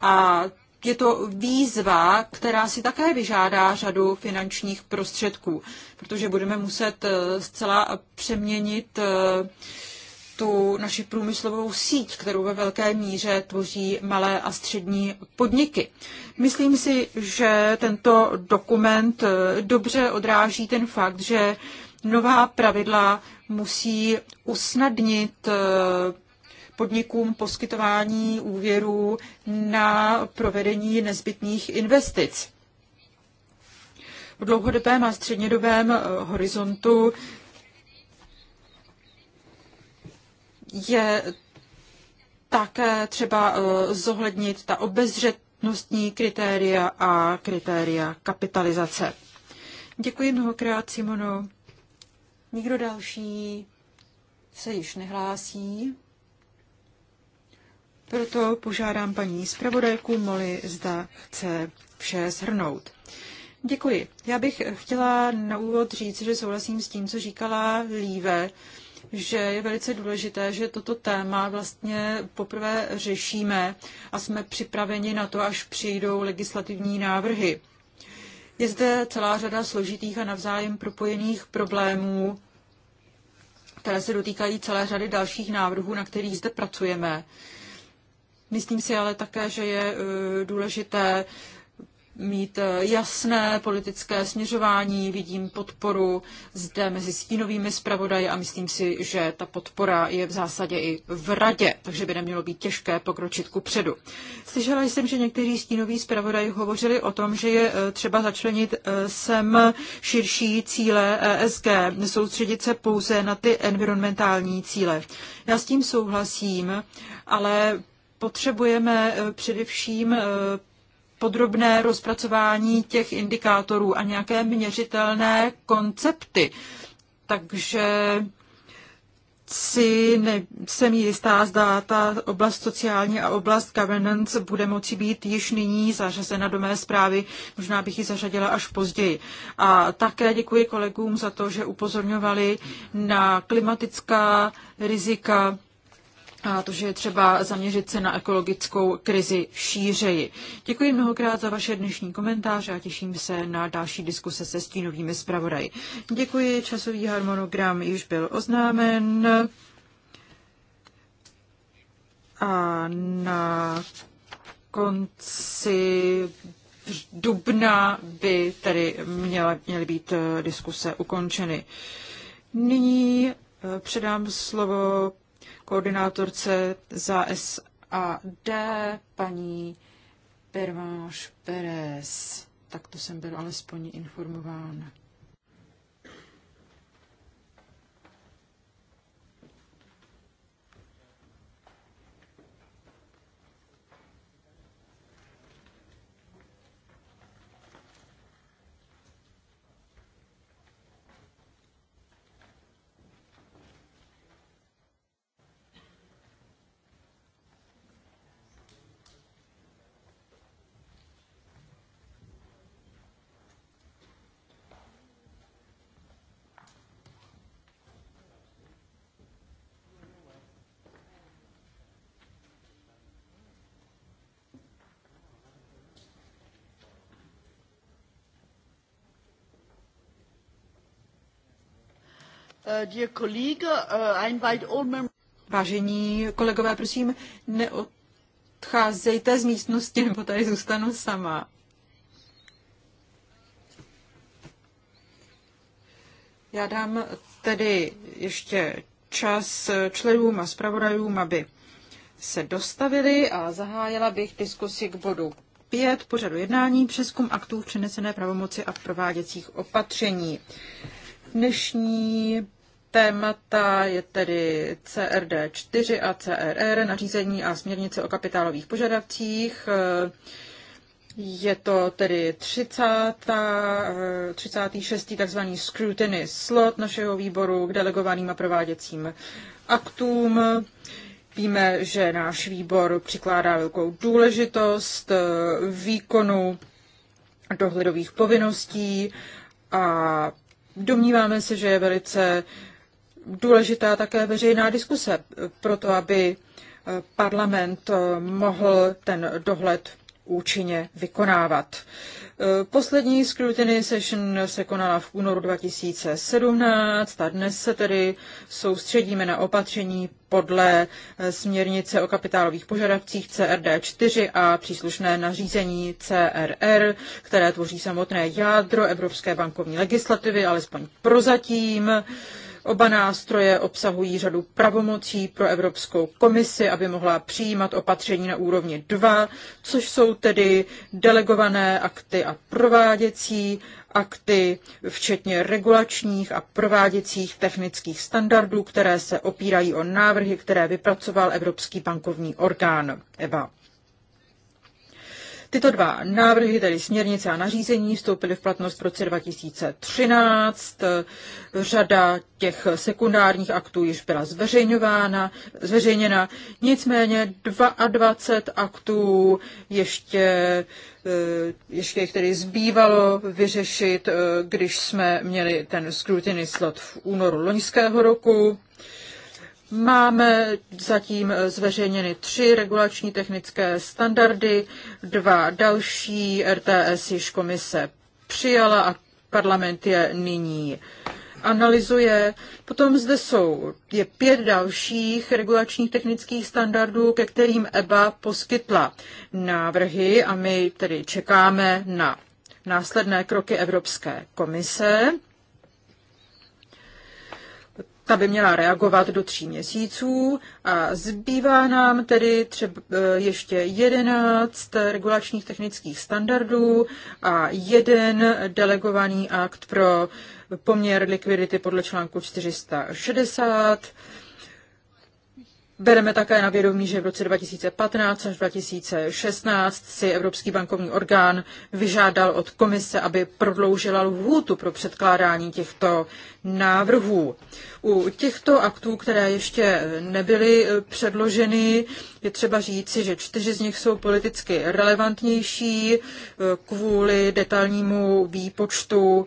a je to výzva, která si také vyžádá řadu finančních prostředků, protože budeme muset eh, zcela přeměnit eh, tu naši průmyslovou síť, kterou ve velké míře tvoří malé a střední podniky. Myslím si, že tento dokument eh, dobře odráží ten fakt, že nová pravidla musí usnadnit eh, podnikům poskytování úvěrů na provedení nezbytných investic. V dlouhodobém a střednědobém eh, horizontu je také třeba eh, zohlednit ta obezřetnostní kritéria a kritéria kapitalizace. Děkuji mnohokrát, Simono. Nikdo další se již nehlásí. Proto požádám paní zpravodajku Moli, zda chce vše shrnout. Děkuji. Já bych chtěla na úvod říct, že souhlasím s tím, co říkala Líve, že je velice důležité, že toto téma vlastně poprvé řešíme a jsme připraveni na to, až přijdou legislativní návrhy. Je zde celá řada složitých a navzájem propojených problémů, které se dotýkají celé řady dalších návrhů, na kterých zde pracujeme. Myslím si ale také, že je e, důležité mít eh, jasné politické směřování, vidím podporu zde mezi stínovými zpravodaji a myslím si, že ta podpora je v zásadě i v radě, takže by nemělo být těžké pokročit ku předu. Slyšela jsem, že někteří stínoví zpravodaji hovořili o tom, že je eh, třeba začlenit eh, sem širší cíle ESG, soustředit se pouze na ty environmentální cíle. Já s tím souhlasím, ale potřebujeme především podrobné rozpracování těch indikátorů a nějaké měřitelné koncepty. Takže si ne, jsem jistá, zda ta oblast sociální a oblast governance bude moci být již nyní zařazena do mé zprávy. Možná bych ji zařadila až později. A také děkuji kolegům za to, že upozorňovali na klimatická rizika a to, že je třeba zaměřit se na ekologickou krizi šířeji. Děkuji mnohokrát za vaše dnešní komentáře a těším se na další diskuse se stínovými zpravodaji. Děkuji, časový harmonogram již byl oznámen. A na konci dubna by tedy měla, měly být eh, diskuse ukončeny. Nyní eh, předám slovo koordinátorce za SAD, paní Perváš Perez. Tak to jsem byl alespoň informován. Uh, Vážení kolegové, prosím, neodcházejte z místnosti, nebo tady zůstanu sama. Já dám tedy ještě čas členům a zpravodajům, aby se dostavili a zahájila bych diskusi k bodu 5 pořadu jednání přeskum aktů v přenesené pravomoci a prováděcích opatření. Dnešní témata je tedy CRD 4 a CRR, nařízení a směrnice o kapitálových požadavcích. Je to tedy 30. 36. takzvaný scrutiny slot našeho výboru k delegovaným a prováděcím aktům. Víme, že náš výbor přikládá velkou důležitost výkonu dohledových povinností a Domníváme se, že je velice důležitá také veřejná diskuse pro to, aby eh, parlament eh, mohl ten dohled účinně vykonávat. E, poslední scrutiny session se konala v únoru 2017 a dnes se tedy soustředíme na opatření podle e, směrnice o kapitálových požadavcích CRD 4 a příslušné nařízení CRR, které tvoří samotné jádro Evropské bankovní legislativy, alespoň prozatím. Oba nástroje obsahují řadu pravomocí pro Evropskou komisi, aby mohla přijímat opatření na úrovni 2, což jsou tedy delegované akty a prováděcí akty, včetně regulačních a prováděcích technických standardů, které se opírají o návrhy, které vypracoval Evropský bankovní orgán EBA. Tyto dva návrhy, tedy směrnice a nařízení, vstoupily v platnost v roce 2013. Řada těch sekundárních aktů již byla zveřejňována, zveřejněna. Nicméně 22 aktů ještě eh, ještě jich tedy zbývalo vyřešit, eh, když jsme měli ten scrutiny slot v únoru loňského roku. Máme zatím zveřejněny tři regulační technické standardy, dva další RTS již komise přijala a parlament je nyní analyzuje. Potom zde jsou je pět dalších regulačních technických standardů, ke kterým EBA poskytla návrhy a my tedy čekáme na následné kroky Evropské komise ta by měla reagovat do tří měsíců a zbývá nám tedy třeba eh, ještě 11 regulačních technických standardů a jeden delegovaný akt pro poměr likvidity podle článku 460 Bereme také na vědomí, že v roce 2015 až 2016 si Evropský bankovní orgán vyžádal od komise, aby prodloužila lhůtu pro předkládání těchto návrhů. U těchto aktů, které ještě nebyly eh, předloženy, je třeba říci, že čtyři z nich jsou politicky relevantnější eh, kvůli detailnímu výpočtu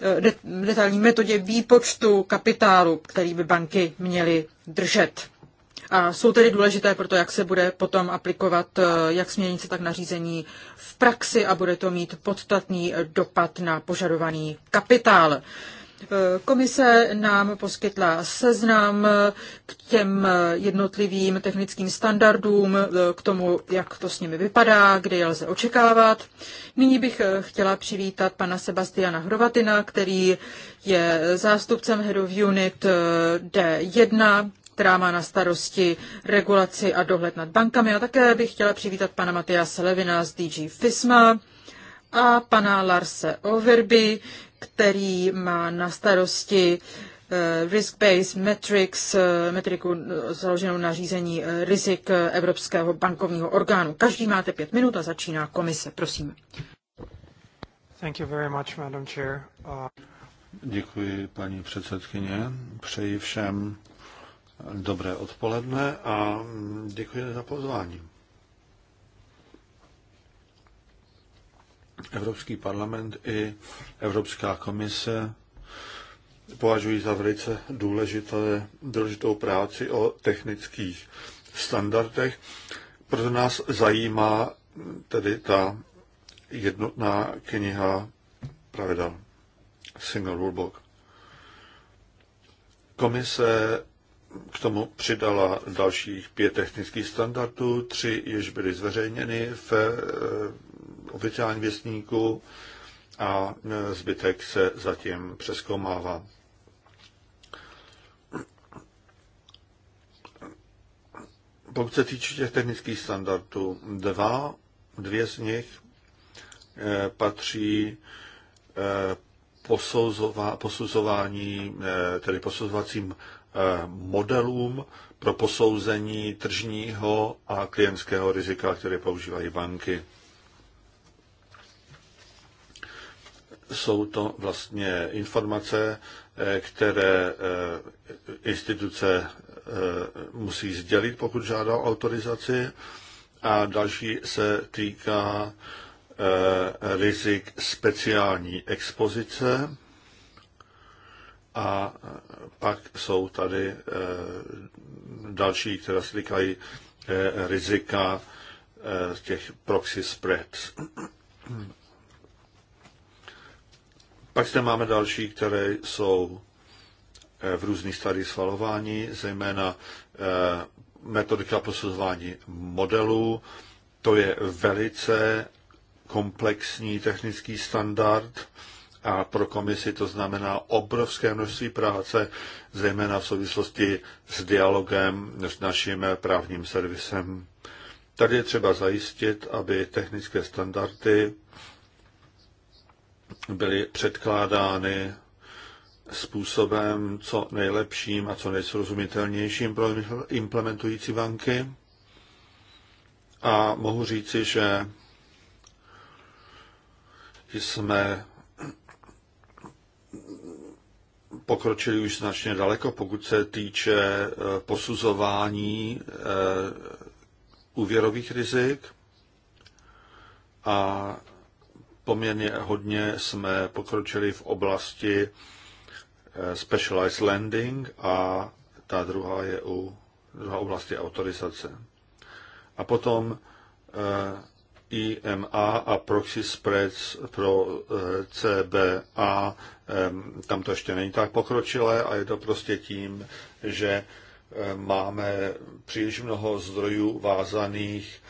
eh, detailní metodě výpočtu kapitálu, který by banky měly držet a jsou tedy důležité pro to, jak se bude potom aplikovat eh, jak směrnice, tak nařízení v praxi a bude to mít podstatný eh, dopad na požadovaný kapitál. Eh, komise nám poskytla seznam k těm jednotlivým technickým standardům, k tomu, jak to s nimi vypadá, kde je lze očekávat. Nyní bych chtěla přivítat pana Sebastiana Hrovatina, který je zástupcem Head of Unit D1 která má na starosti regulaci a dohled nad bankami. A také bych chtěla přivítat pana Matyase Levina z DG FISMA a pana Larse Overby, který má na starosti eh, risk-based metrics, eh, metriku založenou na řízení eh, rizik Evropského bankovního orgánu. Každý máte pět minut a začíná komise. Prosím. Thank you very much, Madam Chair. Uh... Děkuji, paní předsedkyně. Přeji všem Dobré odpoledne a děkuji za pozvání. Evropský parlament i Evropská komise považují za velice důležité, důležitou práci o technických standardech. Proto nás zajímá tedy ta jednotná kniha pravidel, single rulebook. Komise k tomu přidala dalších pět technických standardů, tři jež byly zveřejněny v eh, oficiálním věstníku a eh, zbytek se zatím přeskoumává. Pokud se týče těch technických standardů, dva, dvě z nich eh, patří posouzová, posuzování, tedy posuzovacím modelům pro posouzení tržního a klientského rizika, které používají banky. Jsou to vlastně informace, eh, které eh, instituce eh, musí sdělit, pokud žádá autorizaci. A další se týká rizik speciální expozice a pak jsou tady eh, další, které se týkají eh, rizika eh, těch proxy spreads. Pak zde máme další, které jsou v různých stadiích svalování, zejména metodika posuzování modelů. To je velice komplexní technický standard, a pro komisi to znamená obrovské množství práce, zejména v souvislosti s dialogem s naším právním servisem. Tady je třeba zajistit, aby technické standardy byly předkládány způsobem co nejlepším a co nejsrozumitelnějším pro implementující banky. A mohu říci, že jsme pokročili už značně daleko, pokud se týče eh, posuzování eh, úvěrových rizik a poměrně hodně jsme pokročili v oblasti eh, specialized lending a ta druhá je u druhá oblasti autorizace. A potom IMA a proxy spreads pro eh, CBA, tam to ještě není tak pokročilé a je to prostě tím, že eh, máme příliš mnoho zdrojů vázaných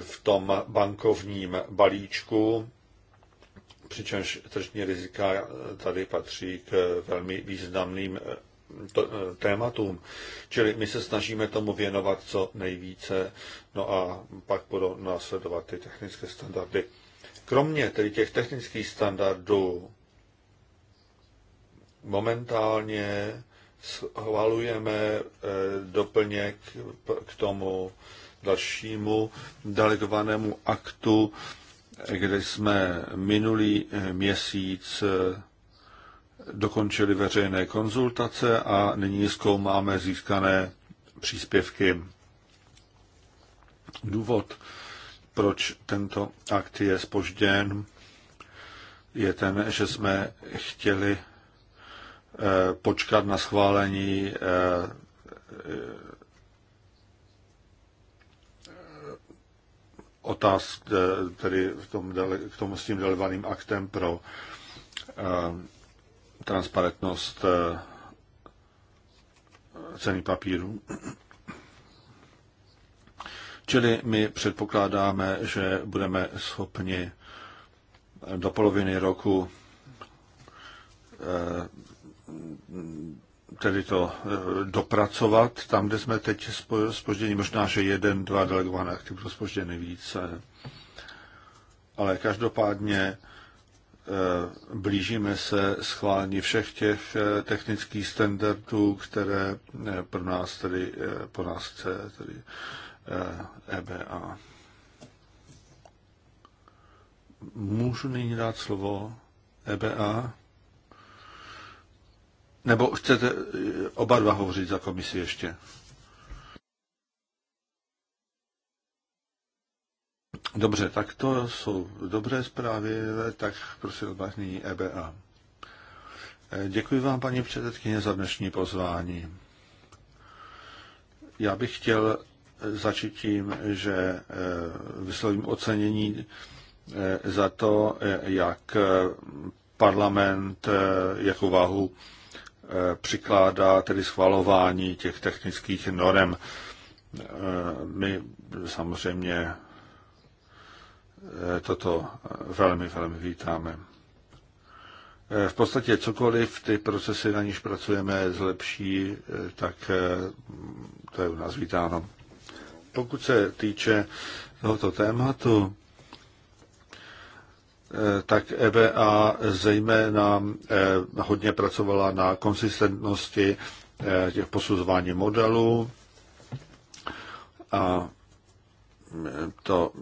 v tom bankovním balíčku, přičemž tržní rizika tady patří k velmi významným eh, Eh, tématům. Čili my se snažíme tomu věnovat co nejvíce, no a pak budou následovat ty technické standardy. Kromě tedy těch technických standardů momentálně schvalujeme eh, doplněk k tomu dalšímu delegovanému aktu, eh, kde jsme minulý měsíc dokončili veřejné konzultace a nyní zkoumáme získané příspěvky. Důvod, proč tento akt je spožděn, je ten, že jsme chtěli eh, počkat na schválení eh, otázk, eh, tedy v tom, k tomu s tím delovaným aktem pro transparentnost eh, ceny papíru. Čili my předpokládáme, že budeme schopni do poloviny roku eh, tedy to eh, dopracovat tam, kde jsme teď spožděni. Možná, že jeden, dva delegované akty budou spožděny více. Ale každopádně Eh, blížíme se schválení všech těch eh, technických standardů, které eh, pro nás tedy, po nás chce tedy EBA. E Můžu nyní dát slovo EBA? Nebo chcete oba dva hovořit za komisi ještě? Dobře, tak to jsou dobré zprávy, tak prosím odvážný EBA. Eh, děkuji vám, paní předsedkyně, za dnešní pozvání. Já bych chtěl začít tím, že eh, vyslovím ocenění eh, za to, jak parlament, jakou váhu přikládá tedy schvalování těch technických norem. My samozřejmě Eh, toto eh, velmi, velmi vítáme. Eh, v podstatě cokoliv ty procesy, na níž pracujeme, zlepší, tak to je u nás vítáno. Pokud se týče tohoto tématu, tak EBA zejména hodně pracovala na konsistentnosti těch posuzování modelů a to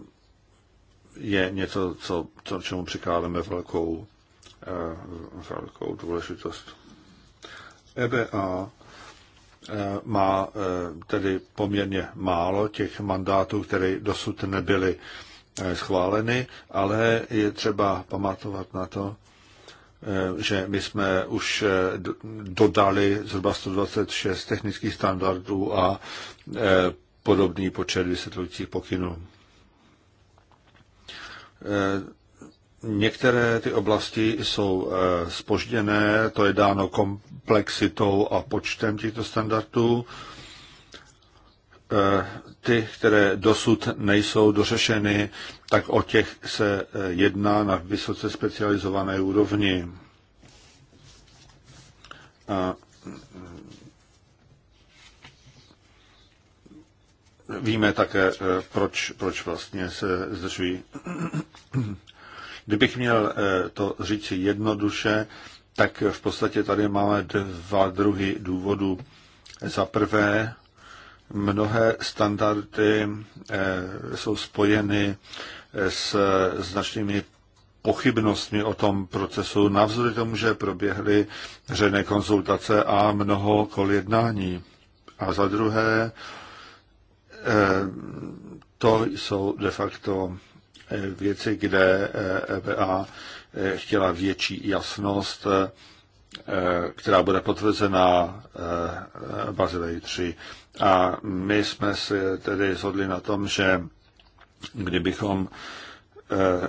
je něco, co, co čemu přikládáme velkou, eh, velkou důležitost. EBA eh, má eh, tedy poměrně málo těch mandátů, které dosud nebyly schváleny, ale je třeba pamatovat na to, že my jsme už dodali zhruba 126 technických standardů a podobný počet vysvětlujících pokynů. Eh, některé ty oblasti jsou spožděné, eh, to je dáno komplexitou a počtem těchto standardů. Eh, ty, které dosud nejsou dořešeny, tak o těch se jedná na vysoce specializované úrovni. A víme také, eh, proč, proč vlastně se zdržují. Kdybych měl eh, to říct jednoduše, tak v podstatě tady máme dva druhy důvodů. Za prvé, mnohé standardy eh, jsou spojeny s značnými pochybnostmi o tom procesu, navzory tomu, že proběhly řené konzultace a mnoho kol jednání. A za druhé, Eh, to jsou de facto eh, věci, kde EBA eh, e chtěla větší jasnost, která bude potvrzená Bazilej 3. A my jsme se tedy zhodli na tom, že kdybychom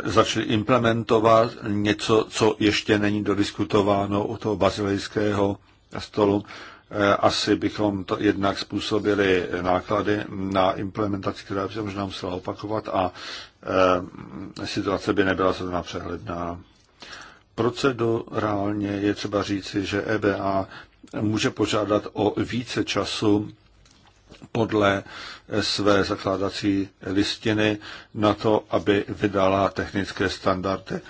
začali implementovat něco, co ještě není dodiskutováno u toho bazilejského stolu, Eh, asi bychom to jednak způsobili náklady na implementaci, která by se možná musela opakovat a eh, situace by nebyla zrovna přehledná. Procedurálně je třeba říci, že EBA může požádat o více času podle eh, své zakládací listiny na to, aby vydala technické standardy.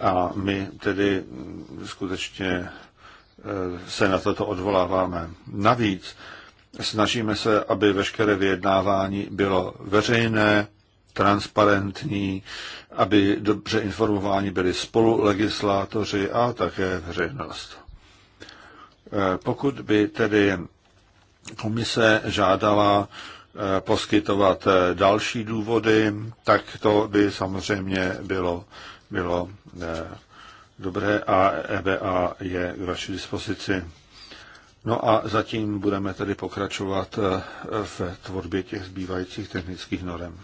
A my tedy mm, skutečně se na toto odvoláváme. Navíc snažíme se, aby veškeré vyjednávání bylo veřejné, transparentní, aby dobře informováni byli legislátoři a také veřejnost. E, pokud by tedy komise žádala e, poskytovat e, další důvody, tak to by samozřejmě bylo, bylo Dobré a EBA je k vaší dispozici. No a zatím budeme tedy pokračovat eh, v tvorbě těch zbývajících technických norem.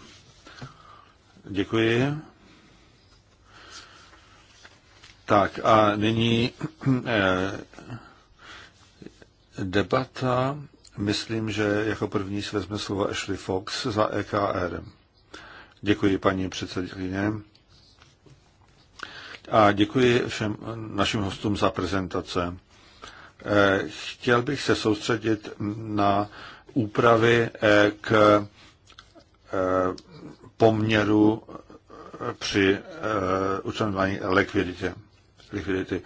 Děkuji. Tak a nyní eh, debata. Myslím, že jako první si vezme slovo Ashley Fox za EKR. Děkuji, paní předsedkyně a děkuji všem našim hostům za prezentace. Eh, chtěl bych se soustředit na úpravy eh, k eh, poměru při učenování likviditě. likvidity.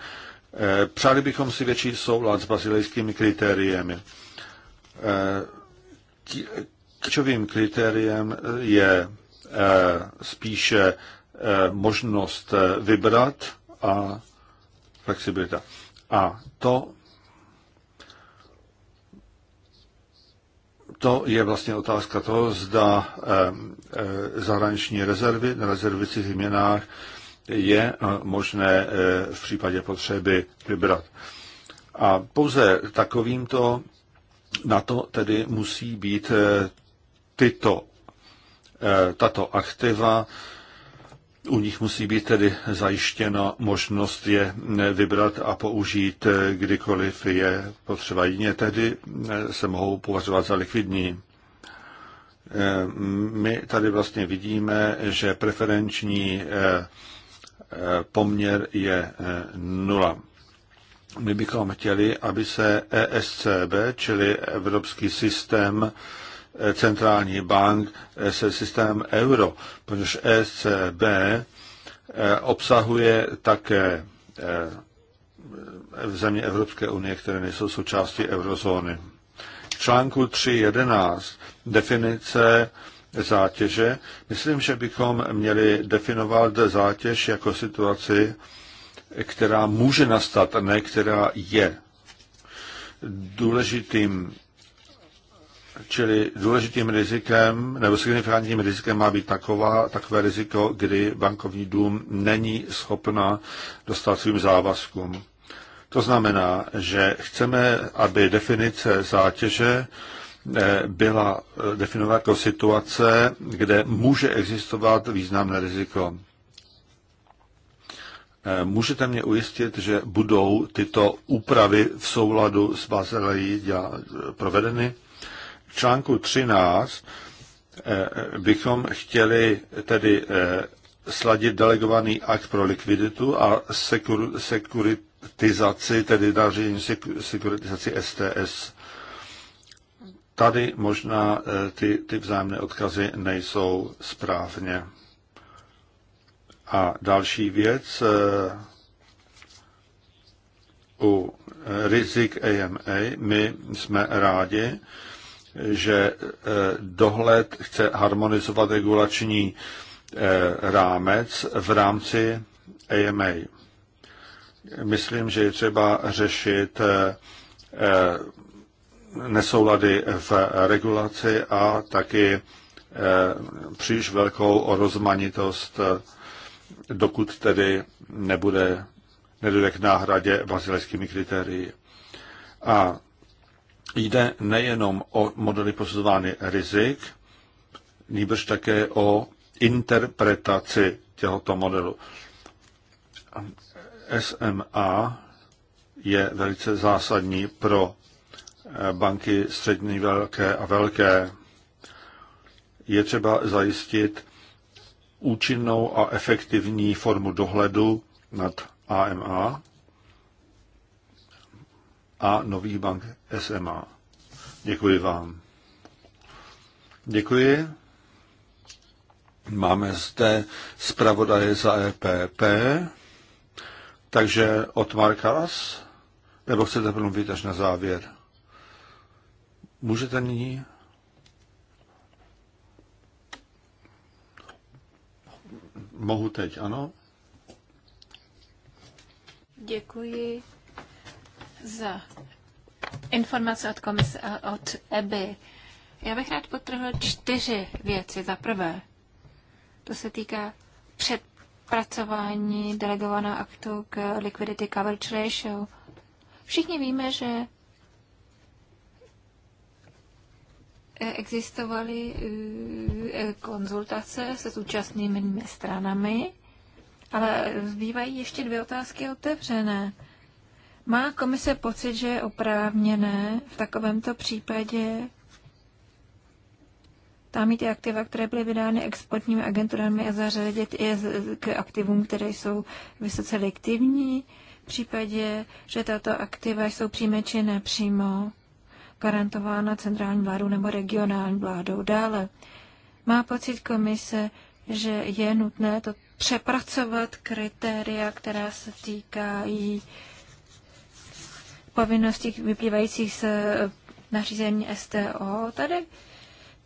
Přáli bychom si větší soulad s bazilejskými kritériemi. Klíčovým kritériem je spíše Eh, možnost eh, vybrat a flexibilita. A to, to je vlastně otázka toho, zda eh, zahraniční rezervy na rezervicích měnách je možné v případě potřeby vybrat. A pouze takovýmto na to tedy musí být tyto, tato aktiva u nich musí být tedy zajištěna možnost je vybrat a použít eh, kdykoliv je potřeba. Jině tedy eh, se mohou považovat za likvidní. Eh, my tady vlastně vidíme, že preferenční poměr je nula. My bychom chtěli, aby se ESCB, čili Evropský systém centrální bank eh, se systémem euro, protože ECB eh, obsahuje také eh, země Evropské unie, které nejsou součástí eurozóny. V článku 3.11 definice zátěže. Myslím, že bychom měli definovat zátěž jako situaci, která může nastat, ne která je. Důležitým Čili důležitým rizikem nebo signifikantním rizikem má být taková, takové riziko, kdy bankovní dům není schopna dostat svým závazkům. To znamená, že chceme, aby definice zátěže eh, byla eh, definována jako situace, kde může existovat významné riziko. Eh, můžete mě ujistit, že budou tyto úpravy v souladu s Bazilejí provedeny? článku 13 eh, bychom chtěli tedy eh, sladit delegovaný akt pro likviditu a sekur, sekuritizaci, tedy nařízení sekuritizaci STS. Tady možná eh, ty, ty vzájemné odkazy nejsou správně. A další věc u rizik AMA. My jsme rádi, že e, dohled chce harmonizovat regulační e, rámec v rámci AMA. Myslím, že je třeba řešit e, nesoulady v regulaci a taky příliš velkou rozmanitost, dokud tedy nebude nedojde k náhradě bazilejskými kritérii. A jde nejenom o modely posuzování rizik, nýbrž také o interpretaci těchto modelu. SMA je velice zásadní pro eh, banky střední velké a velké. Je třeba zajistit účinnou a efektivní formu dohledu nad AMA a nových bank SMA. Děkuji vám. Děkuji. Máme zde zpravodaje za EPP, takže Marka Karas, nebo chcete promluvit až na závěr? Můžete nyní? Mohu teď, ano? Děkuji za Informace od komise, od EBY. Já bych rád potrhl čtyři věci. Za prvé, to se týká předpracování delegovaného aktu k liquidity coverage ratio. Všichni víme, že existovaly e, konzultace se zúčastněnými stranami, ale zbývají ještě dvě otázky otevřené. Má komise pocit, že je oprávněné v takovémto případě tam mít aktiva, které byly vydány exportními agenturami a zařadit je k aktivům, které jsou vysoce liktivní, v případě, že tato aktiva jsou přímo či nepřímo garantována centrální vládou nebo regionální vládou. Dále má pocit komise, že je nutné to přepracovat kritéria, která se týkají povinností vyplývajících z eh, nařízení STO. Tady,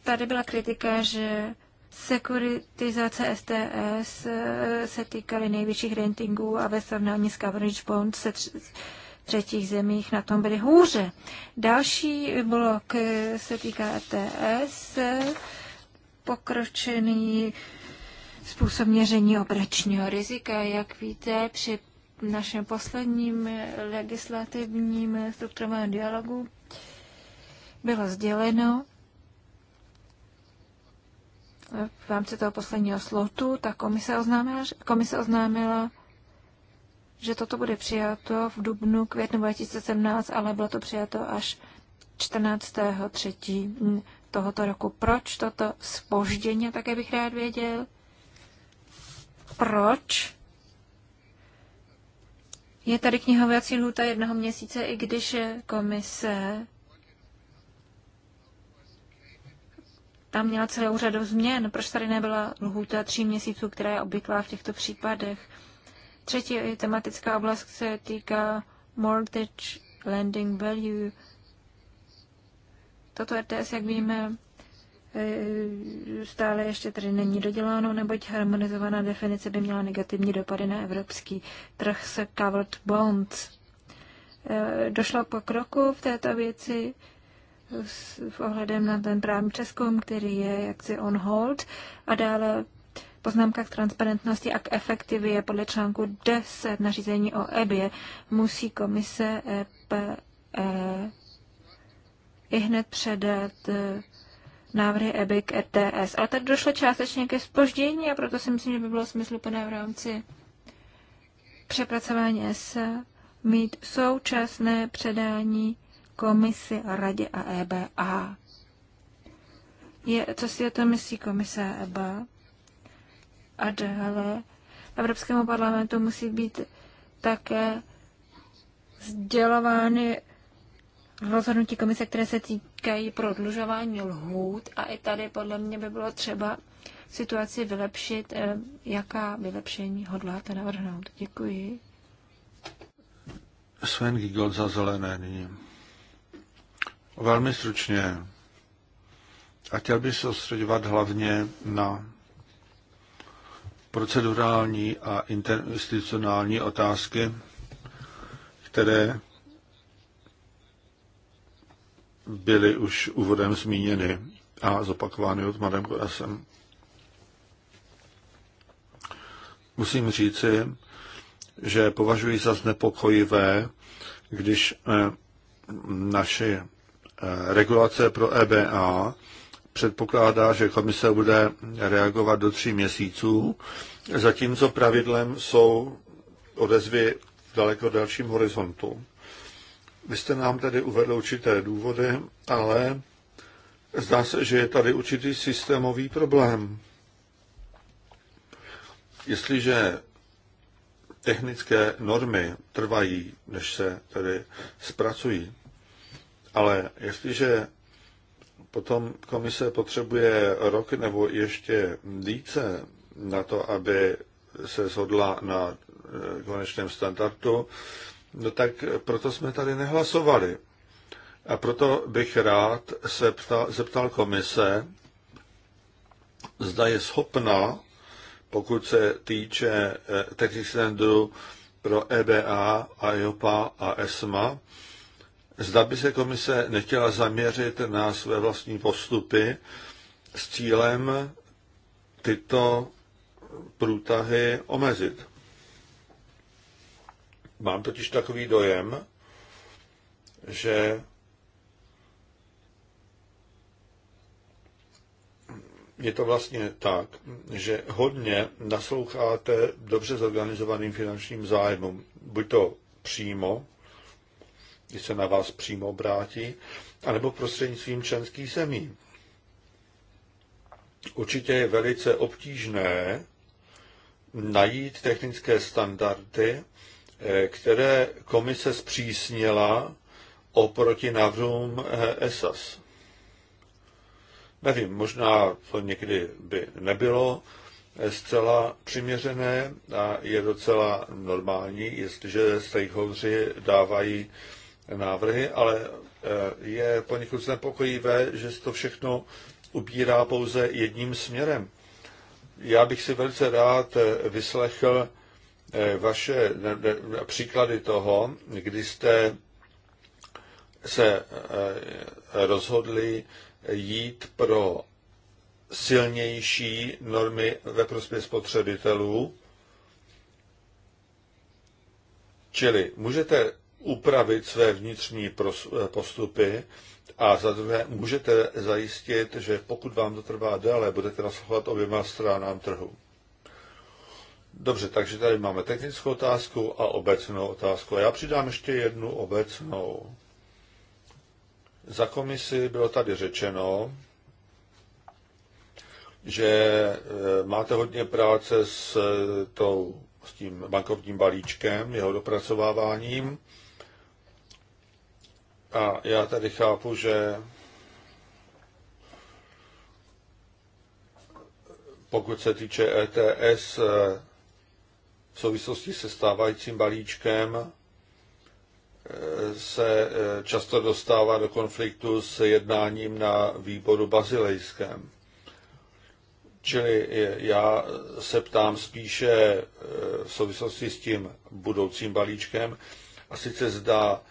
tady byla kritika, že sekuritizace STS eh, se týkaly největších ratingů a ve srovnání s Coverage Bond se třetích zemích na tom byly hůře. Další blok eh, se týká ETS, pokročený způsob měření operačního rizika. Jak víte, při našem posledním legislativním strukturovém dialogu bylo sděleno v rámci toho posledního slotu, ta komise oznámila, komise oznámila že toto bude přijato v dubnu, květnu 2017, ale bylo to přijato až 14. 3. tohoto roku. Proč toto spoždění, také bych rád věděl. Proč je tady knihovací lhůta jednoho měsíce, i když komise tam měla celou řadu změn. Proč tady nebyla lhůta tří měsíců, která je obvyklá v těchto případech? Třetí tematická oblast se týká mortgage lending value. Toto RTS, jak víme, Eh, stále ještě tady není doděláno, neboť harmonizovaná definice by měla negativní dopady na evropský trh se covered bonds. Eh, došlo po kroku v této věci v ohledem na ten právní přeskum, který je jaksi on hold a dále Poznámka k transparentnosti a k efektivě podle článku 10 nařízení o EBě musí komise EPE e i hned předat eh, návrhy EBIC RTS. E Ale tady došlo částečně ke spoždění a proto si myslím, že by bylo smysluplné v rámci přepracování ESA mít současné předání komisi, radě a EBA. Je, co si o tom myslí komise e a EBA? A dále Evropskému parlamentu musí být také sdělovány rozhodnutí komise, které se týká týkají prodlužování lhůt a i tady podle mě by bylo třeba situaci vylepšit. Eh, jaká vylepšení hodláte navrhnout? Děkuji. Sven Gigol za zelené nyní. Velmi stručně. A chtěl bych se soustředovat hlavně na procedurální a interinstitucionální otázky, které byly už úvodem zmíněny a zopakovány od Madame Gorasem. Musím říci, že považuji za znepokojivé, když eh, naše eh, regulace pro EBA předpokládá, že komise bude reagovat do tří měsíců, zatímco pravidlem jsou odezvy v daleko dalším horizontu. Vy jste nám tedy uvedl určité důvody, ale zdá se, že je tady určitý systémový problém. Jestliže technické normy trvají, než se tedy zpracují, ale jestliže potom komise potřebuje rok nebo ještě více na to, aby se shodla na konečném standardu, no tak proto jsme tady nehlasovali. A proto bych rád se ptal, zeptal komise, zda je schopna, pokud se týče eh, technických standardů pro EBA, IOPA a ESMA, zda by se komise nechtěla zaměřit na své vlastní postupy s cílem tyto průtahy omezit. Mám totiž takový dojem, že je to vlastně tak, že hodně nasloucháte dobře zorganizovaným finančním zájmům, buď to přímo, když se na vás přímo obrátí, anebo prostřednictvím členských zemí. Určitě je velice obtížné najít technické standardy, které komise zpřísnila oproti návrhům eh, ESAS. Nevím, možná to někdy by nebylo eh, zcela přiměřené a je docela normální, jestliže stakeholders dávají návrhy, ale eh, je poněkud znepokojivé, že se to všechno ubírá pouze jedním směrem. Já bych si velice rád vyslechl Eh, vaše příklady toho, kdy jste se eh, rozhodli jít pro silnější normy ve prospěch spotřebitelů. Čili můžete upravit své vnitřní eh, postupy a za druhé můžete zajistit, že pokud vám to trvá déle, budete naslouchat oběma stranám trhu. Dobře, takže tady máme technickou otázku a obecnou otázku. Já přidám ještě jednu obecnou. Za komisi bylo tady řečeno, že eh, máte hodně práce s, eh, tou, s tím bankovním balíčkem, jeho dopracováváním. A já tady chápu, že pokud se týče ETS, eh, v souvislosti se stávajícím balíčkem e, se e, často dostává do konfliktu s jednáním na výboru bazilejském. Čili já se ptám spíše e, v souvislosti s tím budoucím balíčkem a sice zdá,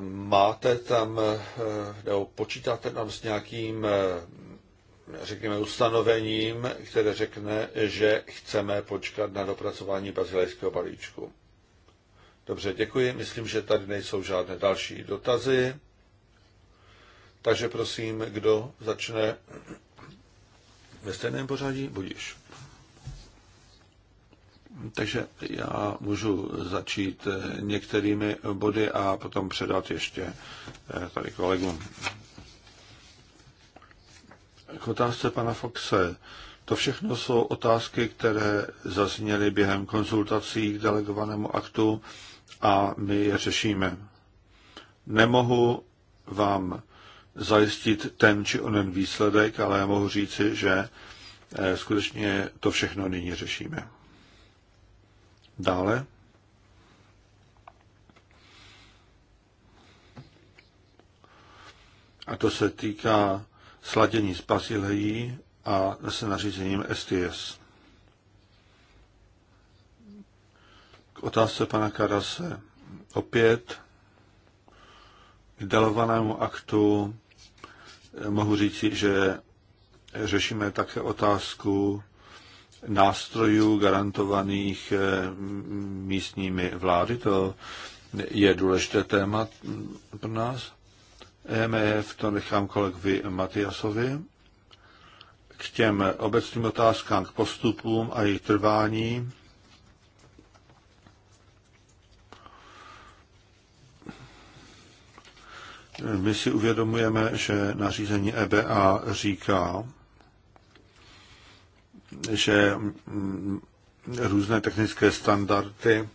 máte tam, nebo počítáte tam s nějakým řekněme, ustanovením, které řekne, že chceme počkat na dopracování bazilejského balíčku. Dobře, děkuji. Myslím, že tady nejsou žádné další dotazy. Takže prosím, kdo začne ve stejném pořadí, budíš. Takže já můžu začít některými body a potom předat ještě eh, tady kolegům otázce pana Foxe. To všechno jsou otázky, které zazněly během konzultací k delegovanému aktu a my je řešíme. Nemohu vám zajistit ten či onen výsledek, ale já mohu říci, že eh, skutečně to všechno nyní řešíme. Dále. A to se týká sladění s Bazilejí a s nařízením STS. K otázce pana Karase. Opět k delovanému aktu mohu říci, že řešíme také otázku nástrojů garantovaných eh, místními vlády. To je důležité téma pro nás. EMF to nechám kolegovi Matiasovi. K těm obecným otázkám, k postupům a jejich trvání. My si uvědomujeme, že nařízení EBA říká, že mm, různé technické standardy e,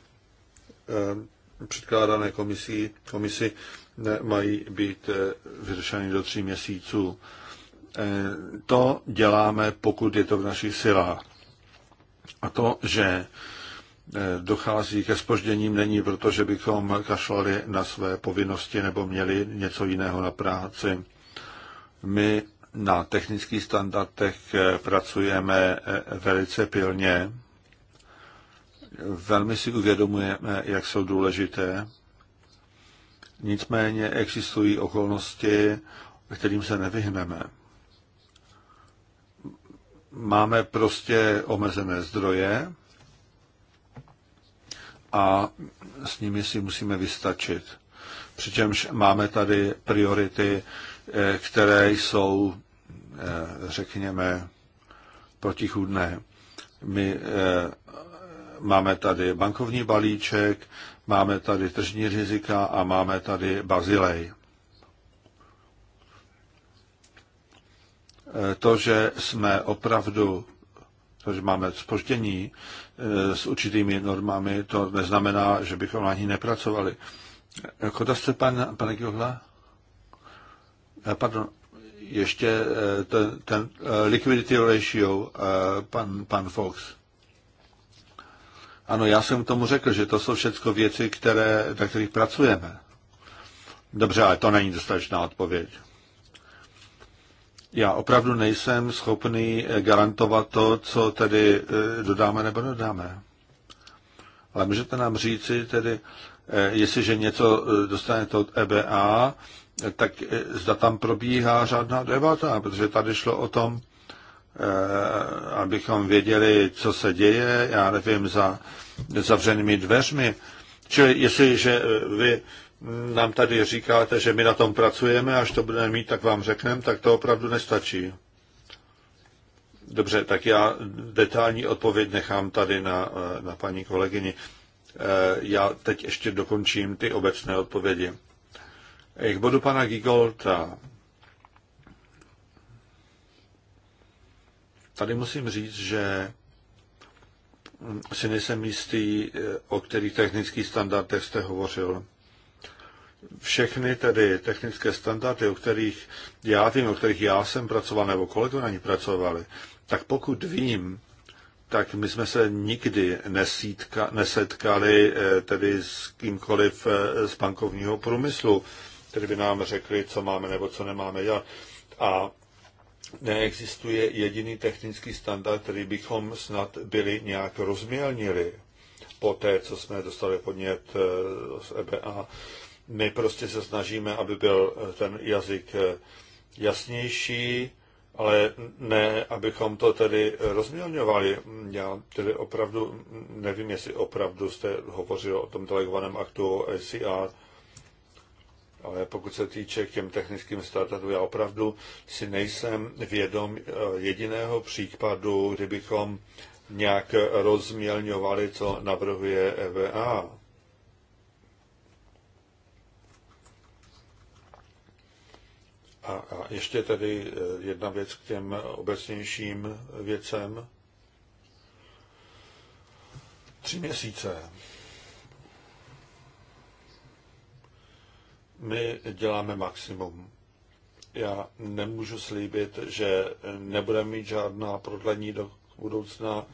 předkládané komisí, komisi mají být eh, vyřešeny do tří měsíců. Eh, to děláme, pokud je to v našich silách. A to, že eh, dochází ke spožděním, není proto, že bychom kašlali na své povinnosti nebo měli něco jiného na práci. My na technických standardech pracujeme velice pilně. Velmi si uvědomujeme, jak jsou důležité Nicméně existují okolnosti, kterým se nevyhneme. Máme prostě omezené zdroje a s nimi si musíme vystačit. Přičemž máme tady priority, eh, které jsou, eh, řekněme, protichůdné. My eh, máme tady bankovní balíček, máme tady tržní rizika a máme tady bazilej. E, to, že jsme opravdu, to, že máme spoždění e, s určitými normami, to neznamená, že bychom na ní nepracovali. E, Koda jste, pan, pane Kjuhla? Pardon, ještě ten, ten liquidity ratio, pan, pan Fox. Ano, já jsem k tomu řekl, že to jsou všechno věci, které, na kterých pracujeme. Dobře, ale to není dostatečná odpověď. Já opravdu nejsem schopný eh, garantovat to, co tedy eh, dodáme nebo nedáme. Ale můžete nám říci tedy, eh, jestliže něco dostanete od EBA, tak zda tam probíhá řádná debata, protože tady šlo o tom, Eh, abychom věděli, co se děje, já nevím, za zavřenými dveřmi. Čili jestliže eh, vy nám tady říkáte, že my na tom pracujeme, až to budeme mít, tak vám řekneme, tak to opravdu nestačí. Dobře, tak já detailní odpověď nechám tady na, eh, na paní kolegyni. Já teď ještě dokončím ty obecné odpovědi. K bodu pana Gigolta tady musím říct, že si nejsem jistý, o kterých technických standardech jste hovořil. Všechny tedy technické standardy, o kterých já vím, o kterých já jsem pracoval, nebo kolegové na ní pracovali, tak pokud vím, tak my jsme se nikdy nesítka, nesetkali eh, tedy s kýmkoliv eh, z bankovního průmyslu, který by nám řekli, co máme nebo co nemáme dělat. A neexistuje jediný technický standard, který bychom snad byli nějak rozmělnili po té, co jsme dostali podnět eh, z EBA. My prostě se snažíme, aby byl eh, ten jazyk eh, jasnější, ale ne, abychom to tedy rozmělňovali. Já tedy opravdu mm, nevím, jestli opravdu jste hovořil o tom delegovaném aktu ACR, ale pokud se týče k těm technickým startupům, já opravdu si nejsem vědom eh, jediného případu, kdybychom nějak rozmělňovali, co navrhuje EVA. A, a ještě tedy eh, jedna věc k těm obecnějším věcem. Tři měsíce. My děláme maximum. Já nemůžu slíbit, že nebudeme mít žádná prodlení do budoucna.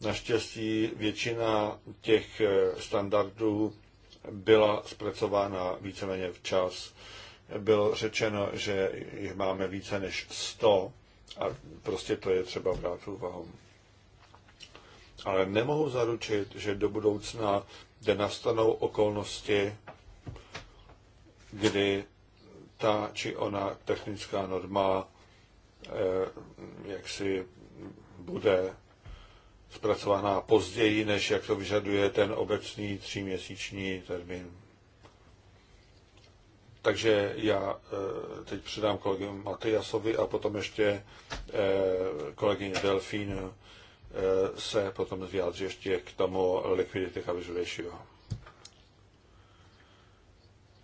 Naštěstí většina těch standardů byla zpracována víceméně včas. Bylo řečeno, že jich máme více než 100 a prostě to je třeba brát úvahu. Ale nemohu zaručit, že do budoucna, kde nastanou okolnosti, kdy ta či ona technická norma eh, jak si bude zpracovaná později, než jak to vyžaduje ten obecný tříměsíční termín. Takže já eh, teď předám kolegy Matyasovi a potom ještě eh, kolegyně Delfín se potom vyjádří ještě k tomu liquidity a ratio.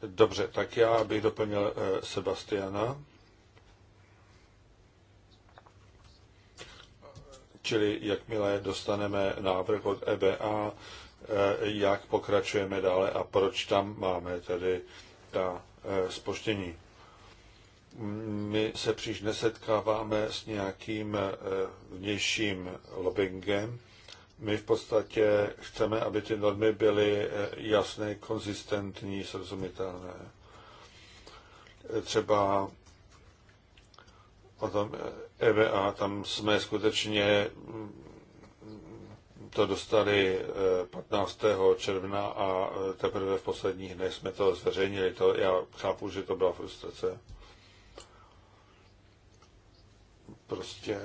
Dobře, tak já bych doplnil eh, Sebastiana. Čili jakmile dostaneme návrh od EBA, eh, jak pokračujeme dále a proč tam máme tedy ta spoštění. Eh, My se příště nesetkáváme s nějakým vnějším lobbyingem, my v podstatě chceme, aby ty normy byly eh, jasné, konzistentní, srozumitelné. Eh, třeba o tom EVA, eh, e tam jsme skutečně mm, to dostali 15. června a teprve v posledních dnech jsme to zveřejnili. To já chápu, že to byla frustrace. Prostě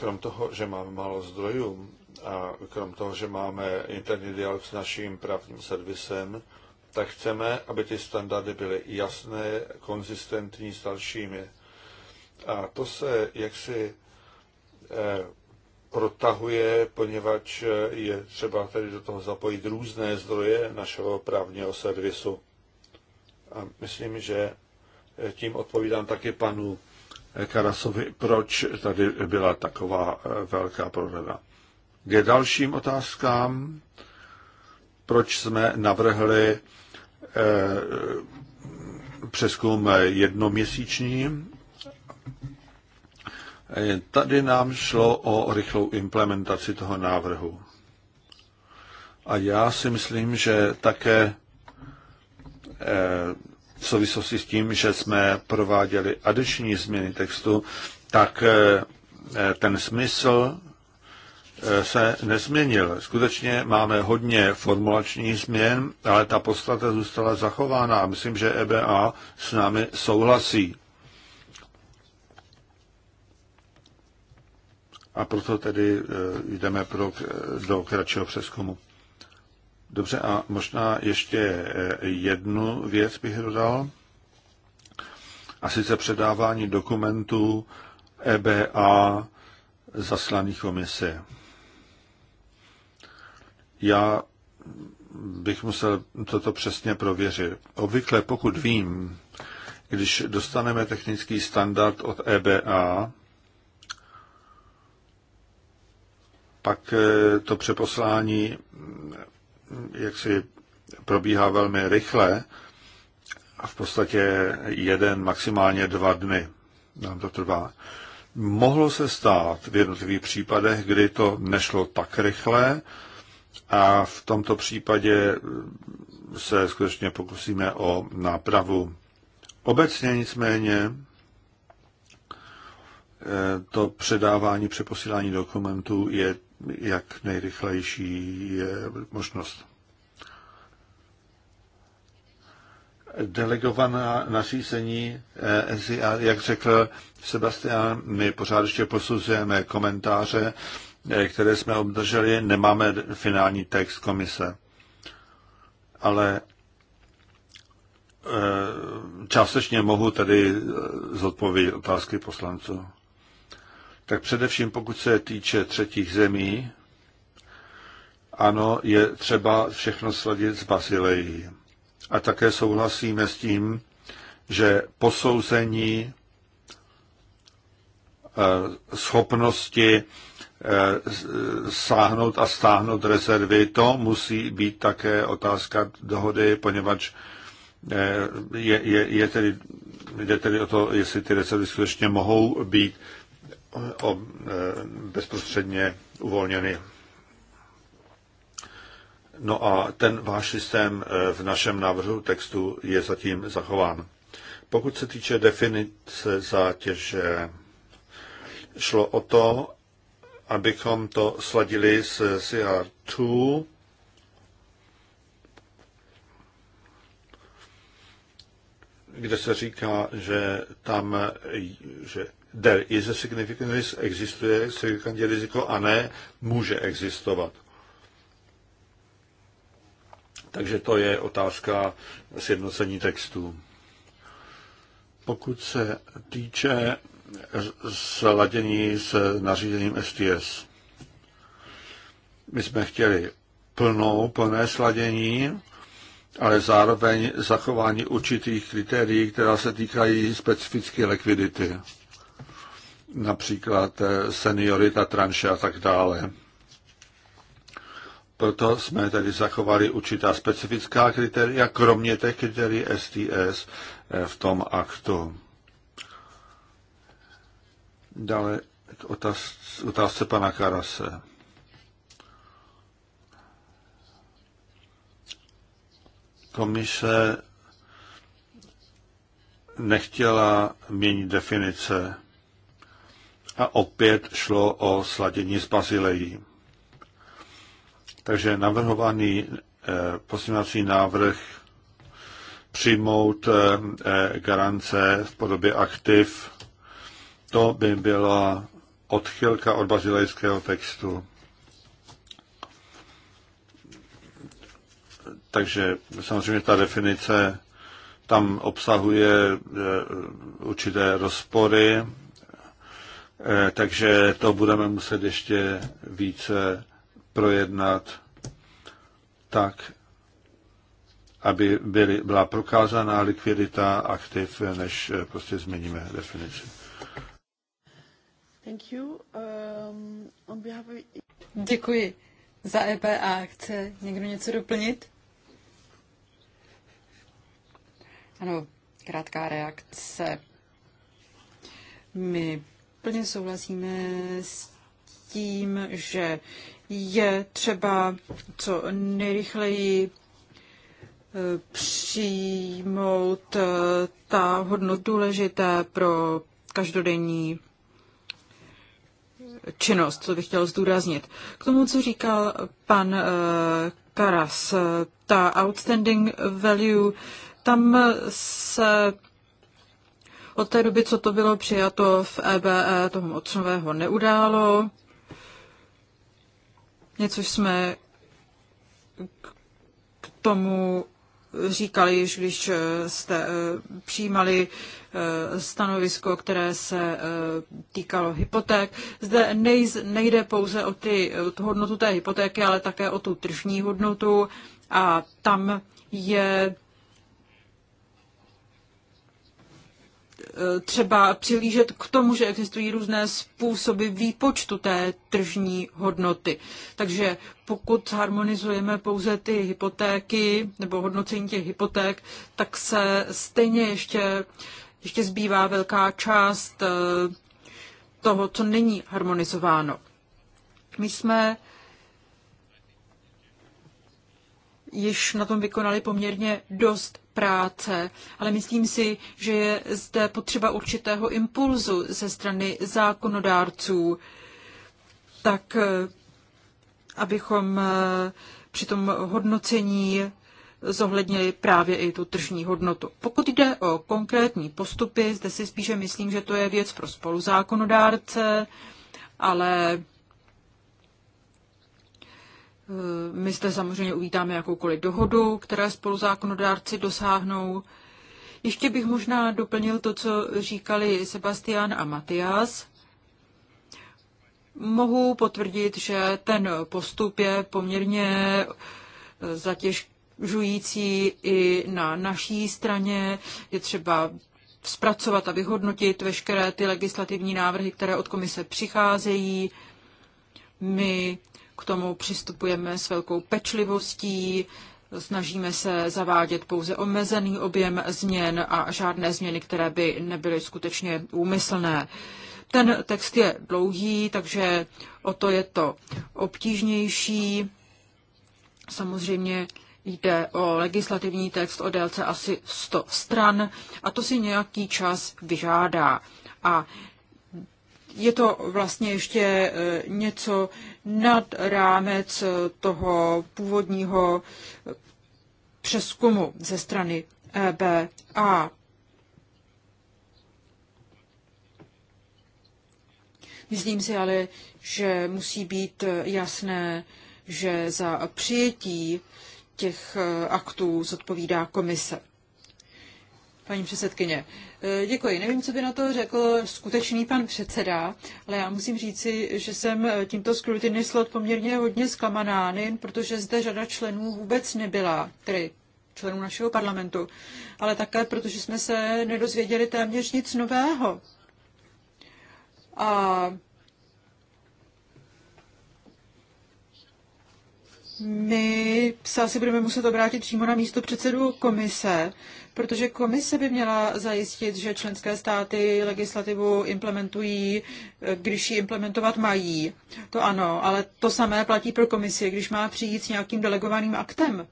krom toho, že máme málo zdrojů a krom toho, že máme interní dialog s naším právním servisem, tak chceme, aby ty standardy byly jasné, konzistentní s dalšími. A to se jaksi eh, protahuje, poněvadž je třeba tedy do toho zapojit různé zdroje našeho právního servisu. A myslím, že eh, tím odpovídám taky panu Karasovi, proč tady byla taková eh, velká prodleva. K dalším otázkám, proč jsme navrhli eh, přeskum jednoměsíční. Eh, tady nám šlo o rychlou implementaci toho návrhu. A já si myslím, že také v souvislosti s tím, že jsme prováděli adiční změny textu, tak eh, eh, ten smysl eh, se nezměnil. Skutečně máme hodně formulačních změn, ale ta podstata zůstala zachována a myslím, že EBA s námi souhlasí. A proto tedy jdeme pro, do kratšího přeskumu. Dobře, a možná ještě eh, jednu věc bych dodal, a sice předávání dokumentů EBA zaslaných komisi. Já bych musel toto přesně prověřit. Obvykle, pokud vím, když dostaneme technický standard od EBA, pak eh, to přeposlání jak si probíhá velmi rychle a v podstatě jeden, maximálně dva dny nám to trvá. Mohlo se stát v jednotlivých případech, kdy to nešlo tak rychle a v tomto případě se skutečně pokusíme o nápravu. Obecně nicméně eh, to předávání, přeposílání dokumentů je jak nejrychlejší možnost. Delegovaná nařízení NCA, eh, jak řekl Sebastian, my pořád ještě posuzujeme komentáře, eh, které jsme obdrželi, nemáme finální text komise. Ale eh, částečně mohu tedy zodpovědět otázky poslanců tak především pokud se týče třetích zemí, ano, je třeba všechno sladit s Bazilejí. A také souhlasíme s tím, že posouzení eh, schopnosti eh, sáhnout a stáhnout rezervy, to musí být také otázka dohody, poněvadž eh, je, je, je tedy, jde tedy o to, jestli ty rezervy skutečně mohou být o, bezprostředně uvolněny. No a ten váš systém e, v našem návrhu textu je zatím zachován. Pokud se týče definice zátěže, šlo o to, abychom to sladili s CR2, kde se říká, že tam, že there is a significant risk, existuje signifikantní riziko a ne může existovat. Takže to je otázka sjednocení textů. Pokud se týče sladění s nařízením STS, my jsme chtěli plnou, plné sladění, ale zároveň zachování určitých kritérií, která se týkají specifické likvidity například eh, seniorita, tranše a tak dále. Proto jsme tedy zachovali určitá specifická kritéria, kromě těch kritérií STS eh, v tom aktu. Dále k otázce, otázce pana Karase. Komise nechtěla měnit definice a opět šlo o sladění s Bazilejí. Takže navrhovaný eh, posilnací návrh přijmout eh, eh, garance v podobě aktiv, to by byla odchylka od bazilejského textu. Takže samozřejmě ta definice tam obsahuje určité rozpory, Eh, takže to budeme muset ještě více projednat tak, aby byly, byla prokázaná likvidita aktiv, než eh, prostě změníme definici. Thank you. Um, on behalf of... Děkuji. Za EPA chce někdo něco doplnit? Ano, krátká reakce. My plně souhlasíme s tím, že je třeba co nejrychleji eh, přijmout eh, ta hodnot důležité pro každodenní činnost, to bych chtěl zdůraznit. K tomu, co říkal pan eh, Karas, ta outstanding value, tam se od té doby, co to bylo přijato v EBE, e, toho mocnového neudálo. Něco jsme k tomu říkali již, když eh, jste eh, přijímali eh, stanovisko, které se týkalo hypoték. Zde nejde pouze o ty, tu hodnotu té hypotéky, ale také o tu tržní hodnotu a tam je Eh, třeba přilížet k tomu, že existují různé způsoby výpočtu té tržní hodnoty. Takže pokud harmonizujeme pouze ty hypotéky nebo hodnocení těch hypoték, tak se stejně ještě, ještě zbývá velká část eh, toho, co není harmonizováno. My jsme již na tom vykonali poměrně dost práce, ale myslím si, že je zde potřeba určitého impulzu ze strany zákonodárců, tak eh, abychom eh, při tom hodnocení zohlednili právě i tu tržní hodnotu. Pokud jde o konkrétní postupy, zde si spíše myslím, že to je věc pro spoluzákonodárce, ale Eh, my zde samozřejmě uvítáme jakoukoliv dohodu, které zákonodárci dosáhnou. Ještě bych možná doplnil to, co říkali Sebastian a Matias. Mohu potvrdit, že ten postup je poměrně eh, zatěžující i na naší straně. Je třeba zpracovat a vyhodnotit veškeré ty legislativní návrhy, které od komise přicházejí. My k tomu přistupujeme s velkou pečlivostí, snažíme se zavádět pouze omezený objem změn a žádné změny, které by nebyly skutečně úmyslné. Ten text je dlouhý, takže o to je to obtížnější. Samozřejmě jde o legislativní text o délce asi 100 stran a to si nějaký čas vyžádá. A je to vlastně ještě e, něco, nad rámec toho původního přeskumu ze strany EBA. Myslím si ale, že musí být jasné, že za přijetí těch aktů zodpovídá komise paní předsedkyně. Eh, děkuji. Nevím, co by na to řekl skutečný pan předseda, ale já musím říci, že jsem eh, tímto scrutiny slot poměrně hodně zklamaná, nejen protože zde řada členů vůbec nebyla, tedy členů našeho parlamentu, ale také protože jsme se nedozvěděli téměř nic nového. A my se asi budeme muset obrátit přímo na místo předsedu komise, protože komise by měla zajistit, že členské státy legislativu implementují, když ji implementovat mají. To ano, ale to samé platí pro komisi, když má přijít s nějakým delegovaným aktem.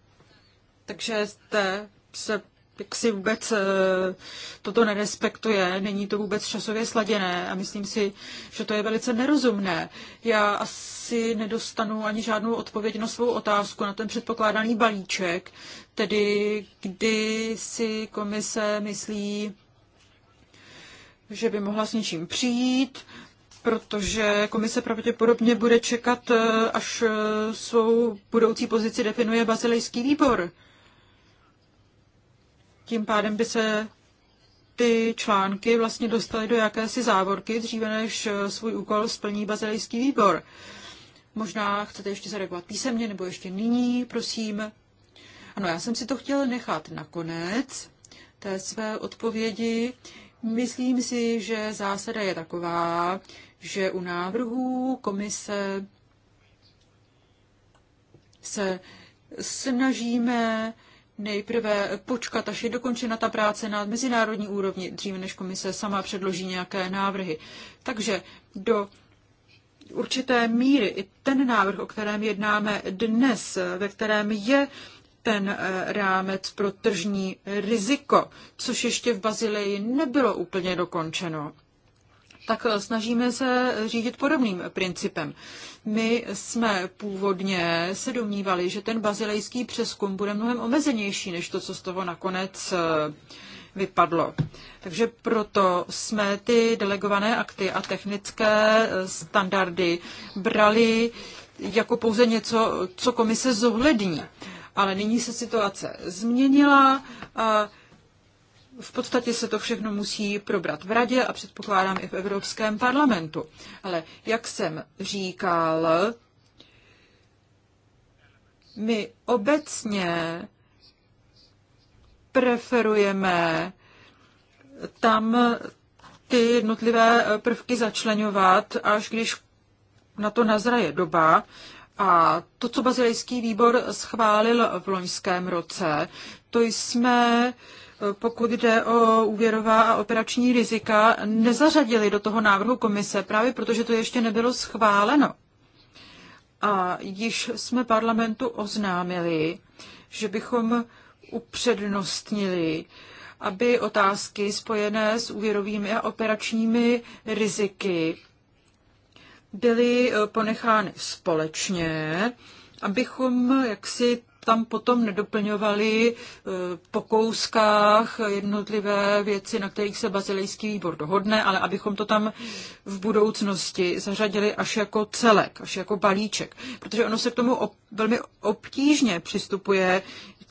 Takže jste se jak si vůbec eh, toto nerespektuje, není to vůbec časově sladěné a myslím si, že to je velice nerozumné. Já asi nedostanu ani žádnou odpověď na svou otázku na ten předpokládaný balíček, tedy kdy si komise myslí, že by mohla s něčím přijít, protože komise pravděpodobně bude čekat, eh, až eh, svou budoucí pozici definuje bazilejský výbor. Tím pádem by se ty články vlastně dostaly do jakési závorky, dříve než eh, svůj úkol splní bazilejský výbor. Možná chcete ještě zareagovat písemně, nebo ještě nyní, prosím. Ano, já jsem si to chtěl nechat nakonec té své odpovědi. Myslím si, že zásada je taková, že u návrhů komise se snažíme nejprve počkat, až je dokončena ta práce na mezinárodní úrovni, dříve než komise sama předloží nějaké návrhy. Takže do určité míry i ten návrh, o kterém jednáme dnes, ve kterém je ten eh, rámec pro tržní riziko, což ještě v Bazileji nebylo úplně dokončeno tak eh, snažíme se řídit podobným principem. My jsme původně se domnívali, že ten bazilejský přeskum bude mnohem omezenější než to, co z toho nakonec eh, vypadlo. Takže proto jsme ty delegované akty a technické eh, standardy brali jako pouze něco, co komise zohlední. Ale nyní se situace změnila a v podstatě se to všechno musí probrat v radě a předpokládám i v Evropském parlamentu. Ale jak jsem říkal, my obecně preferujeme tam ty jednotlivé prvky začlenovat, až když na to nazraje doba. A to, co bazilejský výbor schválil v loňském roce, to jsme uh, pokud jde o úvěrová a operační rizika, nezařadili do toho návrhu komise, právě protože to ještě nebylo schváleno. A již jsme parlamentu oznámili, že bychom upřednostnili, aby otázky spojené s úvěrovými a operačními riziky byly ponechány společně, abychom jaksi tam potom nedoplňovali eh, po kouskách jednotlivé věci, na kterých se bazilejský výbor dohodne, ale abychom to tam v budoucnosti zařadili až jako celek, až jako balíček. Protože ono se k tomu op- velmi obtížně přistupuje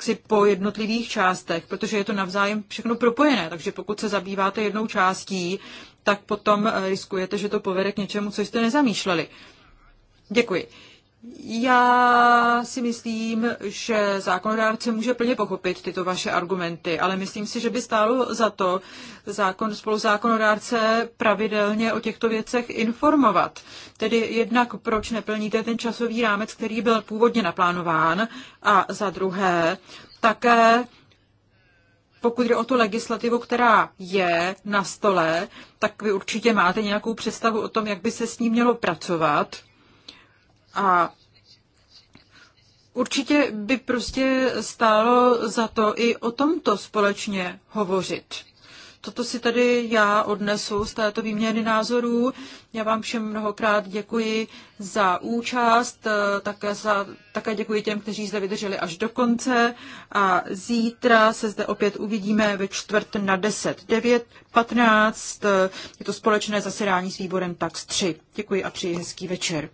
si po jednotlivých částech, protože je to navzájem všechno propojené. Takže pokud se zabýváte jednou částí, tak potom eh, riskujete, že to povede k něčemu, co jste nezamýšleli. Děkuji. Já si myslím, že zákonodárce může plně pochopit tyto vaše argumenty, ale myslím si, že by stálo za to zákon, spoluzákonodárce pravidelně o těchto věcech informovat. Tedy jednak, proč neplníte ten časový rámec, který byl původně naplánován, a za druhé, také pokud jde o tu legislativu, která je na stole, tak vy určitě máte nějakou představu o tom, jak by se s ní mělo pracovat. A určitě by prostě stálo za to i o tomto společně hovořit. Toto si tady já odnesu z této výměny názorů. Já vám všem mnohokrát děkuji za účast, eh, také, za, také děkuji těm, kteří zde vydrželi až do konce a zítra se zde opět uvidíme ve čtvrt na 10, 9, 15. Je to společné zasedání s výborem TAX 3. Děkuji a přeji hezký večer.